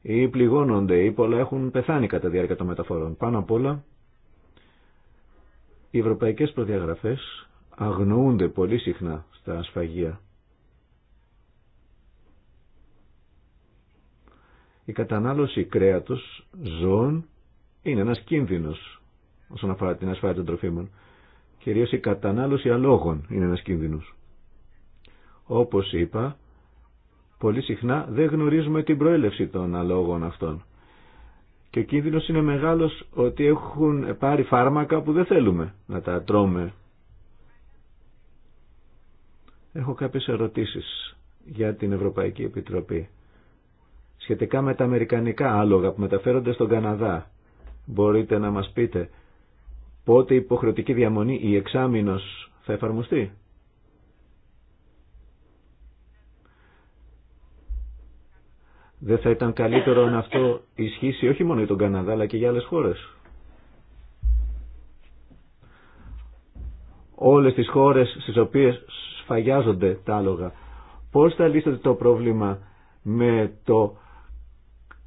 ή πληγώνονται ή πολλά έχουν πεθάνει κατά τη διάρκεια των μεταφορών. Πάνω απ' όλα οι ευρωπαϊκές προδιαγραφές αγνοούνται πολύ συχνά στα σφαγεία. Η κατανάλωση κρέατος ζώων είναι ένας κίνδυνος όσον αφορά την ασφάλεια των τροφίμων. Κυρίως η πολλα εχουν πεθανει κατα διαρκεια των μεταφορων αλόγων είναι ένας κίνδυνος. Όπως είπα, πολύ συχνά δεν γνωρίζουμε την προέλευση των αλόγων αυτών. Και ο κίνδυνος είναι μεγάλος ότι έχουν πάρει φάρμακα που δεν θέλουμε να τα τρώμε. Έχω κάποιες ερωτήσεις για την Ευρωπαϊκή Επιτροπή. Σχετικά με τα αμερικανικά άλογα που μεταφέρονται στον Καναδά, μπορείτε να μας πείτε πότε η υποχρεωτική διαμονή ή εξάμεινος θα εφαρμοστεί. Δεν θα ήταν καλύτερο να αυτό ισχύσει όχι μόνο για τον Καναδά αλλά και για άλλες χώρες. Όλες τις χώρες στις οποίες σφαγιάζονται τα άλογα. Πώς θα λύσετε το πρόβλημα με το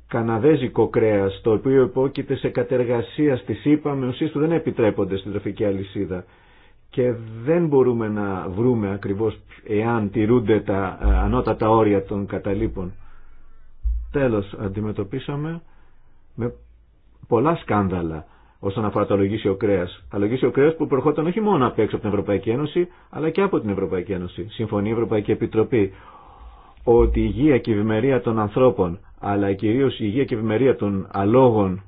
καναδέζικο κρέας το οποίο υπόκειται σε κατεργασία στη ΣΥΠΑ με ουσίες που δεν επιτρέπονται στην τροφική αλυσίδα και δεν μπορούμε να βρούμε ακριβώς εάν τηρούνται τα ε, ανώτατα όρια των καταλήπων. Τέλος, αντιμετωπίσαμε με πολλά σκάνδαλα όσον αφορά το αλογίσιο κρέα. Αλογίσιο κρέα που προερχόταν όχι μόνο απ' έξω από την Ευρωπαϊκή Ένωση, αλλά και από την Ευρωπαϊκή Ένωση. Συμφωνεί η Ευρωπαϊκή Επιτροπή ότι η υγεία και η ευημερία των ανθρώπων, αλλά κυρίω η υγεία και η ευημερία των αλόγων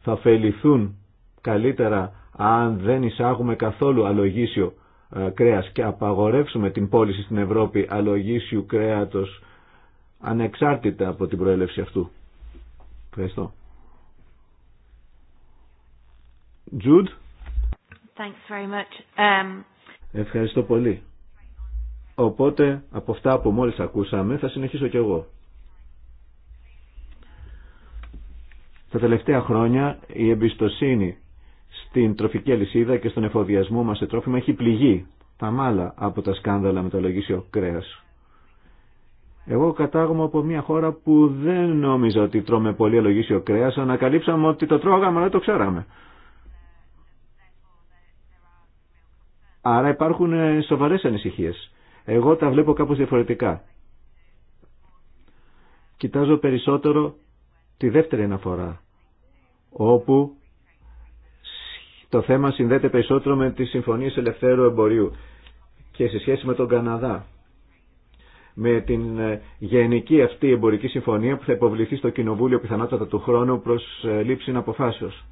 θα ωφεληθούν καλύτερα αν δεν εισάγουμε καθόλου αλογίσιο ε, κρέα και απαγορεύσουμε την πώληση στην Ευρώπη αλογίσιου κρέατος ανεξάρτητα από την προέλευση αυτού. Ευχαριστώ. Τζουντ. Um, Ευχαριστώ πολύ. Οπότε από αυτά που μόλις ακούσαμε θα συνεχίσω κι εγώ. Τα τελευταία χρόνια η εμπιστοσύνη στην τροφική αλυσίδα και στον εφοδιασμό μας σε τρόφιμα έχει πληγεί τα μάλα από τα σκάνδαλα με το λογίσιο κρέας. Εγώ κατάγομαι από μια χώρα που δεν νόμιζα ότι τρώμε πολύ αλογίσιο κρέα, Ανακαλύψαμε ότι το τρώγαμε, αλλά δεν το ξέραμε. Άρα υπάρχουν ε, σοβαρές ανησυχίες. Εγώ τα βλέπω κάπως διαφορετικά. Κοιτάζω περισσότερο τη δεύτερη αναφορά, όπου το θέμα συνδέεται περισσότερο με τις συμφωνίες ελευθέρου εμπορίου και σε σχέση με τον Καναδά με την ε, γενική αυτή εμπορική συμφωνία που θα υποβληθεί στο Κοινοβούλιο πιθανότατα του χρόνου προς ε, λήψη αποφάσεως.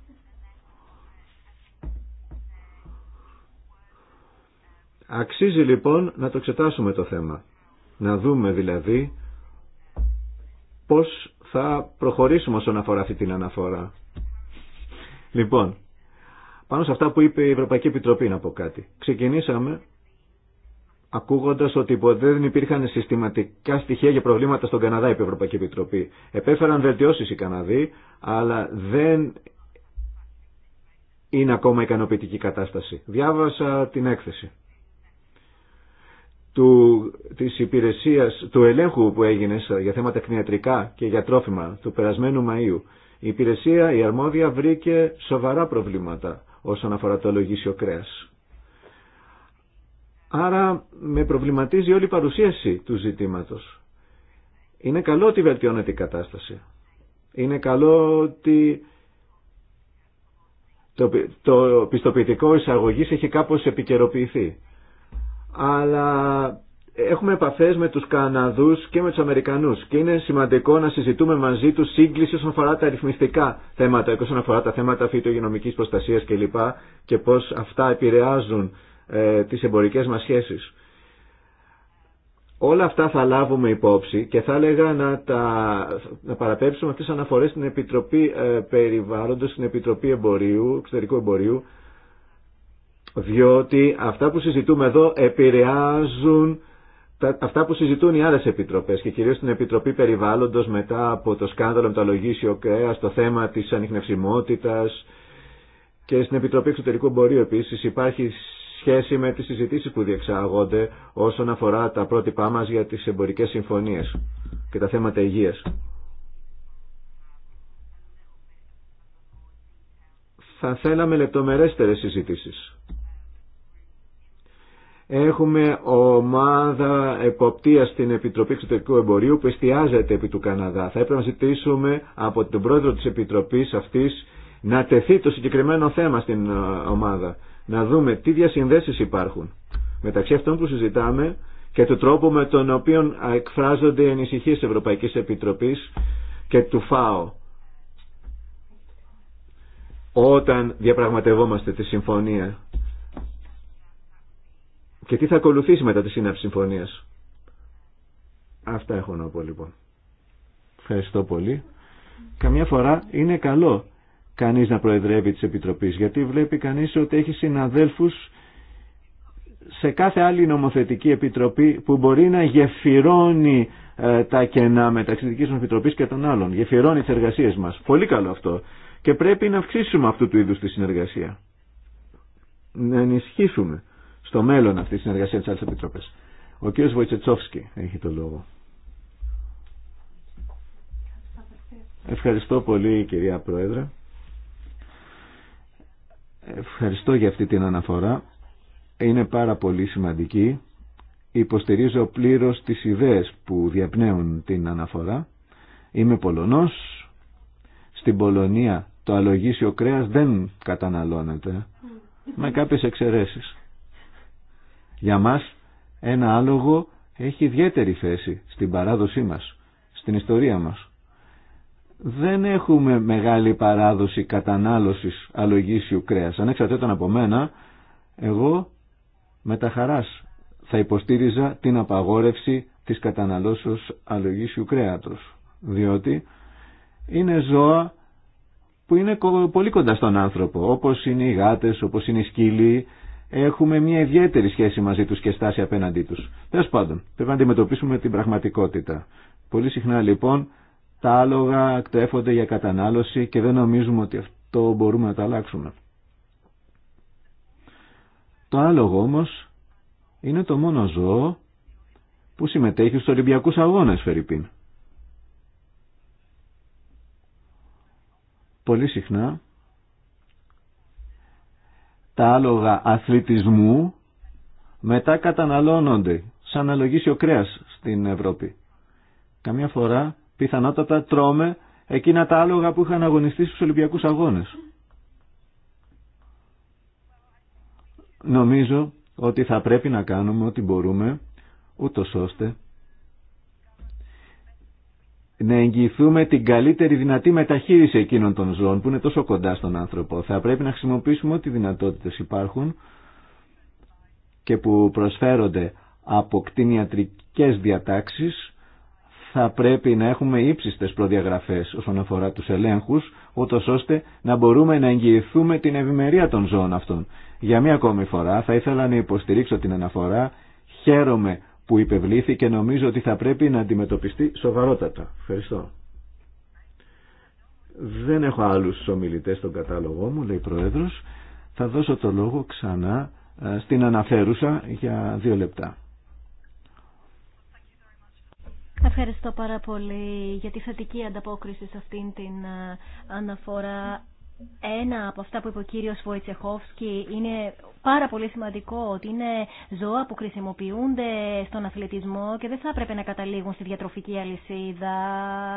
Αξίζει λοιπόν να το εξετάσουμε το θέμα. Να δούμε δηλαδή πώς θα προχωρήσουμε όσον αφορά αυτή την αναφορά. Λοιπόν, πάνω σε αυτά που είπε η Ευρωπαϊκή Επιτροπή να πω κάτι. Ξεκινήσαμε ακούγοντα ότι ποτέ δεν υπήρχαν συστηματικά στοιχεία για προβλήματα στον Καναδά, είπε η Ευρωπαϊκή Επιτροπή. Επέφεραν βελτιώσει οι Καναδοί, αλλά δεν είναι ακόμα ικανοποιητική κατάσταση. Διάβασα την έκθεση του, της υπηρεσίας, του ελέγχου που έγινε για θέματα κτηνιατρικά και για τρόφιμα του περασμένου Μαΐου. Η υπηρεσία, η αρμόδια, βρήκε σοβαρά προβλήματα όσον αφορά το λογίσιο κρέας. Άρα με προβληματίζει όλη η παρουσίαση του ζητήματος. Είναι καλό ότι βελτιώνεται η κατάσταση. Είναι καλό ότι το πιστοποιητικό εισαγωγής έχει κάπως επικαιροποιηθεί. Αλλά έχουμε επαφές με τους Καναδούς και με τους Αμερικανούς και είναι σημαντικό να συζητούμε μαζί τους σύγκληση όσον αφορά τα αριθμιστικά θέματα, όσον αφορά τα θέματα φυτογενομικής προστασίας κλπ. Και, και πώς αυτά επηρεάζουν ε, τις εμπορικές μας σχέσεις. Όλα αυτά θα λάβουμε υπόψη και θα έλεγα να, τα, να παραπέψουμε αυτές τις αναφορές στην Επιτροπή ε, Περιβάλλοντος, στην Επιτροπή Εμπορίου, Εξωτερικού Εμπορίου, διότι αυτά που συζητούμε εδώ επηρεάζουν αυτά που συζητούν οι άλλες επιτροπές και κυρίως την Επιτροπή Περιβάλλοντος μετά από το σκάνδαλο με το το θέμα της ανιχνευσιμότητας και στην Επιτροπή Εξωτερικού Εμπορίου επίσης υπάρχει σχέση με τις συζητήσεις που διεξάγονται όσον αφορά τα πρότυπά μας για τις εμπορικές συμφωνίες και τα θέματα υγείας. Θα θέλαμε λεπτομερέστερες συζητήσεις. Έχουμε ομάδα εποπτείας στην Επιτροπή Εξωτερικού Εμπορίου που εστιάζεται επί του Καναδά. Θα έπρεπε να ζητήσουμε από τον πρόεδρο της Επιτροπής αυτής να τεθεί το συγκεκριμένο θέμα στην ε, ομάδα να δούμε τι διασυνδέσεις υπάρχουν μεταξύ αυτών που συζητάμε και του τρόπου με τον οποίο εκφράζονται οι ανησυχίες της Ευρωπαϊκής Επιτροπής και του ΦΑΟ όταν διαπραγματευόμαστε τη συμφωνία και τι θα ακολουθήσει μετά τη σύναψη συμφωνίας. Αυτά έχω να πω λοιπόν. Ευχαριστώ πολύ. Καμιά φορά είναι καλό κανείς να προεδρεύει της Επιτροπής, γιατί βλέπει κανείς ότι έχει συναδέλφους σε κάθε άλλη νομοθετική επιτροπή που μπορεί να γεφυρώνει ε, τα κενά μεταξύ δικής μας επιτροπής και των άλλων. Γεφυρώνει τις εργασίες μας. Πολύ καλό αυτό. Και πρέπει να αυξήσουμε αυτού του είδους τη συνεργασία. Να ενισχύσουμε στο μέλλον αυτή τη συνεργασία της άλλης επιτροπής. Ο κ. Βοητσετσόφσκι έχει το λόγο. Ευχαριστώ πολύ κυρία Πρόεδρε. Ευχαριστώ για αυτή την αναφορά. Είναι πάρα πολύ σημαντική. Υποστηρίζω πλήρως τις ιδέες που διαπνέουν την αναφορά. Είμαι Πολωνός. Στην Πολωνία το αλογίσιο κρέας δεν καταναλώνεται. Με κάποιες εξαιρέσεις. Για μας ένα άλογο έχει ιδιαίτερη θέση στην παράδοσή μας, στην ιστορία μας δεν έχουμε μεγάλη παράδοση κατανάλωσης αλογίσιου κρέας. Αν εξαρτέταν από μένα, εγώ με τα χαράς θα υποστήριζα την απαγόρευση της καταναλώσεως αλογίσιου κρέατος. Διότι είναι ζώα που είναι πολύ κοντά στον άνθρωπο, όπως είναι οι γάτες, όπως είναι οι σκύλοι, έχουμε μια ιδιαίτερη σχέση μαζί τους και στάση απέναντί τους. Τέλος πάντων, πρέπει να αντιμετωπίσουμε την πραγματικότητα. Πολύ συχνά λοιπόν τα άλογα εκτεύονται για κατανάλωση και δεν νομίζουμε ότι αυτό μπορούμε να τα αλλάξουμε. Το άλογο όμως είναι το μόνο ζώο που συμμετέχει στους Ολυμπιακούς Αγώνες, Φερρυπίν. Πολύ συχνά τα άλογα αθλητισμού μετά καταναλώνονται σαν αλογίσιο κρέας στην Ευρώπη. Καμιά φορά πιθανότατα τρώμε εκείνα τα άλογα που είχαν αγωνιστεί στους Ολυμπιακούς Αγώνες. Νομίζω ότι θα πρέπει να κάνουμε ό,τι μπορούμε, ούτω ώστε να εγγυηθούμε την καλύτερη δυνατή μεταχείριση εκείνων των ζώων που είναι τόσο κοντά στον άνθρωπο. Θα πρέπει να χρησιμοποιήσουμε ό,τι δυνατότητες υπάρχουν και που προσφέρονται από κτηνιατρικές διατάξεις θα πρέπει να έχουμε ύψιστες προδιαγραφές όσον αφορά τους ελέγχους, ούτω ώστε να μπορούμε να εγγυηθούμε την ευημερία των ζώων αυτών. Για μία ακόμη φορά θα ήθελα να υποστηρίξω την αναφορά. Χαίρομαι που υπευλήθη και νομίζω ότι θα πρέπει να αντιμετωπιστεί σοβαρότατα. Ευχαριστώ. Δεν έχω άλλους ομιλητές στον κατάλογό μου, λέει Πρόεδρος. Θα δώσω το λόγο ξανά ε, στην αναφέρουσα για δύο λεπτά. Ευχαριστώ πάρα πολύ για τη θετική ανταπόκριση σε αυτήν την ε, αναφορά. Ένα από αυτά που είπε ο κύριος Βοητσεχόφσκι είναι πάρα πολύ σημαντικό ότι είναι ζώα που χρησιμοποιούνται στον αθλητισμό και δεν θα έπρεπε να καταλήγουν στη διατροφική αλυσίδα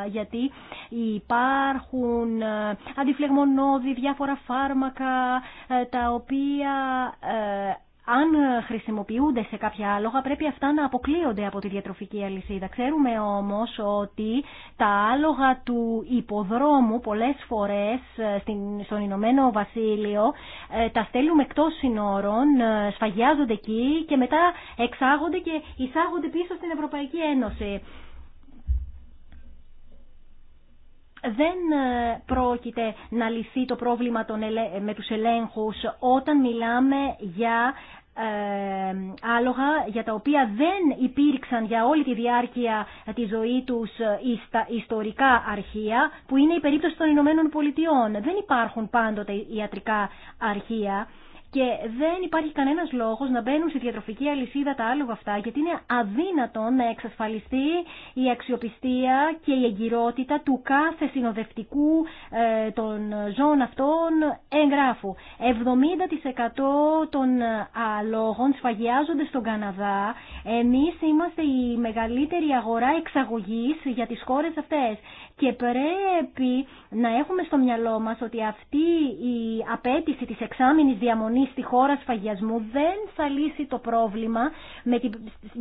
γιατί υπάρχουν ε, αντιφλεγμονώδη, διάφορα φάρμακα ε, τα οποία αν ε, χρησιμοποιούνται σε κάποια άλογα πρέπει αυτά να αποκλείονται από τη διατροφική αλυσίδα. Ξέρουμε όμως ότι τα άλογα του υποδρόμου πολλές φορές ε, στον Ηνωμένο Βασίλειο ε, τα στέλνουμε εκτός συνόρων, σφαγιάζονται εκεί και μετά εξάγονται και εισάγονται πίσω στην Ευρωπαϊκή Ένωση. δεν ε, πρόκειται να λυθεί το πρόβλημα ε, με τους ελέγχους όταν μιλάμε για ε, άλογα για τα οποία δεν υπήρξαν για όλη τη διάρκεια τη ζωή τους στα ιστορικά αρχεία που είναι η περίπτωση των Ηνωμένων Πολιτειών. Δεν υπάρχουν πάντοτε ιατρικά αρχεία και δεν υπάρχει κανένας λόγος να μπαίνουν στη διατροφική αλυσίδα τα άλογα αυτά γιατί είναι αδύνατο να εξασφαλιστεί η αξιοπιστία και η εγκυρότητα του κάθε συνοδευτικού ε, των ζώων αυτών εγγράφου. 70% των ε, αλόγων σφαγιάζονται στον Καναδά. Εμείς είμαστε η μεγαλύτερη αγορά εξαγωγή για τι χώρε αυτέ και πρέπει να έχουμε στο μυαλό μας ότι αυτή η απέτηση της εξάμηνης διαμονής στη χώρα σφαγιασμού δεν θα λύσει το πρόβλημα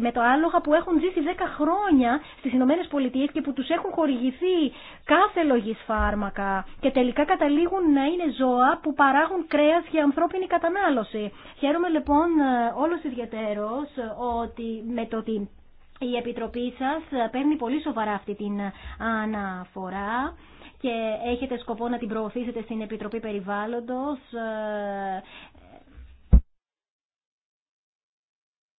με, το άλογα που έχουν ζήσει 10 χρόνια στις Ηνωμένες Πολιτείες και που τους έχουν χορηγηθεί κάθε λογής φάρμακα και τελικά καταλήγουν να είναι ζώα που παράγουν κρέας για ανθρώπινη κατανάλωση. Χαίρομαι λοιπόν ε, όλος ιδιαίτερος ε, ότι με το ότι η Επιτροπή σας παίρνει πολύ σοβαρά αυτή την αναφορά και έχετε σκοπό να την προωθήσετε στην Επιτροπή Περιβάλλοντος ε,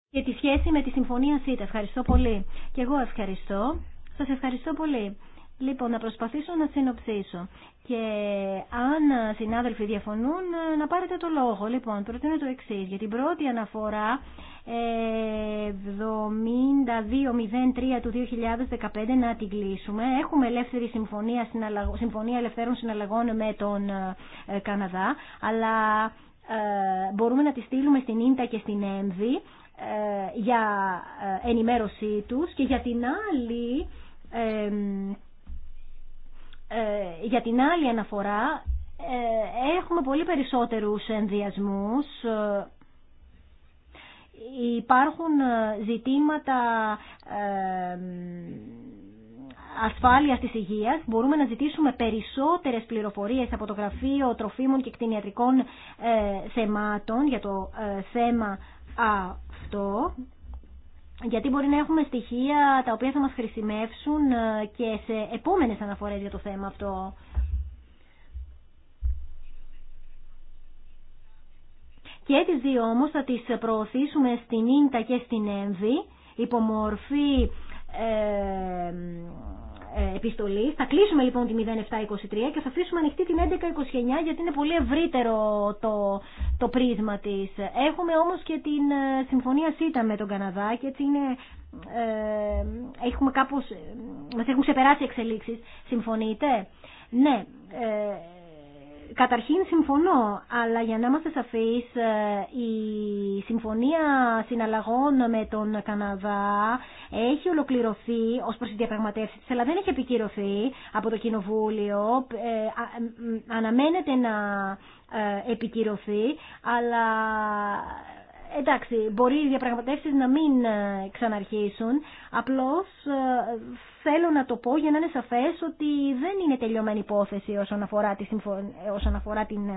και τη σχέση με τη Συμφωνία ΣΥΤΑ. Ευχαριστώ πολύ. Και εγώ ευχαριστώ. Σας ευχαριστώ πολύ. Λοιπόν, να προσπαθήσω να συνοψίσω. Και αν συνάδελφοι διαφωνούν, να πάρετε το λόγο. Λοιπόν, προτείνω το εξή. Για την πρώτη αναφορά 7203 ε, του 2015 να την κλείσουμε. Έχουμε ελεύθερη συμφωνία, συμφωνία ελευθέρων συναλλαγών με τον ε, Καναδά, αλλά ε, μπορούμε να τη στείλουμε στην Ίντα και στην ΕΜΒΗ για ενημέρωσή τους και για την άλλη ε, για την άλλη αναφορά ε, έχουμε πολύ περισσότερους ενδιασμούς. Ε, υπάρχουν ζητήματα ασφάλειας της υγείας. Μπορούμε να ζητήσουμε περισσότερες πληροφορίες από το Γραφείο Τροφίμων και Κτηνιατρικών Θεμάτων για το θέμα αυτό γιατί μπορεί να έχουμε στοιχεία τα οποία θα μας χρησιμεύσουν ε, και σε επόμενες αναφορές για το θέμα αυτό. Και τις δύο όμως θα τις προωθήσουμε στην Ίντα και στην Έμβη υπομορφή ε, ε, επιστολής. Θα κλείσουμε λοιπόν τη 0723 και θα αφήσουμε ανοιχτή την 1129 γιατί είναι πολύ ευρύτερο το, το πρίσμα της. Έχουμε όμως και την ε, συμφωνία ΣΥΤΑ με τον Καναδά και έτσι είναι... Ε, έχουμε κάπως, μας έχουν ξεπεράσει εξελίξεις συμφωνείτε ναι Καταρχήν συμφωνώ, αλλά για να είμαστε σαφείς, ε, η συμφωνία συναλλαγών με τον Καναδά έχει ολοκληρωθεί ως προς τη διαπραγματεύση της, αλλά δεν έχει επικυρωθεί από το Κοινοβούλιο. Ε, αναμένεται να ε, επικυρωθεί, αλλά εντάξει, μπορεί οι διαπραγματεύσεις να μην ξαναρχίσουν, απλώς θέλω να το πω για να είναι σαφές ότι δεν είναι τελειωμένη υπόθεση όσον αφορά, τη όσον αφορά την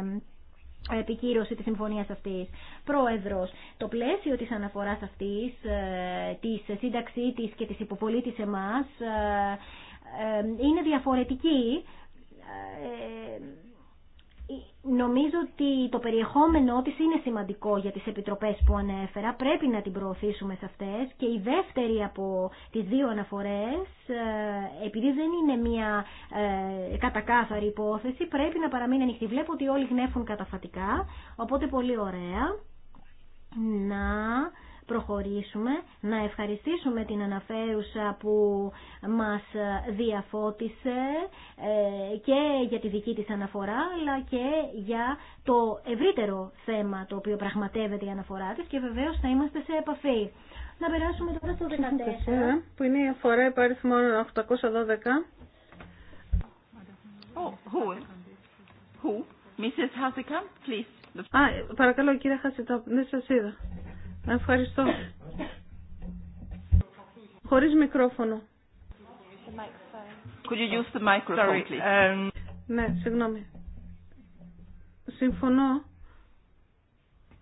ε, επικύρωση της συμφωνίας αυτής. Πρόεδρος, το πλαίσιο της αναφοράς αυτής, ε, της σύνταξή της και της υποπολίτης εμάς, ε, είναι διαφορετική Νομίζω ότι το περιεχόμενό της είναι σημαντικό για τις επιτροπές που ανέφερα. Πρέπει να την προωθήσουμε σε αυτές. Και η δεύτερη από τις δύο αναφορές, ε, επειδή δεν είναι μια ε, κατακάθαρη υπόθεση, πρέπει να παραμείνει ανοιχτή. Βλέπω ότι όλοι γνέφουν καταφατικά, οπότε πολύ ωραία να προχωρήσουμε. Να ευχαριστήσουμε την αναφέρουσα που μας διαφώτισε ε, και για τη δική της αναφορά αλλά και για το ευρύτερο θέμα το οποίο πραγματεύεται η αναφορά της και βεβαίως θα είμαστε σε επαφή. Να περάσουμε τώρα στο 14. Που είναι η αφορά μόνο 812. Oh, who? Who? Mrs. Hasekamp, please. παρακαλώ κύριε Hasekamp, δεν σας είδα. Ευχαριστώ. Χωρίς μικρόφωνο. Could you use the microphone, please? Um, ναι, συγγνώμη. Συμφωνώ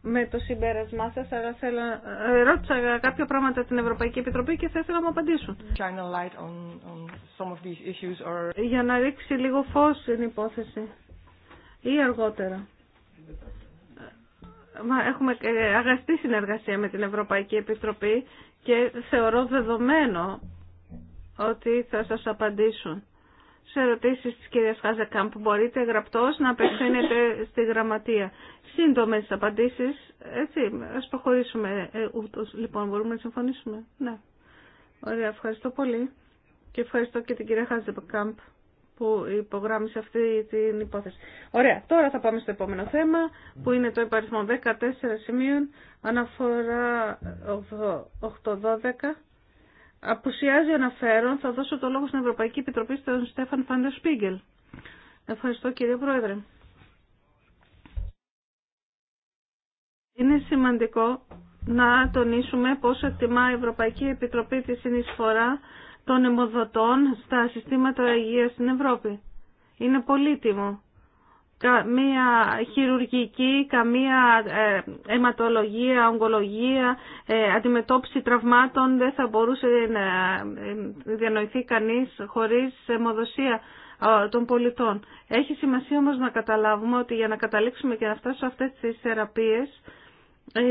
με το συμπέρασμά σας, αλλά θέλω... Ε, ρώτησα κάποια πράγματα την Ευρωπαϊκή Επιτροπή και θα ήθελα να μου απαντήσουν. Για να ρίξει λίγο φως στην υπόθεση ή αργότερα. Έχουμε ε, αγαστή συνεργασία με την Ευρωπαϊκή Επιτροπή και θεωρώ δεδομένο ότι θα σας απαντήσουν. Σε ερωτήσεις της κυρίας Χάζεκαμπ μπορείτε γραπτός να απευθύνετε στη γραμματεία. Σύντομες απαντήσεις, έτσι, ας προχωρήσουμε. Ε, λοιπόν, μπορούμε να συμφωνήσουμε. Ναι. Ωραία, ευχαριστώ πολύ και ευχαριστώ και την κυρία Χάζεκαμπ που υπογράμμισε αυτή την υπόθεση. Ωραία, τώρα θα πάμε στο επόμενο θέμα που είναι το υπαριθμό 14 σημείων αναφορά 8-12. Αποουσιάζει αναφέρον, θα δώσω το λόγο στην Ευρωπαϊκή Επιτροπή στον Στέφαν Φάντερ Σπίγκελ. Ευχαριστώ κύριε Πρόεδρε. Είναι σημαντικό να τονίσουμε πόσο εκτιμά η Ευρωπαϊκή Επιτροπή τη συνεισφορά των αιμοδοτών στα συστήματα υγείας στην Ευρώπη. Είναι πολύτιμο. Καμία χειρουργική, καμία ε, αιματολογία, ογκολογία, ε, αντιμετώπιση τραυμάτων δεν θα μπορούσε να ε, διανοηθεί κανείς χωρίς αιμοδοσία των πολιτών. Έχει σημασία όμως να καταλάβουμε ότι για να καταλήξουμε και να φτάσουμε σε αυτές τις θεραπείες ε,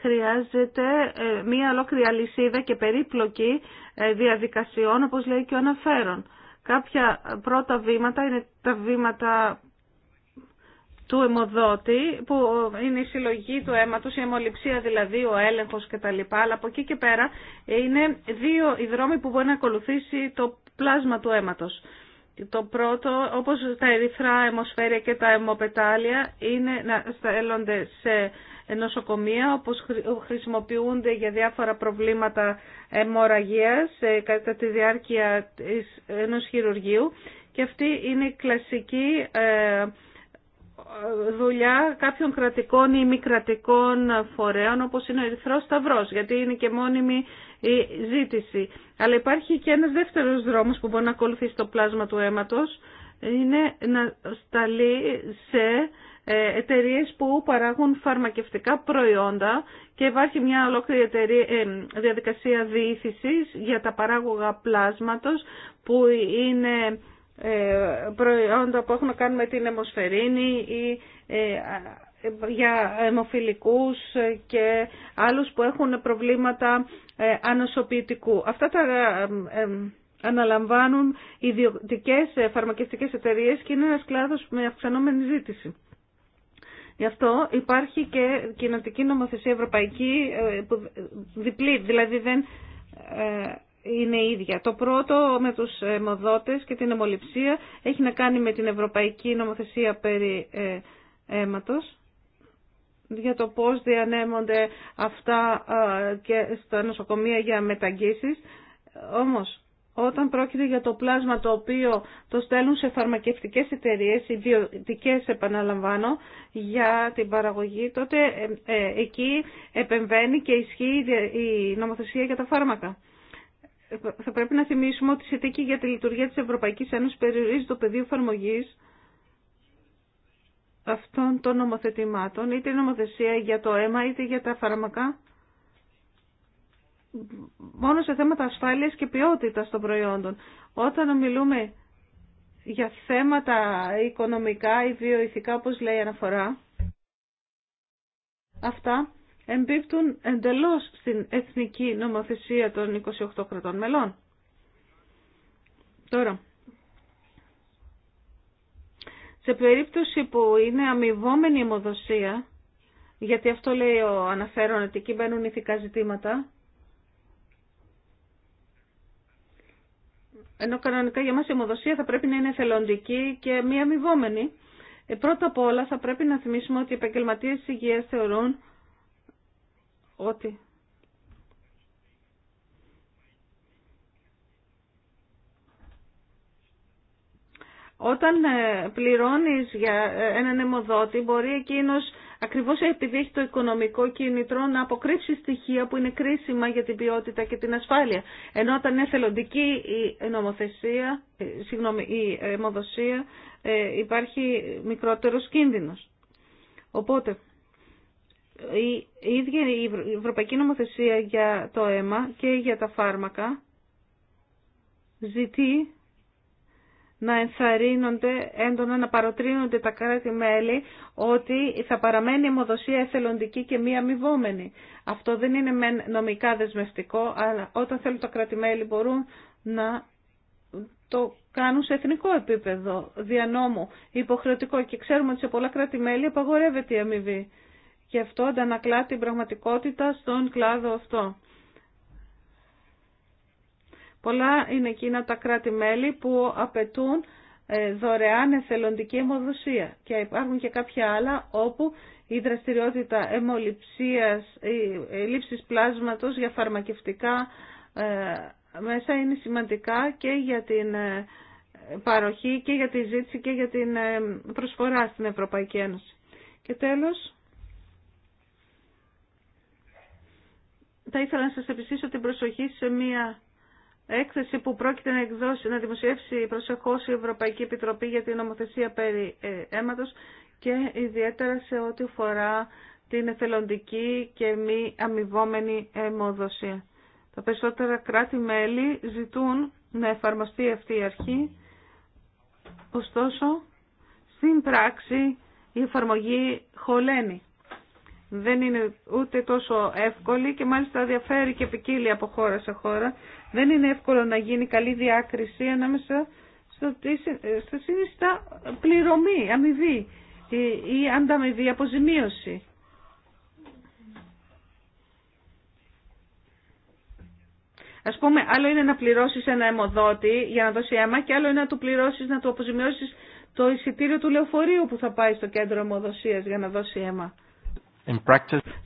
χρειάζεται ε, μία ολόκληρη αλυσίδα και περίπλοκη ε, διαδικασιών, όπως λέει και ο αναφέρον. Κάποια πρώτα βήματα είναι τα βήματα του αιμοδότη, που είναι η συλλογή του αίματος, η αιμοληψία δηλαδή, ο έλεγχος κτλ. Αλλά από εκεί και πέρα είναι δύο οι δρόμοι που μπορεί να ακολουθήσει το πλάσμα του αίματος. Το πρώτο, όπως τα ερυθρά αιμοσφαίρια και τα αιμοπετάλια, είναι να στέλνονται σε νοσοκομεία όπως χρησιμοποιούνται για διάφορα προβλήματα αιμορραγίας ε, κατά τη διάρκεια ενός χειρουργείου και αυτή είναι η κλασική ε, δουλειά κάποιων κρατικών ή μη κρατικών φορέων όπως είναι ο Ερυθρός Σταυρός γιατί είναι και μόνιμη η ζήτηση. Αλλά υπάρχει και ένας δεύτερος δρόμος που μπορεί να ακολουθήσει το πλάσμα του αίματος είναι να σταλεί σε ε, εταιρείε που παράγουν φαρμακευτικά προϊόντα και υπάρχει μια ολόκληρη ε, διαδικασία διήθησης για τα παράγωγα πλάσματος που είναι ε, προϊόντα που έχουν να κάνουν με την αιμοσφαιρίνη ή για αιμοφιλικούς και άλλους που έχουν προβλήματα ανοσοποιητικού. Αυτά τα αναλαμβάνουν ιδιωτικές φαρμακευτικές εταιρείες και είναι ένας κλάδος με αυξανόμενη ζήτηση. Γι' αυτό υπάρχει και κοινοτική νομοθεσία ευρωπαϊκή, ε, που διπλή, δηλαδή δεν ε, είναι ίδια. Το πρώτο με τους αιμοδότες ε, και την αιμοληψία έχει να κάνει με την ευρωπαϊκή νομοθεσία περί αίματος για το πώς διανέμονται αυτά και στα νοσοκομεία για μεταγγίσεις. Όμως όταν πρόκειται για το πλάσμα το οποίο το στέλνουν σε φαρμακευτικές εταιρείες, ιδιωτικέ επαναλαμβάνω, για την παραγωγή, τότε ε, ε, εκεί επεμβαίνει και ισχύει η νομοθεσία για τα φάρμακα. Θα πρέπει να θυμίσουμε ότι η συνθήκη για τη λειτουργία της Ευρωπαϊκής Ένωσης περιορίζει το πεδίο εφαρμογή αυτών των νομοθετημάτων, είτε η νομοθεσία για το αίμα είτε για τα φάρμακα μόνο σε θέματα ασφάλειας και ποιότητας των προϊόντων. Όταν μιλούμε για θέματα οικονομικά ή βιοηθικά, όπως λέει η αναφορά, αυτά εμπίπτουν εντελώς στην εθνική νομοθεσία των 28 κρατών μελών. Τώρα, σε περίπτωση που είναι αμοιβόμενη αιμοδοσία, γιατί αυτό λέει ο αναφέρον ότι εκεί μπαίνουν ηθικά ζητήματα, ενώ κανονικά για μας η ομοδοσία θα πρέπει να είναι εθελοντική και μη αμοιβόμενη. Ε, πρώτα απ' όλα θα πρέπει να θυμίσουμε ότι οι επαγγελματίε της υγείας θεωρούν ότι Όταν ε, πληρώνεις για ε, έναν αιμοδότη μπορεί εκείνος ακριβώς επειδή έχει το οικονομικό κίνητρο να αποκρύψει στοιχεία που είναι κρίσιμα για την ποιότητα και την ασφάλεια. Ενώ όταν είναι θελοντική η νομοθεσία, ε, συγγνώμη, η αιμοδοσία υπάρχει μικρότερος κίνδυνος. Οπότε η ίδια η Ευρωπαϊκή Νομοθεσία για το αίμα και για τα φάρμακα ζητεί να ενθαρρύνονται έντονα, να παροτρύνονται τα κράτη-μέλη ότι θα παραμένει η αιμοδοσία εθελοντική και μη αμοιβόμενη. Αυτό δεν είναι νομικά δεσμευτικό, αλλά όταν θέλουν τα κράτη-μέλη μπορούν να το κάνουν σε εθνικό επίπεδο, δια νόμου, υποχρεωτικό. Και ξέρουμε ότι σε πολλά κράτη-μέλη απαγορεύεται η αμοιβή. Και αυτό αντανακλά την πραγματικότητα στον κλάδο αυτό. Πολλά είναι εκείνα τα κράτη-μέλη που απαιτούν ε, δωρεάν εθελοντική αιμοδοσία και υπάρχουν και κάποια άλλα όπου η δραστηριότητα αιμοληψίας, η λήψης πλάσματος για φαρμακευτικά ε, μέσα είναι σημαντικά και για την ε, παροχή και για τη ζήτηση και για την προσφορά στην Ευρωπαϊκή Ένωση. Και τέλος, θα ήθελα να σας επιστήσω την προσοχή σε μία έκθεση που πρόκειται να, εκδώσει, να δημοσιεύσει προσεχώς η Ευρωπαϊκή Επιτροπή για την νομοθεσία περί ε, αίματος και ιδιαίτερα σε ό,τι αφορά την εθελοντική και μη αμοιβόμενη αιμοδοσία. Τα περισσότερα κράτη-μέλη ζητούν να εφαρμοστεί αυτή η αρχή, ωστόσο στην πράξη η εφαρμογή χωλαίνει δεν είναι ούτε τόσο εύκολη και μάλιστα διαφέρει και ποικίλει από χώρα σε χώρα. Δεν είναι εύκολο να γίνει καλή διάκριση ανάμεσα στο στο στο συνιστά πληρωμή, αμοιβή ή ανταμοιβή, αποζημίωση. Α πούμε, άλλο είναι να πληρώσει ένα αιμοδότη για να δώσει αίμα και άλλο είναι να του πληρώσει, να του αποζημιώσει το εισιτήριο του λεωφορείου που θα πάει στο κέντρο αιμοδοσία για να δώσει αίμα.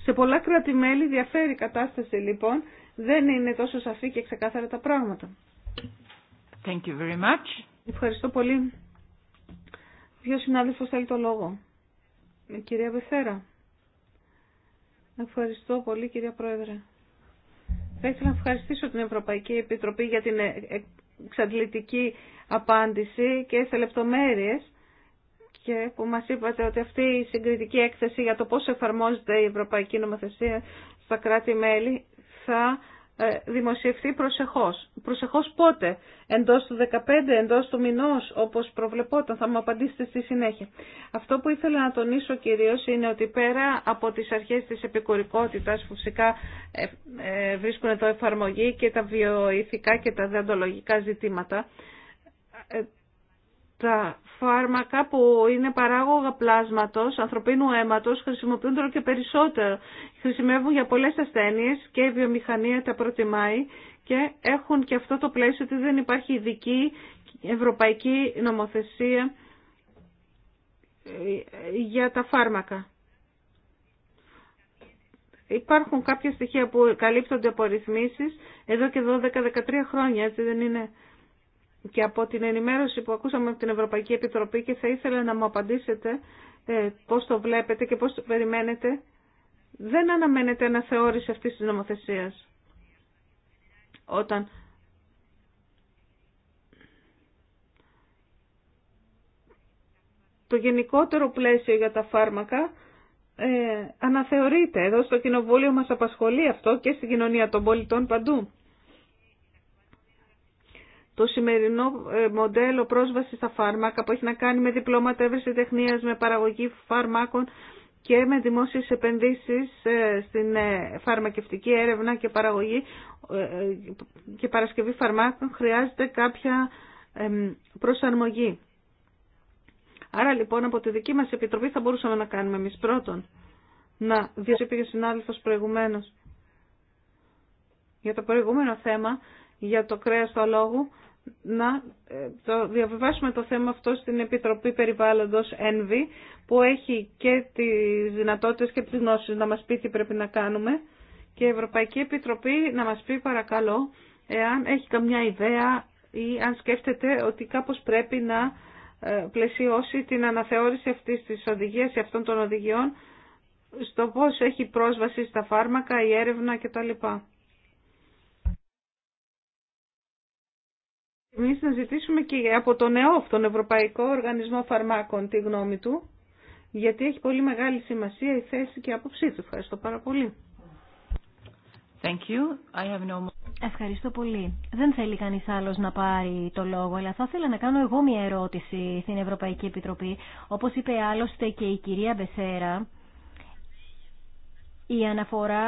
Σε πολλά κράτη-μέλη διαφέρει η κατάσταση λοιπόν. Δεν είναι τόσο σαφή και ξεκάθαρα τα πράγματα. Ευχαριστώ πολύ. Ποιο συνάδελφο θέλει το λόγο. κυρία Βεθέρα. Ευχαριστώ πολύ κυρία Πρόεδρε. Θα ήθελα να ευχαριστήσω την Ευρωπαϊκή Επιτροπή για την ε, ε, εξαντλητική απάντηση και σε λεπτομέρειες και που μας είπατε ότι αυτή η συγκριτική έκθεση για το πώς εφαρμόζεται η Ευρωπαϊκή Νομοθεσία στα κράτη-μέλη θα ε, δημοσιευθεί προσεχώς. Προσεχώς πότε, εντός του 15, εντός του μηνός, όπως προβλεπόταν, θα μου απαντήσετε στη συνέχεια. Αυτό που ήθελα να τονίσω κυρίως είναι ότι πέρα από τις αρχές της επικουρικότητας που φυσικά ε, ε, βρίσκουν το εφαρμογή και τα βιοειθικά και τα διαντολογικά ζητήματα, τα φάρμακα που είναι παράγωγα πλάσματος, ανθρωπίνου αίματος, χρησιμοποιούνται και περισσότερο. Χρησιμεύουν για πολλές ασθένειες και η βιομηχανία τα προτιμάει και έχουν και αυτό το πλαίσιο ότι δεν υπάρχει ειδική ευρωπαϊκή νομοθεσία ε, για τα φάρμακα. Υπάρχουν κάποια στοιχεία που καλύπτονται από ρυθμίσεις εδώ και 12-13 χρόνια, έτσι δεν είναι και από την ενημέρωση που ακούσαμε από την Ευρωπαϊκή Επιτροπή και θα ήθελα να μου απαντήσετε ε, πώς το βλέπετε και πώς το περιμένετε. Δεν αναμένεται αναθεώρηση αυτής της νομοθεσίας όταν το γενικότερο πλαίσιο για τα φάρμακα ε, αναθεωρείται. Εδώ στο Κοινοβούλιο μας απασχολεί αυτό και στην κοινωνία των πολιτών παντού το σημερινό ε, μοντέλο πρόσβαση στα φάρμακα που έχει να κάνει με διπλώματα έβριση τεχνίας, με παραγωγή φαρμάκων και με δημόσιες επενδύσεις ε, στην ε, φαρμακευτική έρευνα και παραγωγή και παρασκευή φαρμάκων χρειάζεται κάποια προσαρμογή. Άρα λοιπόν από τη δική μας επιτροπή θα μπορούσαμε να κάνουμε εμείς πρώτον. Να, διότι ο συνάδελφος προηγουμένως. Για το προηγούμενο θέμα, για το κρέας του αλόγου, να ε, το διαβιβάσουμε το θέμα αυτό στην Επιτροπή Περιβάλλοντος ΕΝΒΗ που έχει και τις δυνατότητες και τις γνώσεις να μας πει τι πρέπει να κάνουμε και η Ευρωπαϊκή Επιτροπή να μας πει παρακαλώ εάν έχει καμιά ιδέα ή αν σκέφτεται ότι κάπως πρέπει να ε, πλαισιώσει την αναθεώρηση αυτής της οδηγίας ή αυτών των οδηγιών στο πώς έχει πρόσβαση στα φάρμακα, η έρευνα κτλ. Εμεί να ζητήσουμε και από τον ΕΟΦ, τον Ευρωπαϊκό Οργανισμό Φαρμάκων, τη γνώμη του, γιατί έχει πολύ μεγάλη σημασία η θέση και η άποψή του. Ευχαριστώ πάρα πολύ. Thank you. I have no... Ευχαριστώ πολύ. Δεν θέλει κανείς άλλος να πάρει το λόγο, αλλά θα ήθελα να κάνω εγώ μια ερώτηση στην Ευρωπαϊκή Επιτροπή. Όπως είπε άλλωστε και η κυρία Μπεσέρα, η αναφορά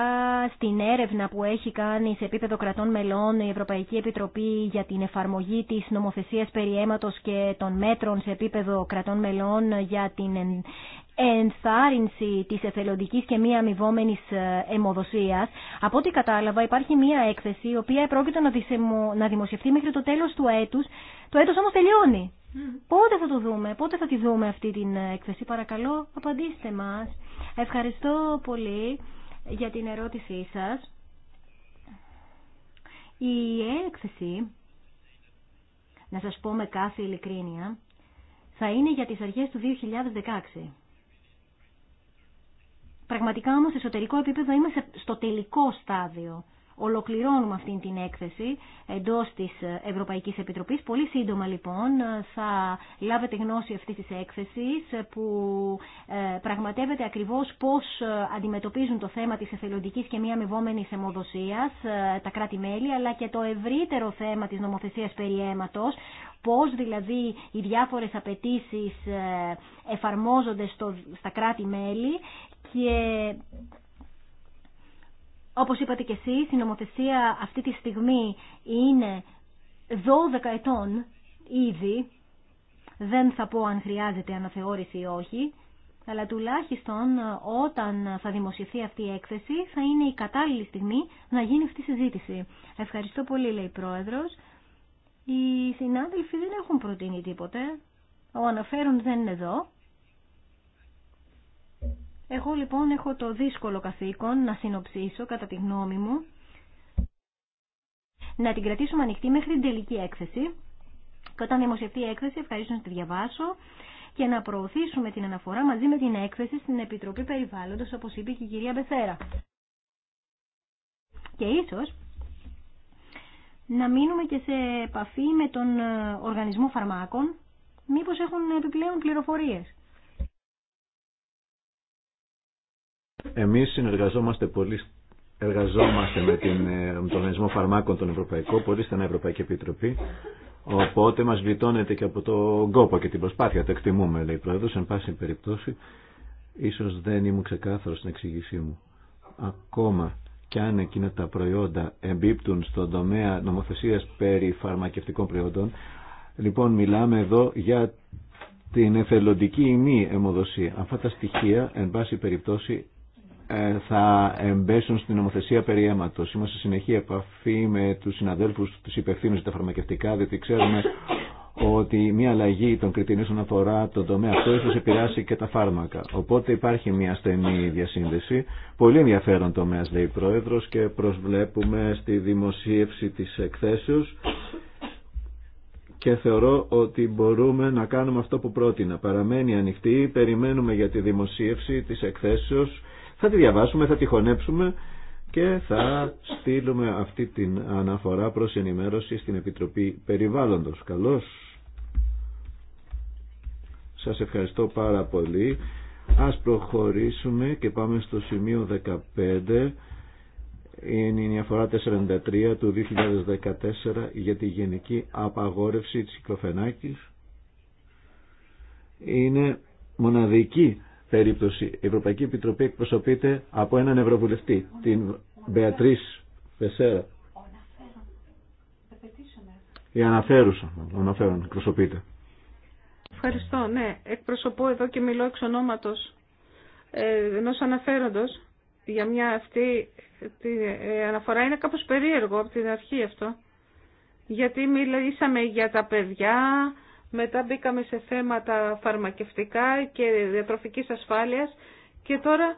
στην έρευνα που έχει κάνει σε επίπεδο κρατών μελών η Ευρωπαϊκή Επιτροπή για την εφαρμογή της νομοθεσίας περί και των μέτρων σε επίπεδο κρατών μελών για την ενθάρρυνση της εθελοντικής και μη αμοιβόμενη ε, αιμοδοσίας. Από ό,τι κατάλαβα υπάρχει μία έκθεση η οποία πρόκειται να δημοσιευτεί μέχρι το τέλος του έτους. Το έτος όμως τελειώνει. Πότε θα το δούμε, πότε θα τη δούμε αυτή την ε, έκθεση. Παρακαλώ απαντήστε μας. Ευχαριστώ πολύ για την ερώτησή σας. Η έκθεση, να σας πω με κάθε ειλικρίνεια, θα είναι για τις αρχές του 2016. Πραγματικά όμως σε εσωτερικό επίπεδο είμαστε στο τελικό στάδιο ολοκληρώνουμε αυτήν την έκθεση εντός της Ευρωπαϊκής Επιτροπής. Πολύ σύντομα λοιπόν θα λάβετε γνώση αυτής της έκθεσης που ε, πραγματεύεται ακριβώς πώς ε, αντιμετωπίζουν το θέμα της εθελοντικής και μη αμοιβόμενης αιμοδοσίας ε, τα κράτη-μέλη αλλά και το ευρύτερο θέμα της νομοθεσίας περί αίματος, πώς δηλαδή οι διάφορες απαιτήσει εφαρμόζονται στα κράτη-μέλη και όπως είπατε και εσείς, η νομοθεσία αυτή τη στιγμή είναι 12 ετών ήδη. Δεν θα πω αν χρειάζεται αναθεώρηση ή όχι, αλλά τουλάχιστον όταν θα δημοσιευθεί αυτή η έκθεση θα είναι η κατάλληλη στιγμή να γίνει αυτή η συζήτηση. Ευχαριστώ πολύ, λέει η Πρόεδρος. Οι συνάδελφοι δεν έχουν προτείνει τίποτε. Ο αναφέρον δεν είναι εδώ. Εγώ λοιπόν έχω το δύσκολο καθήκον να συνοψίσω κατά τη γνώμη μου, να την κρατήσουμε ανοιχτή μέχρι την τελική έκθεση και όταν δημοσιευτεί η έκθεση ευχαρίστω να τη διαβάσω και να προωθήσουμε την αναφορά μαζί με την έκθεση στην Επιτροπή Περιβάλλοντος όπως είπε και η κυρία Μπεθέρα. Και ίσως να μείνουμε και σε επαφή με τον ε, Οργανισμό Φαρμάκων μήπως έχουν επιπλέον πληροφορίες. Εμείς συνεργαζόμαστε πολύ εργαζόμαστε με, την, ε, τον Οργανισμό Φαρμάκων τον Ευρωπαϊκό, πολύ στενά Ευρωπαϊκή Επιτροπή. Οπότε μας γλιτώνεται και από τον κόπο και την προσπάθεια. Το εκτιμούμε, λέει η εν πάση περιπτώσει. Ίσως δεν ήμουν ξεκάθαρο στην εξήγησή μου. Ακόμα κι αν εκείνα τα προϊόντα εμπίπτουν στον τομέα νομοθεσίας περί φαρμακευτικών προϊόντων, λοιπόν μιλάμε εδώ για την εθελοντική ή μη αιμοδοσία. Αυτά τα στοιχεία, εν πάση περιπτώσει, ε, θα εμπέσουν στην νομοθεσία περί αίματος. Είμαστε σε συνεχή επαφή με τους συναδέλφους, τους υπευθύνους για τα φαρμακευτικά, διότι ξέρουμε ότι μια αλλαγή των κριτηρίων αφορά τον τομέα αυτό ίσως επηρεάσει και τα φάρμακα. Οπότε υπάρχει μια στενή διασύνδεση. Πολύ ενδιαφέρον τομέας λέει η Πρόεδρος και προσβλέπουμε στη δημοσίευση της εκθέσεως και θεωρώ ότι μπορούμε να κάνουμε αυτό που πρότεινα. Παραμένει ανοιχτή, περιμένουμε για τη δημοσίευση της εκθέσεως θα τη διαβάσουμε, θα τη χωνέψουμε και θα στείλουμε αυτή την αναφορά προς ενημέρωση στην Επιτροπή Περιβάλλοντος. Καλώς. Σας ευχαριστώ πάρα πολύ. Ας προχωρήσουμε και πάμε στο σημείο 15. Είναι η αναφορά 43 του 2014 για τη γενική απαγόρευση της κυκλοφενάκης. Είναι μοναδική περίπτωση. Η Ευρωπαϊκή Επιτροπή εκπροσωπείται από έναν Ευρωβουλευτή, την Μπεατρίς Πεσέρα. Η αναφέρουσα, αναφέρον, εκπροσωπείται. Ευχαριστώ, ναι. Εκπροσωπώ εδώ και μιλώ εξ ονόματος ε, ενός αναφέροντος για μια αυτή τη ε, αναφορά. Είναι κάπως περίεργο από την αρχή αυτό. Γιατί μιλήσαμε για τα παιδιά, μετά μπήκαμε σε θέματα φαρμακευτικά και διατροφικής ασφάλειας και τώρα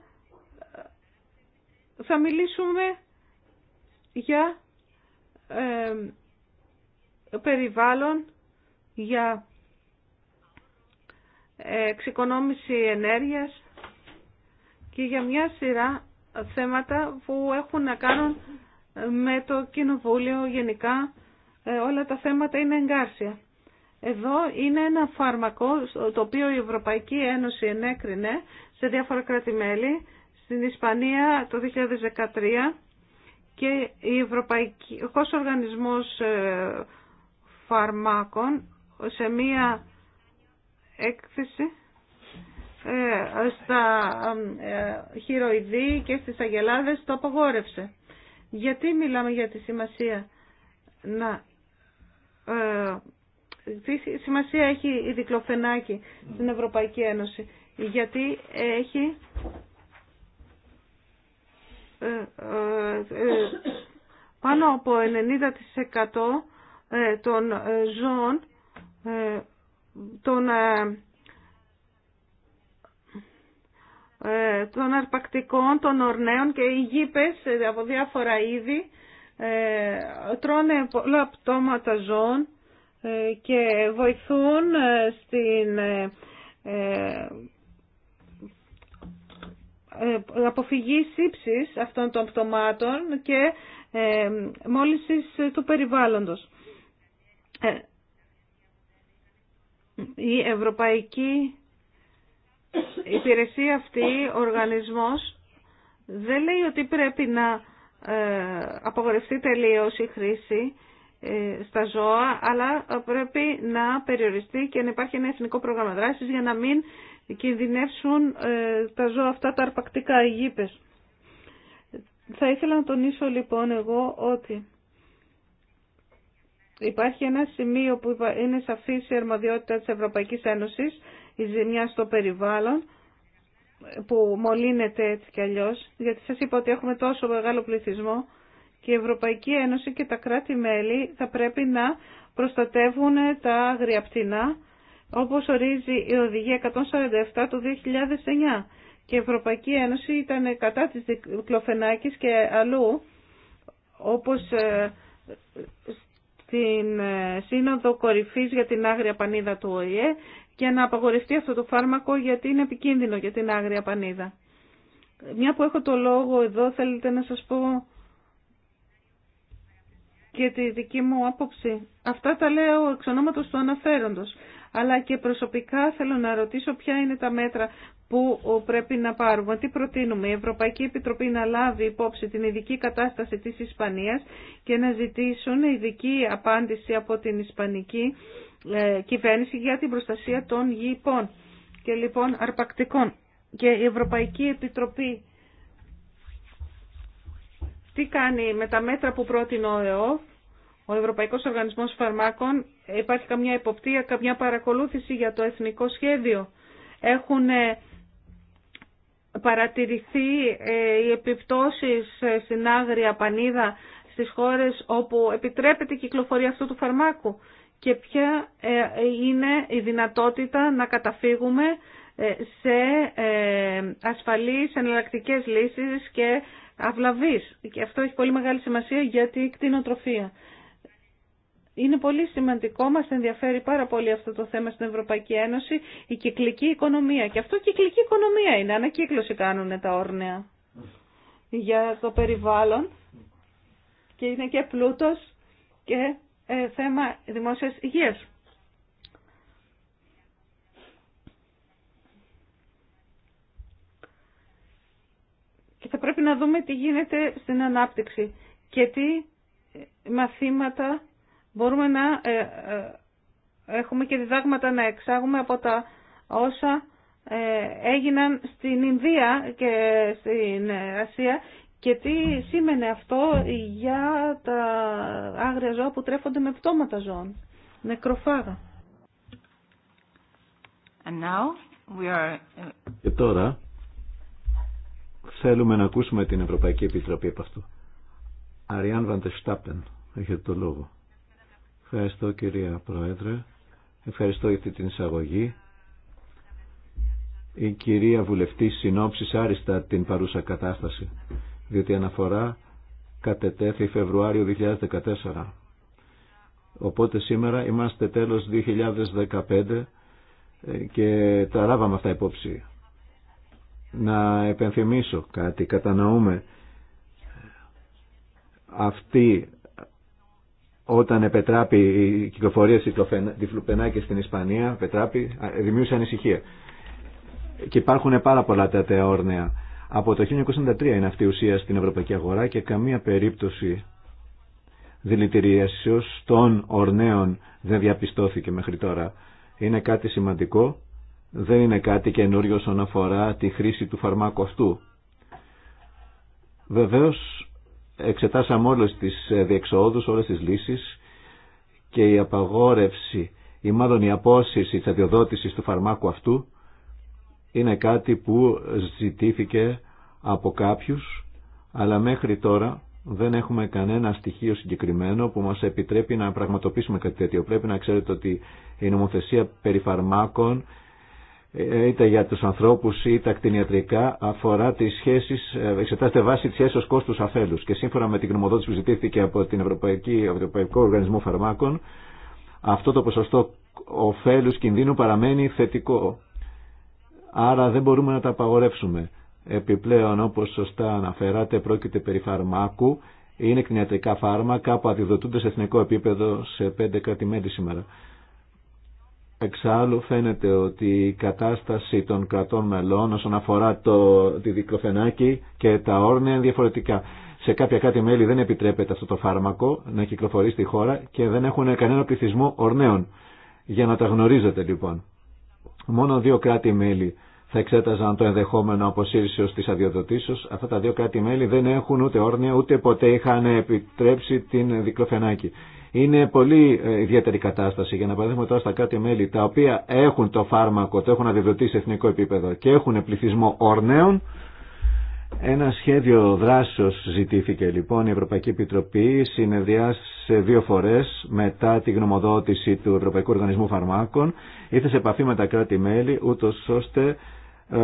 ε, θα μιλήσουμε για ε, περιβάλλον, για ε, εξοικονόμηση ενέργειας και για μια σειρά θέματα που έχουν να κάνουν με το Κοινοβούλιο γενικά όλα τα θέματα είναι εγκάρσια. Εδώ είναι ένα φάρμακο το οποίο η Ευρωπαϊκή Ένωση ενέκρινε σε διάφορα κράτη-μέλη στην Ισπανία το 2013 και η Ευρωπαϊκή, Οργανισμός ε, Φαρμάκων σε μία έκθεση ε, στα ε, χειροειδή και στις αγελάδες το απογόρευσε. Γιατί μιλάμε για τη σημασία να τι σημασία έχει η δικλοφενάκη στην Ευρωπαϊκή Ένωση. Γιατί έχει ε, ε, ε, πάνω από 90% των ζώων των, των αρπακτικών, των ορνέων και οι γήπες από διάφορα είδη τρώνε πολλά πτώματα ζώων ε, και βοηθούν ε, στην ε, αποφυγή σύψης αυτών των πτωμάτων και μόλυσης του περιβάλλοντος. Η Ευρωπαϊκή Υπηρεσία αυτή, ο οργανισμός, δεν λέει ότι πρέπει να απογορευτεί τελείως η χρήση ε, στα ζώα, αλλά πρέπει να περιοριστεί και να υπάρχει ένα εθνικό πρόγραμμα δράσης για να μην κινδυνεύσουν ε, τα ζώα αυτά τα αρπακτικά γήπες. Θα ήθελα να τονίσω λοιπόν εγώ ότι υπάρχει ένα σημείο που είναι σαφής η αρμοδιότητα της Ευρωπαϊκής Ένωσης, η ζημιά στο περιβάλλον, που μολύνεται έτσι κι αλλιώς, γιατί σας είπα ότι έχουμε τόσο μεγάλο πληθυσμό, και η Ευρωπαϊκή Ένωση και τα κράτη-μέλη θα πρέπει να προστατεύουν τα άγρια πτηνά όπως ορίζει η Οδηγία 147 του 2009 και η Ευρωπαϊκή Ένωση ήταν κατά της δικλοφενάκης και αλλού όπως ε, στην ε, Σύνοδο Κορυφής για την Άγρια Πανίδα του ΟΗΕ για να απαγορευτεί αυτό το φάρμακο γιατί είναι επικίνδυνο για την Άγρια Πανίδα. Μια που έχω το λόγο εδώ θέλετε να σας πω και τη δική μου άποψη. Αυτά τα λέω εξ ονόματος του αναφέροντος. Αλλά και προσωπικά θέλω να ρωτήσω ποια είναι τα μέτρα που πρέπει να πάρουμε. Τι προτείνουμε. Η Ευρωπαϊκή Επιτροπή να λάβει υπόψη την ειδική κατάσταση της Ισπανίας και να ζητήσουν ειδική απάντηση από την Ισπανική ε, κυβέρνηση για την προστασία των γηπών και λοιπόν αρπακτικών. Και η Ευρωπαϊκή Επιτροπή τι κάνει με τα μέτρα που πρότεινε ο ΕΟΦ, ο Ευρωπαϊκός Οργανισμός Φαρμάκων, υπάρχει καμιά εποπτεία, καμιά παρακολούθηση για το εθνικό σχέδιο. Έχουν ε, παρατηρηθεί ε, οι επιπτώσεις ε, στην άγρια πανίδα στις χώρες όπου επιτρέπεται η κυκλοφορία αυτού του φαρμάκου και ποια είναι η δυνατότητα να καταφύγουμε σε ασφαλείς εναλλακτικές λύσεις και αυλαβής. Και αυτό έχει πολύ μεγάλη σημασία γιατί η κτηνοτροφία. Είναι πολύ σημαντικό, μας ενδιαφέρει πάρα πολύ αυτό το θέμα στην Ευρωπαϊκή Ένωση, η κυκλική οικονομία. Και αυτό κυκλική οικονομία είναι, ανακύκλωση κάνουν τα όρνεα για το περιβάλλον και είναι και πλούτος και ε, θέμα δημόσιας υγείας. Και θα πρέπει να δούμε τι γίνεται στην ανάπτυξη και τι μαθήματα μπορούμε να ε, ε, έχουμε και διδάγματα να εξάγουμε από τα όσα ε, έγιναν στην Ινδία και στην Ασία και τι σήμαινε αυτό για τα άγρια ζώα που τρέφονται με πτώματα ζώων, νεκροφάγα. And Και τώρα Θέλουμε να ακούσουμε την Ευρωπαϊκή Επιτροπή από αυτό. Αριάν Βαντεστάπεν, έχετε το λόγο. Ευχαριστώ κυρία Πρόεδρε. Ευχαριστώ για αυτή την εισαγωγή. Η κυρία Βουλευτή Συνόψη άριστα την παρούσα κατάσταση, διότι αναφορά κατετέθη Φεβρουάριο 2014. Οπότε σήμερα είμαστε τέλος 2015 και τα λάβαμε αυτά υπόψη να επενθυμίσω κάτι. Κατανοούμε αυτή όταν επετράπη η κυκλοφορία της στην Ισπανία, επετράπη, δημιούργησε ανησυχία. Και υπάρχουν πάρα πολλά τέτοια όρνεα. Από το 1993 είναι αυτή η ουσία στην ευρωπαϊκή αγορά και καμία περίπτωση δηλητηρίασης των ορνέων δεν διαπιστώθηκε μέχρι τώρα. Είναι κάτι σημαντικό δεν είναι κάτι καινούριο όσον αφορά τη χρήση του φαρμάκου αυτού. Βεβαίως εξετάσαμε όλες τις διεξόδους, όλες τις λύσεις και η απαγόρευση ή μάλλον η απόσυρση της αδειοδότησης του φαρμάκου αυτού είναι κάτι που ζητήθηκε από κάποιους αλλά μέχρι τώρα δεν έχουμε κανένα στοιχείο συγκεκριμένο που μας επιτρέπει να πραγματοποιήσουμε κάτι τέτοιο. Πρέπει να ξέρετε ότι η νομοθεσία περί φαρμάκων ε, είτε για τους ανθρώπους είτε κτηνιατρικά αφορά τις σχέσεις, ε, εξετάζεται βάση της σχέσης κόστους αφέλους και σύμφωνα με την γνωμοδότηση που ζητήθηκε από την Ευρωπαϊκή, Ευρωπαϊκό Οργανισμό Φαρμάκων αυτό το ποσοστό ωφέλους κινδύνου παραμένει θετικό. Άρα δεν μπορούμε να τα απαγορεύσουμε. Επιπλέον όπως σωστά αναφέρατε πρόκειται περί φαρμάκου είναι κτηνιατρικά φάρμακα που αντιδοτούνται σε εθνικό επίπεδο σε πέντε σήμερα. Εξάλλου φαίνεται ότι η κατάσταση των κρατών μελών όσον αφορά το, τη δικλοφενάκη και τα όρνια είναι διαφορετικά. Σε κάποια κάτι μέλη δεν επιτρέπεται αυτό το φάρμακο να κυκλοφορεί στη χώρα και δεν έχουν κανένα πληθυσμό ορνέων. Για να τα γνωρίζετε λοιπόν. Μόνο δύο κράτη-μέλη θα εξέταζαν το ενδεχόμενο αποσύρσεω τη αδειοδοτήσεω. Αυτά τα δύο κράτη-μέλη δεν έχουν ούτε όρνια ούτε ποτέ είχαν επιτρέψει την δικλοφενάκη. Είναι πολύ ε, ιδιαίτερη κατάσταση. Για να παραδείγουμε τώρα στα κάτι μέλη τα οποία έχουν το φάρμακο, το έχουν αδειοδοτήσει σε εθνικό επίπεδο και έχουν πληθυσμό ορνέων, ένα σχέδιο δράσεως ζητήθηκε λοιπόν η Ευρωπαϊκή Επιτροπή συνεδριάσε δύο φορές μετά τη γνωμοδότηση του Ευρωπαϊκού Οργανισμού Φαρμάκων ήρθε σε επαφή με τα κράτη-μέλη ούτως ώστε ε,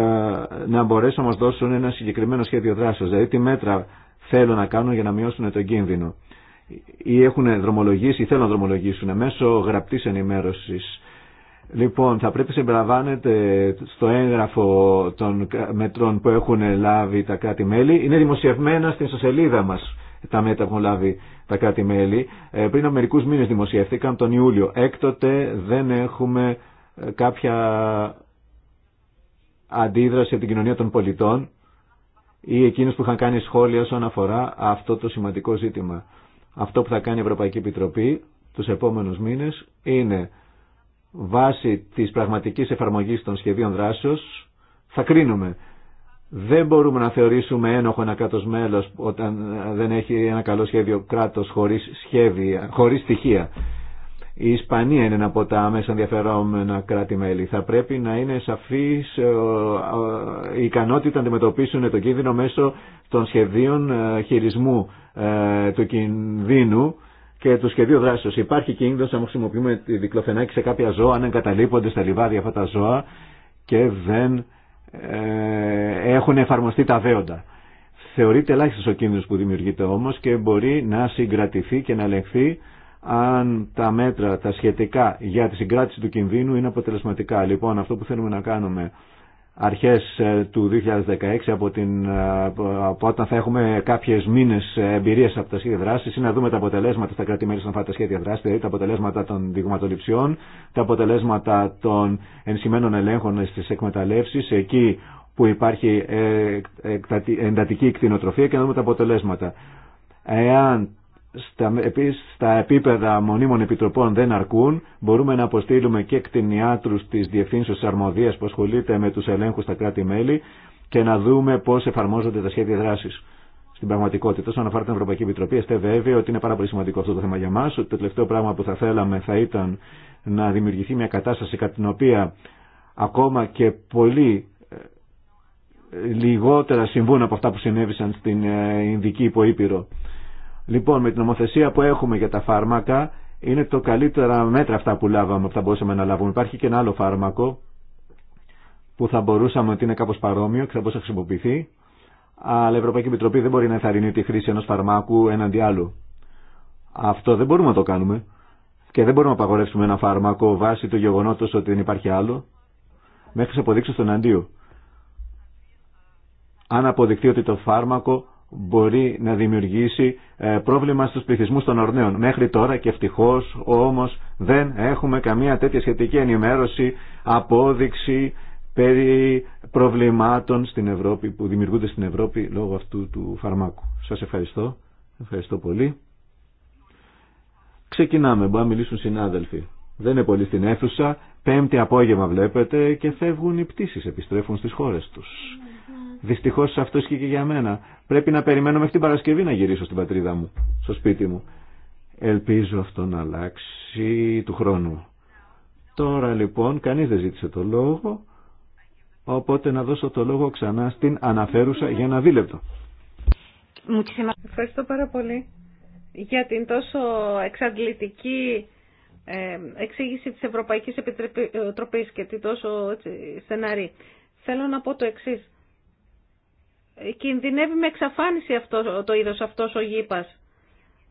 να μπορέσουν να μα δώσουν ένα συγκεκριμένο σχέδιο δράσεως δηλαδή τι μέτρα θέλουν να κάνουν για να μειώσουν τον κίνδυνο ή έχουν δρομολογήσει ή θέλουν να δρομολογήσουν μέσω γραπτής ενημέρωσης. Λοιπόν, θα πρέπει να συμπεραβάνετε στο έγγραφο των μετρών που έχουν λάβει τα κράτη-μέλη. Είναι δημοσιευμένα στην σελίδα μας τα μέτρα που έχουν λάβει τα κράτη-μέλη. Ε, πριν από μερικούς μήνες δημοσιεύτηκαν τον Ιούλιο. Έκτοτε δεν έχουμε ε, κάποια αντίδραση από την κοινωνία των πολιτών ή εκείνους που είχαν κάνει σχόλια όσον αφορά αυτό το σημαντικό ζήτημα. Αυτό που θα κάνει η Ευρωπαϊκή Επιτροπή τους επόμενους μήνες είναι βάση της πραγματικής εφαρμογής των σχεδίων δράσεως θα κρίνουμε. Δεν μπορούμε να θεωρήσουμε ένοχο ένα κράτος μέλος όταν δεν έχει ένα καλό σχέδιο κράτος χωρίς, χωρίς στοιχεία. Η Ισπανία είναι ένα από τα άμεσα ενδιαφερόμενα κράτη-μέλη. Θα πρέπει να είναι σαφή ε, η ικανότητα να αντιμετωπίσουν το κίνδυνο μέσω των σχεδίων ε, χειρισμού ε, του κινδύνου και του σχεδίου δράσεως. Υπάρχει κίνδυνος αν χρησιμοποιούμε τη δικλοφενάκη σε κάποια ζώα, αν εγκαταλείπονται στα λιβάδια αυτά τα ζώα και δεν έχουν εφαρμοστεί τα βέοντα. Θεωρείται ελάχιστο ο κίνδυνος που δημιουργείται όμως και μπορεί να συγκρατηθεί και να ελεγχθεί αν τα μέτρα, τα σχετικά για τη συγκράτηση του κινδύνου είναι αποτελεσματικά. Λοιπόν, αυτό που θέλουμε να κάνουμε αρχές ε, του 2016 από, την, ε, από όταν θα έχουμε κάποιες μήνες εμπειρίες από τα σχέδια δράσης είναι να δούμε τα αποτελέσματα στα κράτη μέλη σαν τα σχέδια δράσης, δηλαδή τα αποτελέσματα των δειγματοληψιών, τα αποτελέσματα των ενσημένων ελέγχων στις εκμεταλλεύσεις, εκεί που υπάρχει ε, εντατική κτηνοτροφία και να δούμε τα αποτελέσματα. Εάν στα, επίσης, στα επίπεδα μονίμων επιτροπών δεν αρκούν. Μπορούμε να αποστείλουμε και κτηνιάτρους της Διευθύνσεως Αρμοδίας που ασχολείται με τους ελέγχους στα κράτη-μέλη και να δούμε πώς εφαρμόζονται τα σχέδια δράσης στην πραγματικότητα. Όσον αφορά την Ευρωπαϊκή Επιτροπή, είστε βέβαιοι ότι είναι πάρα πολύ σημαντικό αυτό το θέμα για μας. Ότι το τελευταίο πράγμα που θα θέλαμε θα ήταν να δημιουργηθεί μια κατάσταση κατά την οποία ακόμα και πολύ ε, λιγότερα συμβούν από αυτά που συνέβησαν στην ε, Ινδική υποήπειρο. Λοιπόν, με την νομοθεσία που έχουμε για τα φάρμακα, είναι το καλύτερα μέτρα αυτά που λάβαμε, που θα μπορούσαμε να λάβουμε. Υπάρχει και ένα άλλο φάρμακο που θα μπορούσαμε ότι είναι κάπω παρόμοιο και θα μπορούσε να χρησιμοποιηθεί. Αλλά η Ευρωπαϊκή Επιτροπή δεν μπορεί να ενθαρρυνεί τη χρήση ενό φαρμάκου έναντι άλλου. Αυτό δεν μπορούμε να το κάνουμε. Και δεν μπορούμε να απαγορεύσουμε ένα φάρμακο βάσει του γεγονότο ότι δεν υπάρχει άλλο, μέχρι να αποδείξει τον εναντίου. Αν αποδειχθεί ότι το φάρμακο μπορεί να δημιουργήσει ε, πρόβλημα στους πληθυσμούς των Ορνέων. Μέχρι τώρα και ευτυχώ όμως δεν έχουμε καμία τέτοια σχετική ενημέρωση, απόδειξη περί προβλημάτων στην Ευρώπη που δημιουργούνται στην Ευρώπη λόγω αυτού του φαρμάκου. Σας ευχαριστώ. Ευχαριστώ πολύ. Ξεκινάμε. Μπορεί να μιλήσουν συνάδελφοι. Δεν είναι πολύ στην αίθουσα. Πέμπτη απόγευμα βλέπετε και φεύγουν οι πτήσεις, επιστρέφουν στις χώρες τους. Δυστυχώ αυτό ισχύει και για μένα. Πρέπει να περιμένω μέχρι την Παρασκευή να γυρίσω στην πατρίδα μου, στο σπίτι μου. Ελπίζω αυτό να αλλάξει του χρόνου. Τώρα λοιπόν κάνει δεν ζήτησε το λόγο, οπότε να δώσω το λόγο ξανά στην αναφέρουσα για ένα δίλεπτο. Ευχαριστώ πάρα πολύ για την τόσο εξαντλητική ε, εξήγηση της Ευρωπαϊκής Επιτροπής ε, και την τόσο στεναρή. Θέλω να πω το εξής κινδυνεύει με εξαφάνιση αυτό, το είδος αυτός ο γήπας.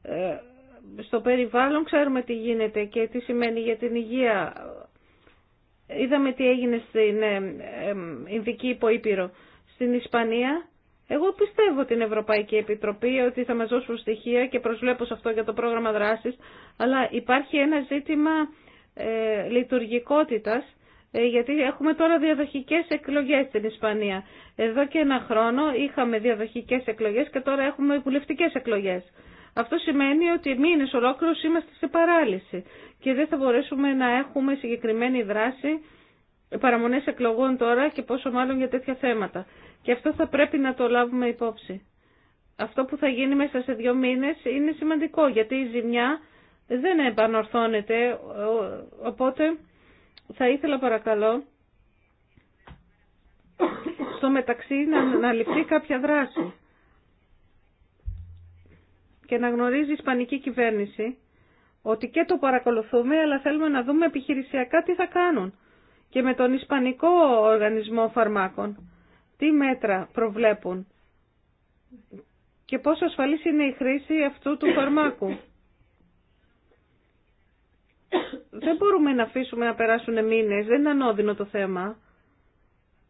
Ε, στο περιβάλλον ξέρουμε τι γίνεται και τι σημαίνει για την υγεία. Είδαμε τι έγινε στην ε, ε, Ινδική Υποήπειρο. Στην Ισπανία εγώ πιστεύω την Ευρωπαϊκή Επιτροπή ότι θα μας δώσουν στοιχεία και προσβλέπω σε αυτό για το πρόγραμμα δράσης, αλλά υπάρχει ένα ζήτημα ε, λειτουργικότητας ε, γιατί έχουμε τώρα διαδοχικές εκλογές στην Ισπανία. Εδώ και ένα χρόνο είχαμε διαδοχικές εκλογές και τώρα έχουμε βουλευτικές εκλογές. Αυτό σημαίνει ότι μήνες ολόκληρος είμαστε σε παράλυση και δεν θα μπορέσουμε να έχουμε συγκεκριμένη δράση παραμονές εκλογών τώρα και πόσο μάλλον για τέτοια θέματα. Και αυτό θα πρέπει να το λάβουμε υπόψη. Αυτό που θα γίνει μέσα σε δύο μήνες είναι σημαντικό γιατί η ζημιά δεν επανορθώνεται οπότε θα ήθελα παρακαλώ στο μεταξύ να αναλυφθεί κάποια δράση και να γνωρίζει η Ισπανική κυβέρνηση ότι και το παρακολουθούμε, αλλά θέλουμε να δούμε επιχειρησιακά τι θα κάνουν. Και με τον Ισπανικό Οργανισμό Φαρμάκων, τι μέτρα προβλέπουν και πόσο ασφαλής είναι η χρήση αυτού του φαρμάκου δεν μπορούμε να αφήσουμε να περάσουν μήνες, δεν είναι ανώδυνο το θέμα.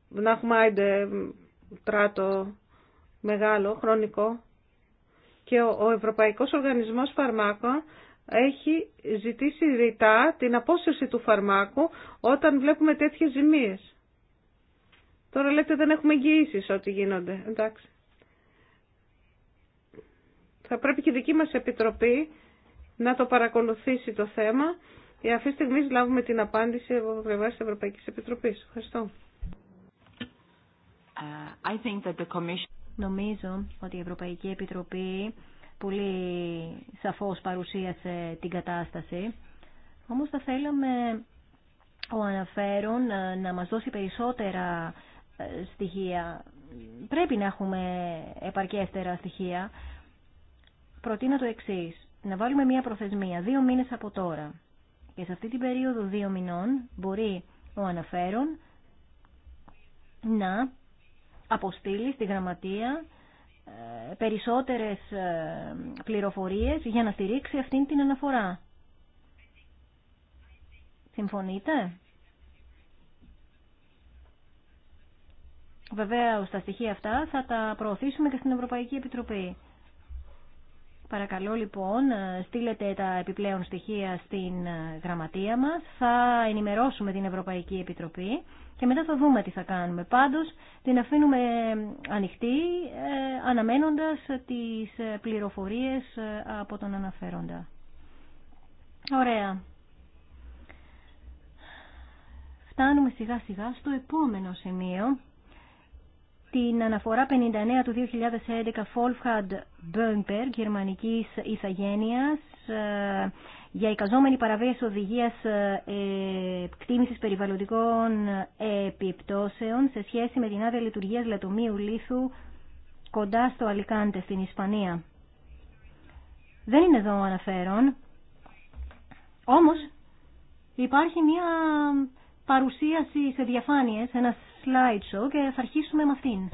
Να έχουμε άιντε τράτο μεγάλο, χρονικό. Και ο, Ευρωπαϊκός Οργανισμός Φαρμάκων έχει ζητήσει ρητά την απόσυρση του φαρμάκου όταν βλέπουμε τέτοιες ζημίες. Τώρα λέτε δεν έχουμε εγγυήσει ότι γίνονται. Εντάξει. Θα πρέπει και η δική μας επιτροπή να το παρακολουθήσει το θέμα. Για ε, αυτή τη στιγμή λάβουμε την απάντηση από πλευρά τη Ευρωπαϊκή Επιτροπή. Ευχαριστώ. Uh, Νομίζω ότι η Ευρωπαϊκή Επιτροπή πολύ σαφώς παρουσίασε την κατάσταση. Όμως θα θέλαμε ο αναφέρον ε, να μας δώσει περισσότερα ε, στοιχεία. Πρέπει να έχουμε επαρκέστερα στοιχεία. Προτείνω το εξής να βάλουμε μια προθεσμία δύο μήνες από τώρα. Και σε αυτή την περίοδο δύο μηνών μπορεί ο αναφέρον να αποστείλει στη γραμματεία ε, περισσότερες ε, πληροφορίες για να στηρίξει αυτήν την αναφορά. Συμφωνείτε? Βεβαίω τα στοιχεία αυτά θα τα προωθήσουμε και στην Ευρωπαϊκή Επιτροπή. Παρακαλώ λοιπόν ε, στείλετε τα επιπλέον στοιχεία στην ε, γραμματεία μας. Θα ενημερώσουμε την Ευρωπαϊκή Επιτροπή και μετά θα δούμε τι θα κάνουμε. Πάντως την αφήνουμε ε, ανοιχτή αναμένοντας τις πληροφορίες από τον αναφέροντα. Ωραία. Φτάνουμε σιγά σιγά στο επόμενο σημείο την αναφορά 59 του 2011 Φολφχαντ Μπέμπερ γερμανικής ηθαγένεια, ε, για εικαζόμενη παραβίαση οδηγίας ε, ε, κτίμηση περιβαλλοντικών επιπτώσεων σε σχέση με την άδεια λειτουργίας λατομείου λίθου κοντά στο Αλικάντε στην Ισπανία. Δεν είναι εδώ αναφέρον, όμως υπάρχει μια παρουσίαση σε διαφάνειες, ένας slideshow και θα αρχίσουμε με αυτήν.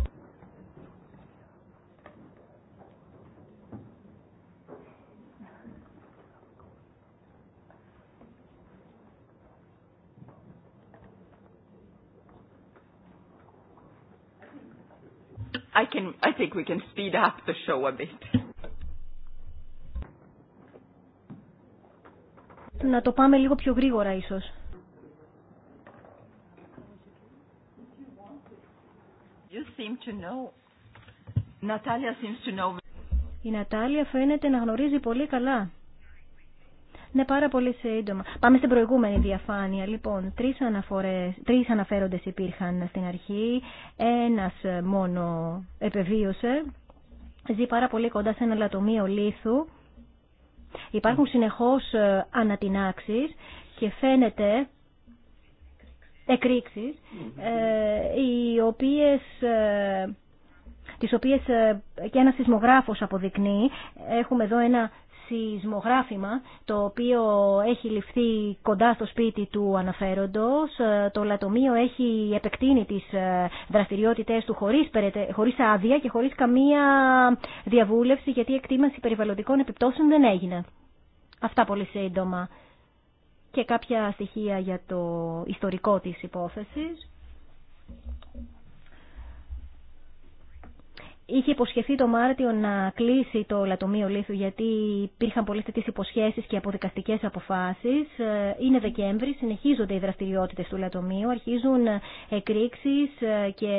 I can I think we can speed up the show a bit. Να το πάμε λίγο πιο γρήγορα ίσως. Η Νατάλια φαίνεται να γνωρίζει πολύ καλά. Ναι, πάρα πολύ σύντομα. Πάμε στην προηγούμενη διαφάνεια. Λοιπόν, τρεις, αναφορές, τρεις αναφέροντες υπήρχαν στην αρχή. Ένας μόνο επεβίωσε. Ζει πάρα πολύ κοντά σε ένα λατομείο λίθου. Υπάρχουν συνεχώς ε, ανατινάξεις και φαίνεται εκρήξεις, ε, οι οποίες ε, τις οποίες ε, και ένα σεισμογράφος αποδεικνύει. Έχουμε εδώ ένα σεισμογράφημα το οποίο έχει ληφθεί κοντά στο σπίτι του αναφέροντος. Το λατομείο έχει επεκτείνει τις δραστηριότητες του χωρίς, χωρίς άδεια και χωρίς καμία διαβούλευση γιατί η εκτίμαση περιβαλλοντικών επιπτώσεων δεν έγινε. Αυτά πολύ σύντομα και κάποια στοιχεία για το ιστορικό της υπόθεσης. Είχε υποσχεθεί το Μάρτιο να κλείσει το λατομείο λίθου γιατί υπήρχαν πολλές τέτοιες υποσχέσεις και αποδικαστικές αποφάσεις. Είναι Δεκέμβρη, συνεχίζονται οι δραστηριότητες του λατομείου, αρχίζουν εκρήξεις και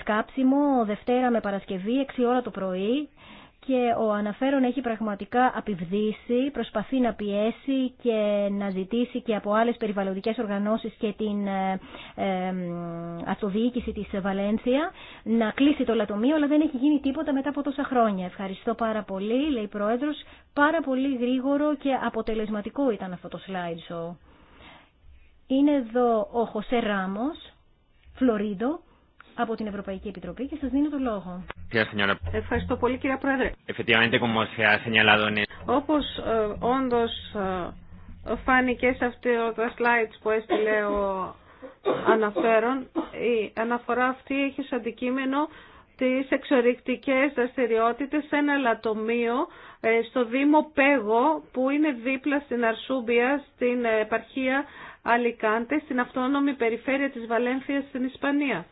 σκάψιμο Δευτέρα με Παρασκευή, 6 ώρα το πρωί και ο αναφέρον έχει πραγματικά απειβδίσει, προσπαθεί να πιέσει και να ζητήσει και από άλλες περιβαλλοντικές οργανώσεις και την ε, ε, αυτοδιοίκηση της Βαλένθια να κλείσει το λατομείο, αλλά δεν έχει γίνει τίποτα μετά από τόσα χρόνια. Ευχαριστώ πάρα πολύ, λέει η Πρόεδρος. Πάρα πολύ γρήγορο και αποτελεσματικό ήταν αυτό το slideshow. Είναι εδώ ο Χωσέ Ράμος, Φλωρίδο από την Ευρωπαϊκή Επιτροπή και σας δίνω το λόγο. Ευχαριστώ πολύ κύριε Πρόεδρε. Όπως ε, όντως ε, φάνηκε σε αυτά τα slides που έστειλε ο αναφέρον, η αναφορά αυτή έχει σαν αντικείμενο τις εξορρυκτικές δραστηριότητε σε ένα λατομείο ε, στο Δήμο Πέγο που είναι δίπλα στην Αρσούμπια, στην επαρχία Αλικάντε, στην αυτόνομη περιφέρεια της Βαλένθιας στην Ισπανία.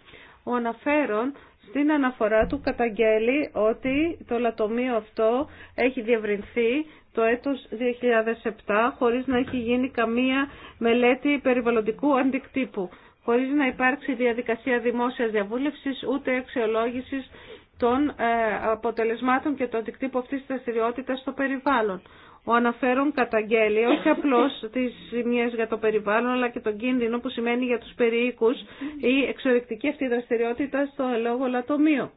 Ο αναφέρον στην αναφορά του καταγγέλει ότι το λατομείο αυτό έχει διευρυνθεί το έτος 2007 χωρίς να έχει γίνει καμία μελέτη περιβαλλοντικού αντικτύπου, χωρίς να υπάρξει διαδικασία δημόσιας διαβούλευσης ούτε αξιολόγησης των ε, αποτελεσμάτων και του αντικτύπου αυτής της δραστηριότητα στο περιβάλλον. Ο αναφέρον καταγγέλει όχι απλώς τις ζημιές για το περιβάλλον, αλλά και τον κίνδυνο που σημαίνει για τους περιοίκους η εξορρυκτική αυτή δραστηριότητα στο λόγο λατομείο.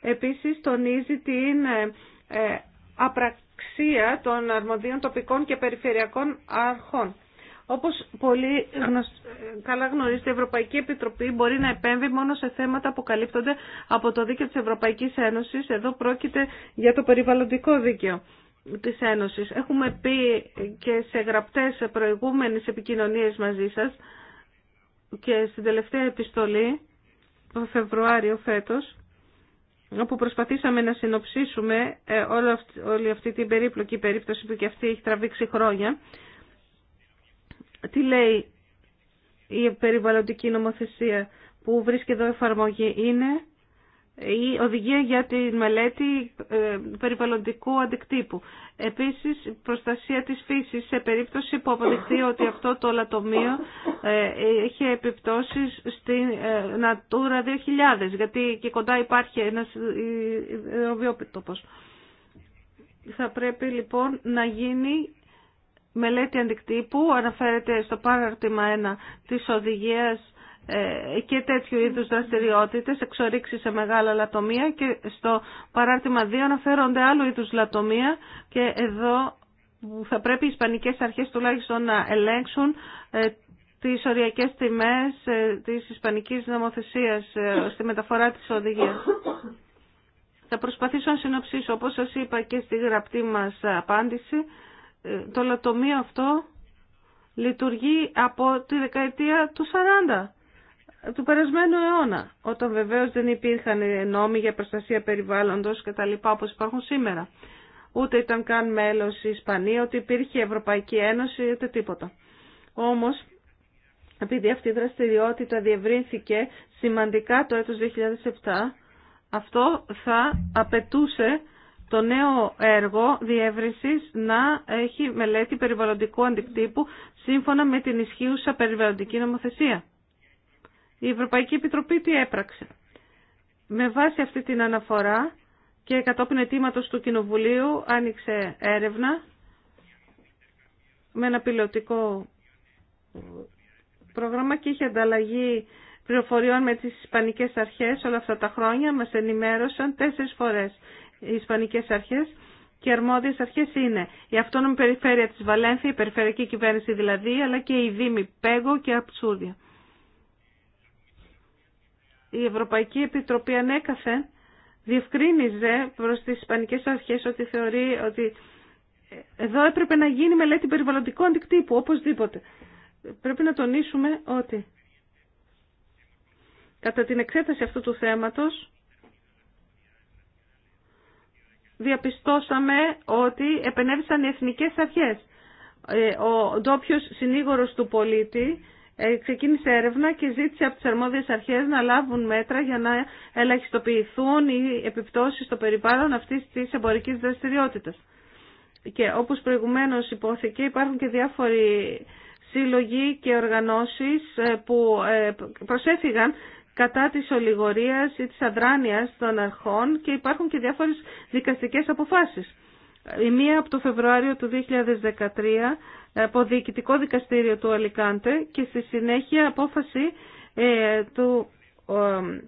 Επίσης τονίζει την ε, ε, απραξία των αρμοδίων τοπικών και περιφερειακών αρχών. Όπως πολύ καλά γνωρίζετε, η Ευρωπαϊκή Επιτροπή μπορεί να επέμβει μόνο σε θέματα που καλύπτονται από το δίκαιο της Ευρωπαϊκής Ένωσης. Εδώ πρόκειται για το περιβαλλοντικό δίκαιο της Ένωσης. Έχουμε πει και σε γραπτές προηγούμενες επικοινωνίες μαζί σας και στην τελευταία επιστολή, το Φεβρουάριο φέτος, όπου προσπαθήσαμε να συνοψίσουμε ε, όλη αυτή την περίπλοκη περίπτωση που και αυτή έχει τραβήξει χρόνια. Τι λέει η περιβαλλοντική νομοθεσία που βρίσκεται εδώ εφαρμογή είναι η οδηγία για τη μελέτη ε, περιβαλλοντικού αντικτύπου. Επίσης, προστασία της φύσης σε περίπτωση που αποδειχθεί ότι αυτό το λατομείο έχει ε, επιπτώσεις στην ε, Natura 2000, γιατί και κοντά υπάρχει ένας βιόπιτοπος. Θα πρέπει λοιπόν να γίνει μελέτη αντικτύπου, αναφέρεται στο παράρτημα 1 της οδηγίας ε, και τέτοιου είδους δραστηριότητες, εξορίξει σε μεγάλα λατομεία και στο παράρτημα 2 αναφέρονται άλλου είδους λατομεία και εδώ θα πρέπει οι Ισπανικές αρχές τουλάχιστον να ελέγξουν ε, τις οριακές τιμές ε, της Ισπανικής νομοθεσίας στη μεταφορά της οδηγίας. Θα προσπαθήσω να συνοψίσω, όπως σας είπα και στη γραπτή μας απάντηση, το λατομείο αυτό λειτουργεί από τη δεκαετία του 40 του περασμένου αιώνα, όταν βεβαίω δεν υπήρχαν νόμοι για προστασία περιβάλλοντος και τα λοιπά όπως υπάρχουν σήμερα. Ούτε ήταν καν μέλος η Ισπανία, ούτε υπήρχε η Ευρωπαϊκή Ένωση, ούτε τίποτα. Όμως, επειδή αυτή η δραστηριότητα διευρύνθηκε σημαντικά το έτος 2007, αυτό θα απαιτούσε το νέο έργο διεύρυνσης να έχει μελέτη περιβαλλοντικού αντικτύπου σύμφωνα με την ισχύουσα περιβαλλοντική νομοθεσία η Ευρωπαϊκή Επιτροπή τι έπραξε. Με βάση αυτή την αναφορά και κατόπιν αιτήματος του Κοινοβουλίου άνοιξε έρευνα με ένα πιλωτικό πρόγραμμα και είχε ανταλλαγή πληροφοριών με τις Ισπανικές Αρχές όλα αυτά τα χρόνια. Μας ενημέρωσαν τέσσερις φορές οι Ισπανικές Αρχές και αρμόδιες αρχές είναι η αυτόνομη περιφέρεια της Βαλένθια, η περιφερειακή κυβέρνηση δηλαδή, αλλά και η Δήμη Πέγο και Αψούδια η Ευρωπαϊκή Επιτροπή ανέκαθεν διευκρίνιζε προς τις ισπανικές αρχές ότι θεωρεί ότι εδώ έπρεπε να γίνει μελέτη περιβαλλοντικού αντικτύπου, οπωσδήποτε. Πρέπει να τονίσουμε ότι κατά την εξέταση αυτού του θέματος διαπιστώσαμε ότι επενέβησαν οι εθνικές αρχές. Ε, ο ντόπιο συνήγορος του πολίτη ε, ξεκίνησε έρευνα και ζήτησε από τις αρμόδιες αρχές να λάβουν μέτρα για να ελαχιστοποιηθούν οι επιπτώσεις στο περιβάλλον αυτής της εμπορικής δραστηριότητας. Και όπως προηγουμένως υπόθηκε υπάρχουν και διάφοροι σύλλογοι και οργανώσεις ε, που ε, προσέφηγαν κατά της ολιγορίας ή της αδράνειας των αρχών και υπάρχουν και διάφορες δικαστικές αποφάσεις. Η μία από το Φεβρουάριο του 2013 από Διοικητικό Δικαστήριο του Αλικάντε και στη συνέχεια απόφαση ε, του ε,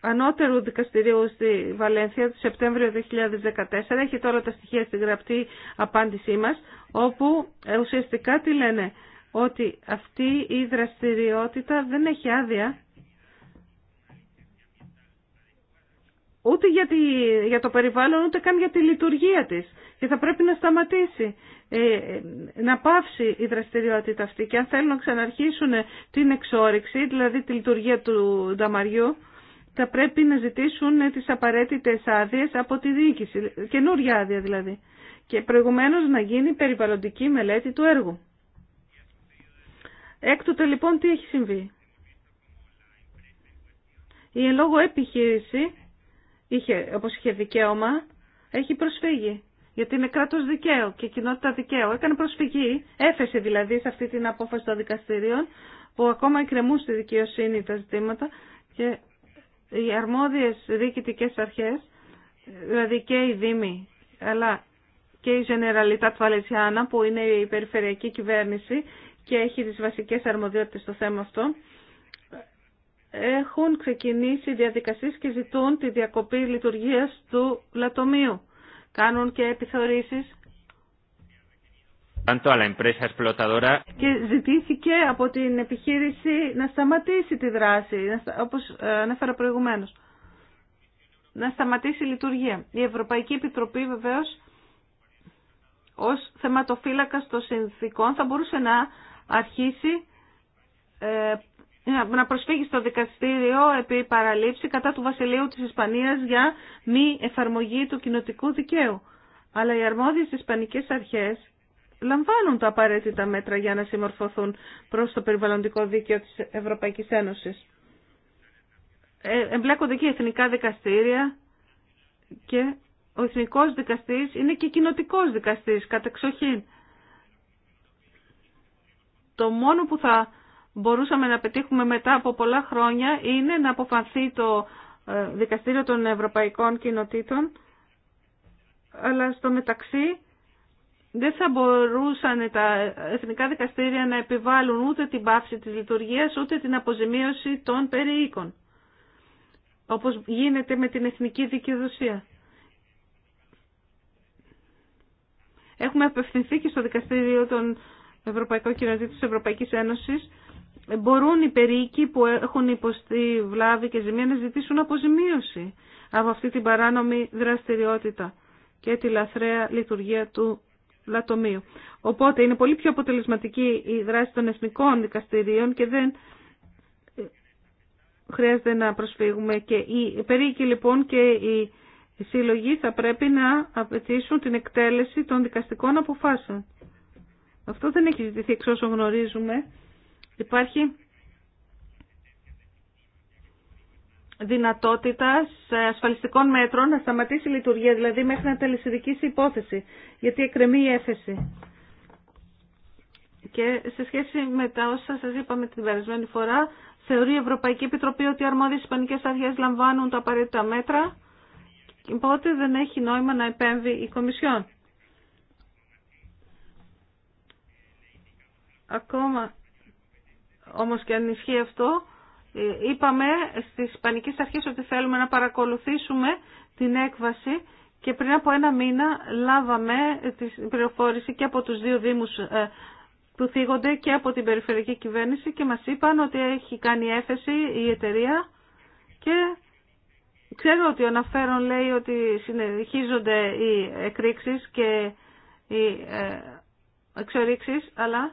Ανώτερου Δικαστηρίου στη Βαλένθια του Σεπτέμβριο 2014. Έχει τώρα τα στοιχεία στη γραπτή απάντησή μας, όπου ε, ουσιαστικά τι λένε, ότι αυτή η δραστηριότητα δεν έχει άδεια ούτε για, το περιβάλλον, ούτε καν για τη λειτουργία της. Και θα πρέπει να σταματήσει, ε, να πάυσει η δραστηριότητα αυτή. Και αν θέλουν να ξαναρχίσουν την εξόριξη, δηλαδή τη λειτουργία του νταμαριού, θα πρέπει να ζητήσουν ε, τις απαραίτητες άδειε από τη διοίκηση, Καινούρια άδεια δηλαδή. Και προηγουμένως να γίνει περιβαλλοντική μελέτη του έργου. Έκτοτε λοιπόν τι έχει συμβεί. Η λόγω επιχείρηση είχε, όπως είχε δικαίωμα, έχει προσφύγει. Γιατί είναι κράτο δικαίου και κοινότητα δικαίου. Έκανε προσφυγή, έφεσε δηλαδή σε αυτή την απόφαση των δικαστηρίων που ακόμα εκκρεμούν στη δικαιοσύνη τα ζητήματα και οι αρμόδιες διοικητικέ αρχές, δηλαδή και οι Δήμοι, αλλά και η Γενεραλίτα Τουαλετσιάνα, που είναι η περιφερειακή κυβέρνηση και έχει τι βασικέ αρμοδιότητες στο θέμα αυτό, έχουν ξεκινήσει διαδικασίες και ζητούν τη διακοπή λειτουργίας του λατομείου. Κάνουν και επιθεωρήσεις. Και ζητήθηκε από την επιχείρηση να σταματήσει τη δράση, όπως ε, ανέφερα προηγουμένως. Να σταματήσει η λειτουργία. Η Ευρωπαϊκή Επιτροπή βεβαίως ως θεματοφύλακας των συνθήκων θα μπορούσε να αρχίσει ε, να προσφύγει στο δικαστήριο επί παραλήψη κατά του Βασιλείου της Ισπανίας για μη εφαρμογή του κοινοτικού δικαίου. Αλλά οι αρμόδιες ισπανικές αρχές λαμβάνουν τα απαραίτητα μέτρα για να συμμορφωθούν προς το περιβαλλοντικό δίκαιο της Ευρωπαϊκής Ένωσης. Ε, εμπλέκονται και εθνικά δικαστήρια και ο εθνικός δικαστής είναι και κοινοτικός δικαστής κατεξοχήν. Το μόνο που θα μπορούσαμε να πετύχουμε μετά από πολλά χρόνια είναι να αποφανθεί το ε, Δικαστήριο των Ευρωπαϊκών Κοινοτήτων, αλλά στο μεταξύ δεν θα μπορούσαν τα εθνικά δικαστήρια να επιβάλλουν ούτε την πάυση της λειτουργίας, ούτε την αποζημίωση των περιοίκων, όπως γίνεται με την εθνική δικαιοδοσία. Έχουμε απευθυνθεί και στο Δικαστήριο των Ευρωπαϊκών Κοινοτήτων της Ευρωπαϊκής Ένωσης μπορούν οι περίοικοι που έχουν υποστεί βλάβη και ζημία να ζητήσουν αποζημίωση από αυτή την παράνομη δραστηριότητα και τη λαθρέα λειτουργία του λατομείου. Οπότε είναι πολύ πιο αποτελεσματική η δράση των εθνικών δικαστηρίων και δεν ε, χρειάζεται να προσφύγουμε. Και οι περίοικοι λοιπόν και οι συλλογοί θα πρέπει να απαιτήσουν την εκτέλεση των δικαστικών αποφάσεων. Αυτό δεν έχει ζητηθεί εξ όσων γνωρίζουμε Υπάρχει δυνατότητα ασφαλιστικών μέτρων να σταματήσει η λειτουργία, δηλαδή μέχρι να τελεσιδικήσει η υπόθεση, γιατί εκκρεμεί η έφεση. Και σε σχέση με τα όσα σας είπαμε την περασμένη φορά, θεωρεί η Ευρωπαϊκή Επιτροπή ότι οι αρμόδιες ισπανικές αρχές λαμβάνουν τα απαραίτητα μέτρα, οπότε δεν έχει νόημα να επέμβει η Κομισιόν. Ακόμα όμως και αν ισχύει αυτό, ε, είπαμε στις Ισπανικές Αρχές ότι θέλουμε να παρακολουθήσουμε την έκβαση και πριν από ένα μήνα λάβαμε την πληροφόρηση και από τους δύο Δήμους ε, που θίγονται και από την περιφερειακή κυβέρνηση και μας είπαν ότι έχει κάνει έφεση η εταιρεία και ξέρω ότι ο αναφέρον λέει ότι συνεχίζονται οι εκρήξεις και οι ε, εξορίξεις, αλλά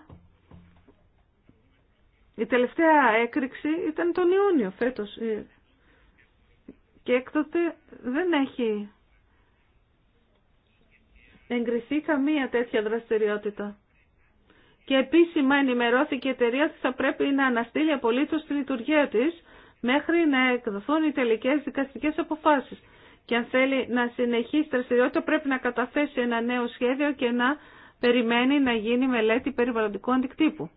η τελευταία έκρηξη ήταν τον Ιούνιο φέτος ε, και έκτοτε δεν έχει εγκριθεί καμία τέτοια δραστηριότητα. Και επίσημα ενημερώθηκε η εταιρεία ότι θα πρέπει να αναστείλει απολύτω τη λειτουργία της μέχρι να εκδοθούν οι τελικές δικαστικές αποφάσεις. Και αν θέλει να συνεχίσει η δραστηριότητα πρέπει να καταθέσει ένα νέο σχέδιο και να περιμένει να γίνει μελέτη περιβαλλοντικού αντικτύπου.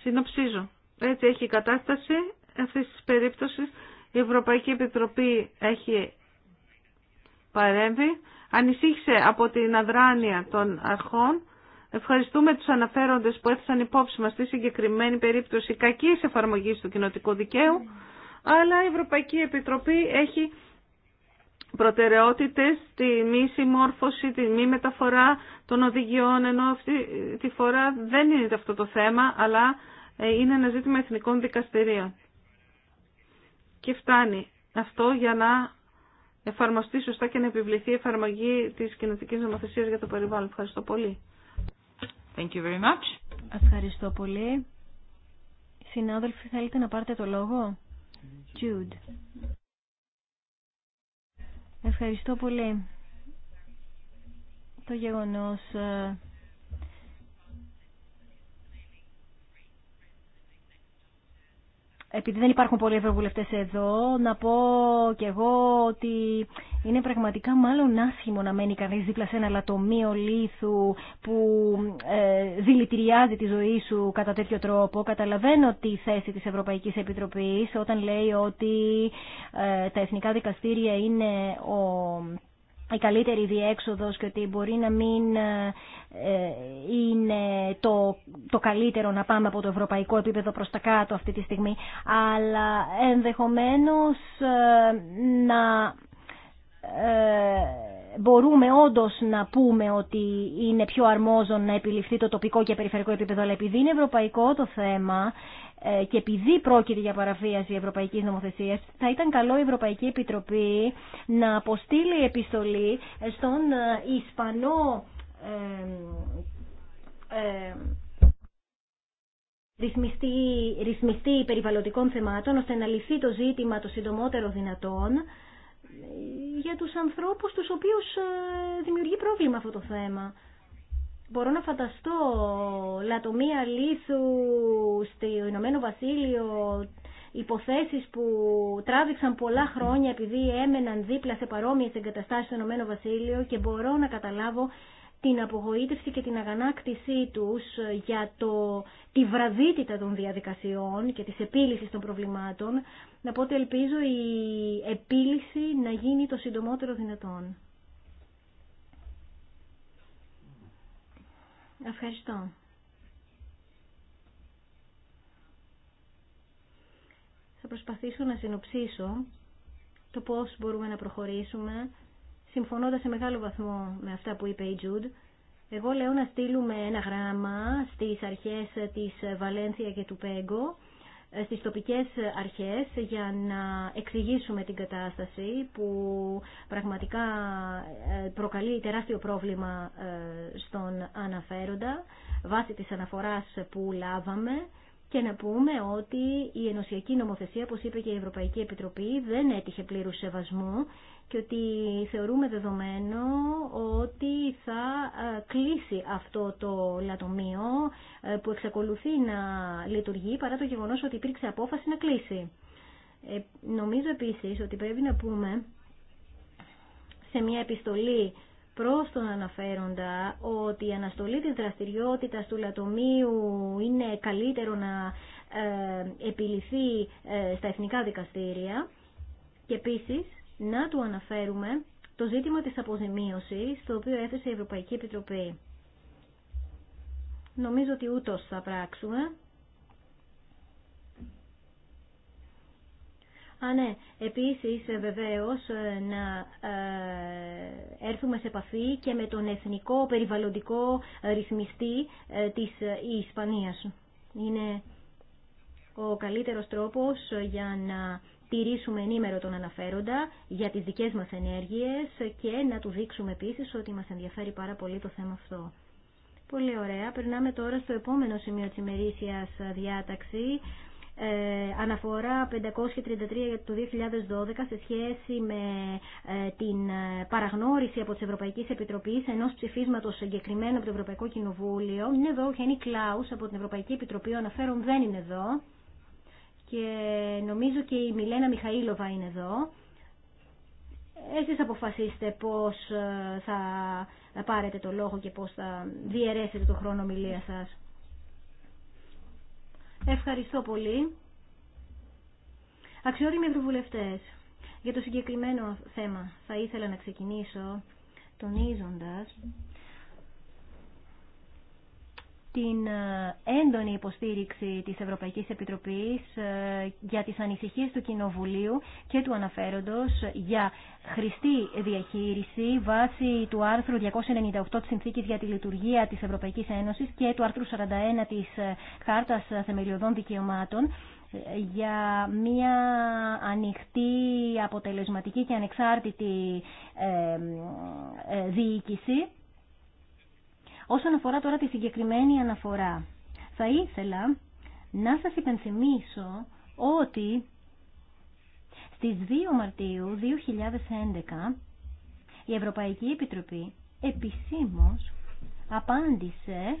Συνοψίζω. Έτσι έχει η κατάσταση αυτή τη περίπτωση. Η Ευρωπαϊκή Επιτροπή έχει παρέμβει. Ανησύχησε από την αδράνεια των αρχών. Ευχαριστούμε τους αναφέροντες που έθεσαν υπόψη μας στη συγκεκριμένη περίπτωση κακής εφαρμογής του κοινοτικού δικαίου. Αλλά η Ευρωπαϊκή Επιτροπή έχει προτεραιότητες, τη μη συμμόρφωση, τη μη μεταφορά των οδηγιών, ενώ αυτή τη φορά δεν είναι αυτό το θέμα, αλλά ε, είναι ένα ζήτημα εθνικών δικαστηρίων. Και φτάνει αυτό για να εφαρμοστεί σωστά και να επιβληθεί η εφαρμογή της κοινωτικής νομοθεσίας για το περιβάλλον. Ευχαριστώ πολύ. Thank you very much. Ευχαριστώ πολύ. Συνάδελφοι, θέλετε να πάρετε το λόγο. Jude. Ευχαριστώ πολύ. Το γεγονός ε, επειδή δεν υπάρχουν πολλοί ευρωβουλευτέ εδώ, να πω κι εγώ ότι είναι πραγματικά μάλλον άσχημο να μένει κανεί δίπλα σε ένα λατομείο λίθου που ε, δηλητηριάζει τη ζωή σου κατά τέτοιο τρόπο. Καταλαβαίνω τη θέση τη Ευρωπαϊκή Επιτροπή όταν λέει ότι ε, τα εθνικά δικαστήρια είναι ο η καλύτερη διέξοδος και ότι μπορεί να μην ε, είναι το, το καλύτερο να πάμε από το ευρωπαϊκό επίπεδο προς τα κάτω αυτή τη στιγμή, αλλά ενδεχομένως ε, να ε, μπορούμε όντω να πούμε ότι είναι πιο αρμόζον να επιληφθεί το τοπικό και περιφερικό επίπεδο, αλλά επειδή είναι ευρωπαϊκό το θέμα, ε, και επειδή πρόκειται για παραβίαση ευρωπαϊκής νομοθεσίας, θα ήταν καλό η Ευρωπαϊκή Επιτροπή να αποστείλει επιστολή στον ε, Ισπανό ε, ρυθμιστή, ρυθμιστή περιβαλλοντικών θεμάτων, ώστε να λυθεί το ζήτημα το συντομότερο δυνατόν για τους ανθρώπους τους οποίους δημιουργεί πρόβλημα αυτό το θέμα. Μπορώ να φανταστώ λατομία λίθου στο Ηνωμένο Βασίλειο, υποθέσεις που τράβηξαν πολλά χρόνια επειδή έμεναν δίπλα σε παρόμοιες εγκαταστάσεις στο Ηνωμένο Βασίλειο και μπορώ να καταλάβω την απογοήτευση και την αγανάκτησή τους για το, τη βραδύτητα των διαδικασιών και της επίλυσης των προβλημάτων, να πω ότι ελπίζω η επίλυση να γίνει το συντομότερο δυνατόν. Ευχαριστώ. Θα προσπαθήσω να συνοψίσω το πώς μπορούμε να προχωρήσουμε, συμφωνώντας σε μεγάλο βαθμό με αυτά που είπε η Τζουντ. Εγώ λέω να στείλουμε ένα γράμμα στις αρχές της Βαλένθια και του Πέγκο, ε, στις τοπικές αρχές για να εξηγήσουμε την κατάσταση που πραγματικά ε, προκαλεί τεράστιο πρόβλημα ε, στον αναφέροντα βάσει της αναφοράς που λάβαμε και να πούμε ότι η ενωσιακή νομοθεσία, όπως είπε και η Ευρωπαϊκή Επιτροπή, δεν έτυχε πλήρους σεβασμού και ότι θεωρούμε δεδομένο ότι θα ε, κλείσει αυτό το λατομείο ε, που εξακολουθεί να λειτουργεί παρά το γεγονός ότι υπήρξε απόφαση να κλείσει. Ε, νομίζω επίσης ότι πρέπει να πούμε σε μια επιστολή προς τον αναφέροντα ότι η αναστολή της δραστηριότητας του λατομείου είναι καλύτερο να επιληθεί στα εθνικά δικαστήρια και επίσης να του αναφέρουμε το ζήτημα της αποζημίωσης, το οποίο έθεσε η Ευρωπαϊκή Επιτροπή. Νομίζω ότι ούτως θα πράξουμε. Α, ναι. Επίσης, ε, βεβαίως, ε, να ε, έρθουμε σε επαφή και με τον εθνικό περιβαλλοντικό ρυθμιστή της Ισπανίας. Είναι ο καλύτερος τρόπος για να τηρήσουμε ενήμερο τον αναφέροντα για τις δικές μας ενέργειες και να του δείξουμε επίσης ότι μας ενδιαφέρει πάρα πολύ το θέμα αυτό. Πολύ ωραία. Περνάμε τώρα στο επόμενο σημείο της ημερήσιας διάταξη. Ε, αναφορά 533 για το 2012 σε σχέση με ε, την ε, παραγνώριση από τις Ευρωπαϊκές Επιτροπής ενός ψηφίσματος συγκεκριμένου από το Ευρωπαϊκό Κοινοβούλιο. Είναι εδώ ο Χένι Κλάους από την Ευρωπαϊκή Επιτροπή. Ο αναφέρον δεν είναι εδώ και νομίζω και η Μιλένα Μιχαήλοβα είναι εδώ. Εσείς αποφασίστε πώς ε, θα πάρετε το λόγο και πώς θα διαιρέσετε το χρόνο ομιλία σας. Ευχαριστώ πολύ. Αξιόριμοι ευρωβουλευτές, για το συγκεκριμένο θέμα θα ήθελα να ξεκινήσω τονίζοντας την ε, έντονη υποστήριξη της Ευρωπαϊκής Επιτροπής ε, για τις ανησυχίες του Κοινοβουλίου και του αναφέροντος για χρηστή διαχείριση βάσει του άρθρου 298 της Συνθήκης για τη Λειτουργία της Ευρωπαϊκής Ένωσης και του άρθρου 41 της ε, Χάρτας Θεμελιωδών Δικαιωμάτων για μια ανοιχτή, αποτελεσματική και ανεξάρτητη διοίκηση Όσον αφορά τώρα τη συγκεκριμένη αναφορά, θα ήθελα να σας υπενθυμίσω ότι στις 2 Μαρτίου 2011 η Ευρωπαϊκή Επιτροπή επισήμως απάντησε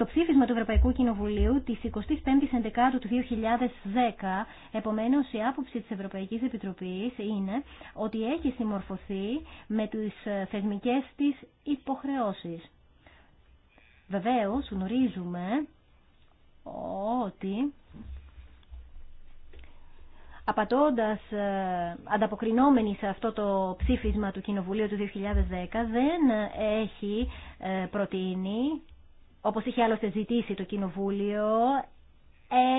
το ψήφισμα του Ευρωπαϊκού Κοινοβουλίου τη 25η 11 του 2010, επομένω η άποψη τη Ευρωπαϊκή Επιτροπή είναι ότι έχει συμμορφωθεί με τι ε, θεσμικέ τη υποχρεώσει. Βεβαίω γνωρίζουμε ότι απατώντας, ε, ανταποκρινόμενοι σε αυτό το ψήφισμα του Κοινοβουλίου του 2010, δεν έχει ε, προτείνει όπως είχε άλλωστε ζητήσει το Κοινοβούλιο,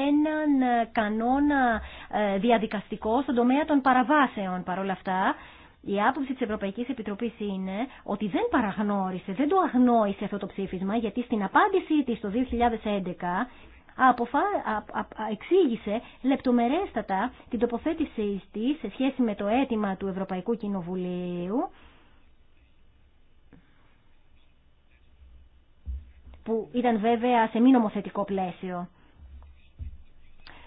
έναν κανόνα ε, διαδικαστικό στον τομέα των παραβάσεων παρόλα αυτά. Η άποψη της Ευρωπαϊκής Επιτροπής είναι ότι δεν παραγνώρισε, δεν το αγνώρισε αυτό το ψήφισμα, γιατί στην απάντησή της το 2011 αποφα... εξήγησε λεπτομερέστατα την τοποθέτησή της σε σχέση με το αίτημα του Ευρωπαϊκού Κοινοβουλίου που ήταν βέβαια σε μη νομοθετικό πλαίσιο.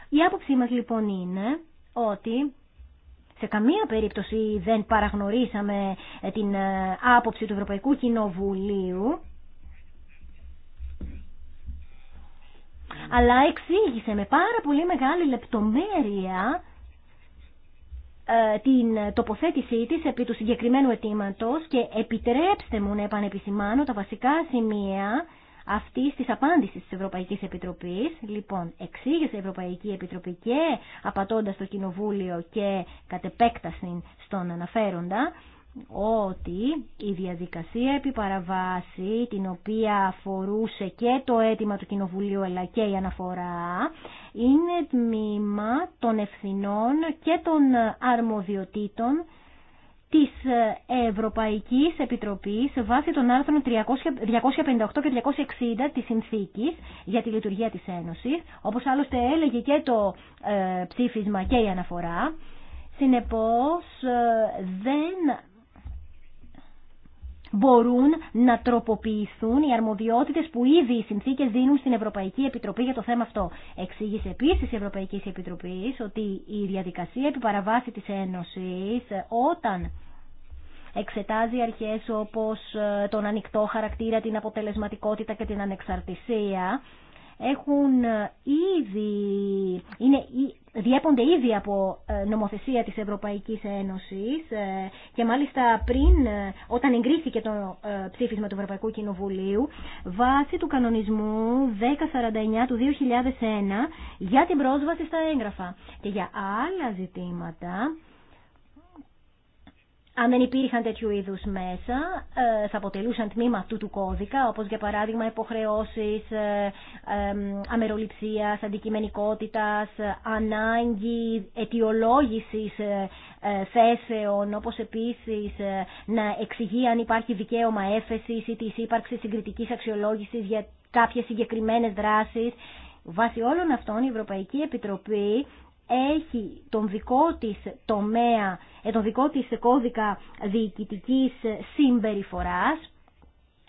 Η άποψή μας λοιπόν είναι ότι σε καμία περίπτωση δεν παραγνωρίσαμε την ε, άποψη του Ευρωπαϊκού Κοινοβουλίου αλλά εξήγησε με πάρα πολύ μεγάλη λεπτομέρεια ε, την τοποθέτησή της επί του συγκεκριμένου αιτήματο και επιτρέψτε μου να επανεπισημάνω τα βασικά σημεία αυτή τη απάντηση τη Ευρωπαϊκή Επιτροπή. Λοιπόν, εξήγησε η Ευρωπαϊκή Επιτροπή και απατώντα το Κοινοβούλιο και κατ' επέκταση στον αναφέροντα ότι η διαδικασία παραβάση, την οποία αφορούσε και το αίτημα του Κοινοβουλίου αλλά και η αναφορά είναι τμήμα των ευθυνών και των αρμοδιοτήτων της ε, Ευρωπαϊκής Επιτροπής βάσει των άρθρων 258 και 260 της Συνθήκης για τη λειτουργία της Ένωσης, όπως άλλωστε έλεγε και το ε, ψήφισμα και η αναφορά. Συνεπώς ε, δεν μπορούν να τροποποιηθούν οι αρμοδιότητες που ήδη οι συνθήκες δίνουν στην Ευρωπαϊκή Επιτροπή για το θέμα αυτό. Εξήγησε επίσης η Ευρωπαϊκή Επιτροπή ότι η διαδικασία παραβάση της Ένωσης όταν εξετάζει αρχές όπως ε, τον ανοιχτό χαρακτήρα, την αποτελεσματικότητα και την ανεξαρτησία έχουν ε, ήδη, είναι, διέπονται ήδη από ε, νομοθεσία της Ευρωπαϊκής Ένωσης και μάλιστα πριν, όταν εγκρίθηκε το ψήφισμα του Ευρωπαϊκού Κοινοβουλίου, βάση του κανονισμού 1049 του 2001 για την πρόσβαση στα έγγραφα και για άλλα ζητήματα αν δεν υπήρχαν τέτοιου είδου μέσα, ε, θα αποτελούσαν τμήμα αυτού του κώδικα, όπω για παράδειγμα υποχρεώσει ε, ε, αμεροληψία, αντικειμενικότητας, ανάγκη αιτιολόγησης θέσεων, όπως επίσης να εξηγεί αν υπάρχει δικαίωμα έφεσης ή της ύπαρξης συγκριτικής αξιολόγησης για κάποιες συγκεκριμένε δράσει, βάση όλων αυτών, η τη υπαρξη συγκριτικη αξιολογηση για καποιε συγκεκριμένε δρασει βασει ολων αυτων η ευρωπαικη επιτροπη έχει τον δικό της τομέα, ε, τον δικό της κώδικα διοικητικής συμπεριφοράς.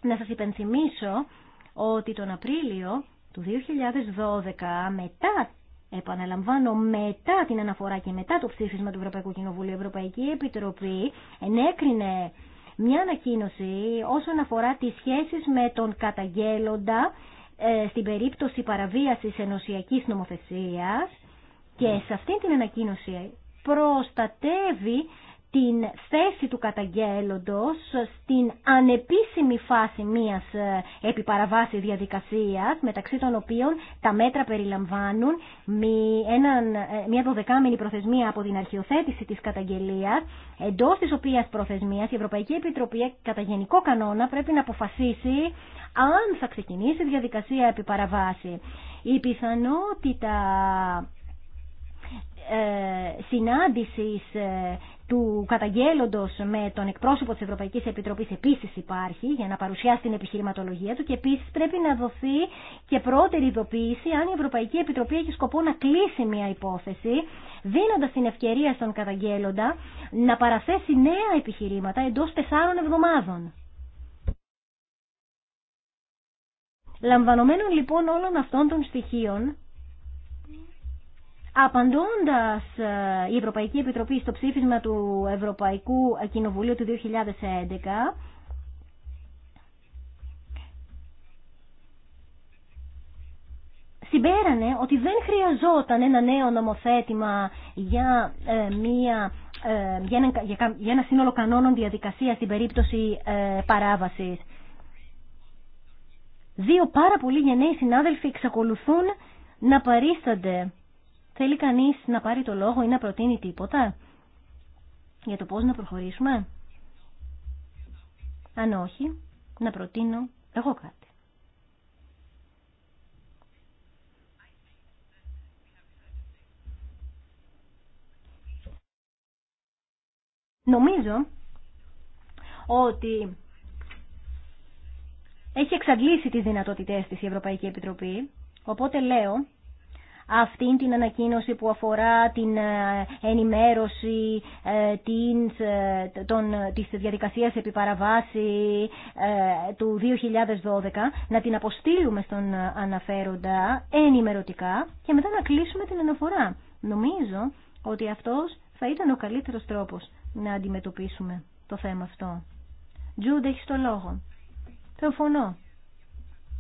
Να σας υπενθυμίσω ότι τον Απρίλιο του 2012, μετά, επαναλαμβάνω, μετά την αναφορά και μετά το ψήφισμα του Ευρωπαϊκού Κοινοβουλίου, η Ευρωπαϊκή Επιτροπή ενέκρινε μια ανακοίνωση όσον αφορά τις σχέσεις με τον καταγγέλλοντα ε, στην περίπτωση παραβίασης ενωσιακής νομοθεσίας και σε αυτή την ανακοίνωση προστατεύει την θέση του καταγγέλλοντος στην ανεπίσημη φάση μιας ε, επιπαραβάσης διαδικασίας, μεταξύ των οποίων τα μέτρα περιλαμβάνουν ε, μια δωδεκάμενη προθεσμία από την αρχιοθέτηση της καταγγελίας, εντός της οποίας προθεσμίας η Ευρωπαϊκή Επιτροπή κατά γενικό κανόνα πρέπει να αποφασίσει αν θα ξεκινήσει διαδικασία επιπαραβάση. Η πιθανότητα ε, συνάντησης ε, του καταγγέλλοντος με τον εκπρόσωπο της Ευρωπαϊκής Επιτροπής επίσης υπάρχει για να παρουσιάσει την επιχειρηματολογία του και επίσης πρέπει να δοθεί και πρώτερη ειδοποίηση αν η Ευρωπαϊκή Επιτροπή έχει σκοπό να κλείσει μια υπόθεση δίνοντας την ευκαιρία στον καταγγέλλοντα να παραθέσει νέα επιχειρήματα εντός τεσσάρων εβδομάδων. Λαμβανομένων λοιπόν όλων αυτών των στοιχείων Απαντώντας ε, η Ευρωπαϊκή Επιτροπή στο ψήφισμα του Ευρωπαϊκού Κοινοβουλίου του 2011, συμπέρανε ότι δεν χρειαζόταν ένα νέο νομοθέτημα για, ε, μια, ε, για, ένα, σύνολο κανόνων διαδικασία στην περίπτωση παράβασης. Δύο πάρα πολλοί γενναίοι συνάδελφοι εξακολουθούν να παρίστανται Θέλει κανείς να πάρει το λόγο ή να προτείνει τίποτα για το πώς να προχωρήσουμε. Αν όχι, να προτείνω εγώ κάτι. Νομίζω ότι έχει εξαντλήσει τις δυνατότητές της η Ευρωπαϊκή Επιτροπή, οπότε λέω αυτή την ανακοίνωση που αφορά την ε, ενημέρωση ε, της ε, των της διαδικασίας επί του 2012, να την αποστείλουμε στον αναφέροντα ενημερωτικά και μετά να κλείσουμε την αναφορά. Νομίζω ότι αυτός θα ήταν ο καλύτερος τρόπος να αντιμετωπίσουμε το θέμα αυτό. Τζούντ, έχει το λόγο. Συμφωνώ.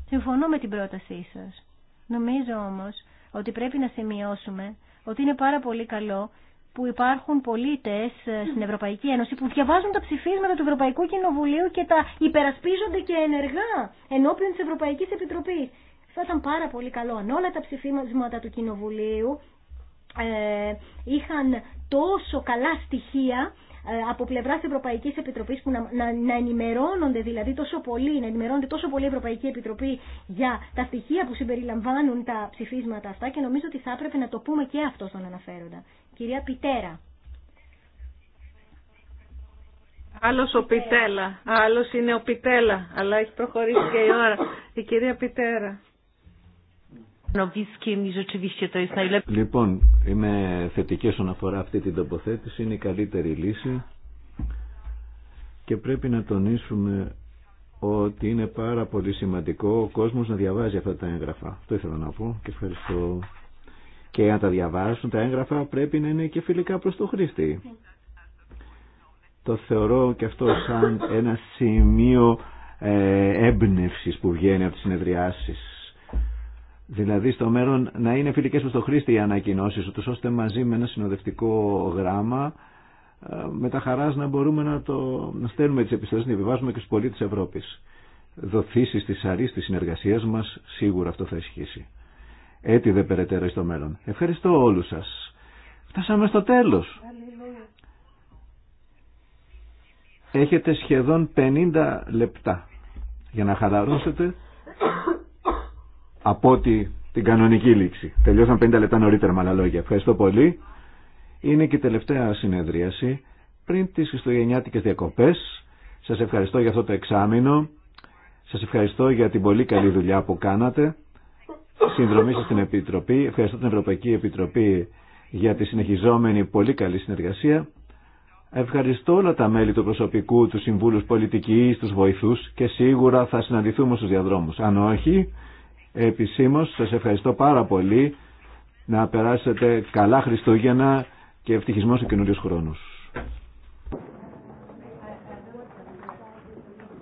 Συμφωνώ με την πρότασή σας. Νομίζω όμως ότι πρέπει να σημειώσουμε ότι είναι πάρα πολύ καλό που υπάρχουν πολίτες ε, στην Ευρωπαϊκή Ένωση που διαβάζουν τα ψηφίσματα του Ευρωπαϊκού Κοινοβουλίου και τα υπερασπίζονται και ενεργά ενώπιον της Ευρωπαϊκής Επιτροπής. Θα ήταν πάρα πολύ καλό αν όλα τα ψηφίσματα του Κοινοβουλίου ε, είχαν τόσο καλά στοιχεία ε, από πλευράς Ευρωπαϊκή Επιτροπής που να, να, να ενημερώνονται δηλαδή τόσο πολύ, να τόσο πολύ η Ευρωπαϊκή Επιτροπή για τα στοιχεία που συμπεριλαμβάνουν τα ψηφίσματα αυτά και νομίζω ότι θα έπρεπε να το πούμε και αυτό στον αναφέροντα. Κυρία Πιτέρα. Άλλο ο Πιτέλα, άλλο είναι ο Πιτέλα, αλλά έχει προχωρήσει και η ώρα. Η κυρία Πιτέρα. Λοιπόν, είμαι θετική όσον αφορά αυτή την τοποθέτηση. Είναι η καλύτερη λύση και πρέπει να τονίσουμε ότι είναι πάρα πολύ σημαντικό ο κόσμο να διαβάζει αυτά τα έγγραφα. Το ήθελα να πω και ευχαριστώ. Και αν τα διαβάζουν τα έγγραφα πρέπει να είναι και φιλικά προς το χρήστη. Το θεωρώ και αυτό σαν ένα σημείο ε, έμπνευση που βγαίνει από τις συνεδριάσεις Δηλαδή στο μέλλον να είναι φιλικές προς το χρήστη οι ανακοινώσεις, ούτως ώστε μαζί με ένα συνοδευτικό γράμμα ε, με τα χαράς να μπορούμε να, το, να στέλνουμε τις επιστολές, να επιβάζουμε και στους πολίτες Ευρώπης. Δοθήσεις της αρίστης συνεργασίας μας, σίγουρα αυτό θα ισχύσει. Έτσι δεν περαιτέρω στο μέλλον. Ευχαριστώ όλους σας. Φτάσαμε στο τέλος. Έχετε σχεδόν 50 λεπτά για να χαλαρώσετε από ότι την κανονική λήξη. Τελειώσαν 50 λεπτά νωρίτερα με άλλα λόγια. Ευχαριστώ πολύ. Είναι και η τελευταία συνεδρίαση πριν τις χριστουγεννιάτικες διακοπές. Σας ευχαριστώ για αυτό το εξάμεινο. Σας ευχαριστώ για την πολύ καλή δουλειά που κάνατε. Συνδρομή σας στην Επιτροπή. Ευχαριστώ την Ευρωπαϊκή Επιτροπή για τη συνεχιζόμενη πολύ καλή συνεργασία. Ευχαριστώ όλα τα μέλη του προσωπικού, του συμβούλου πολιτική, του βοηθού και σίγουρα θα συναντηθούμε στου διαδρόμου. Αν όχι, επισήμως. Σας ευχαριστώ πάρα πολύ. Να περάσετε καλά Χριστούγεννα και ευτυχισμό σε καινούριου χρόνου.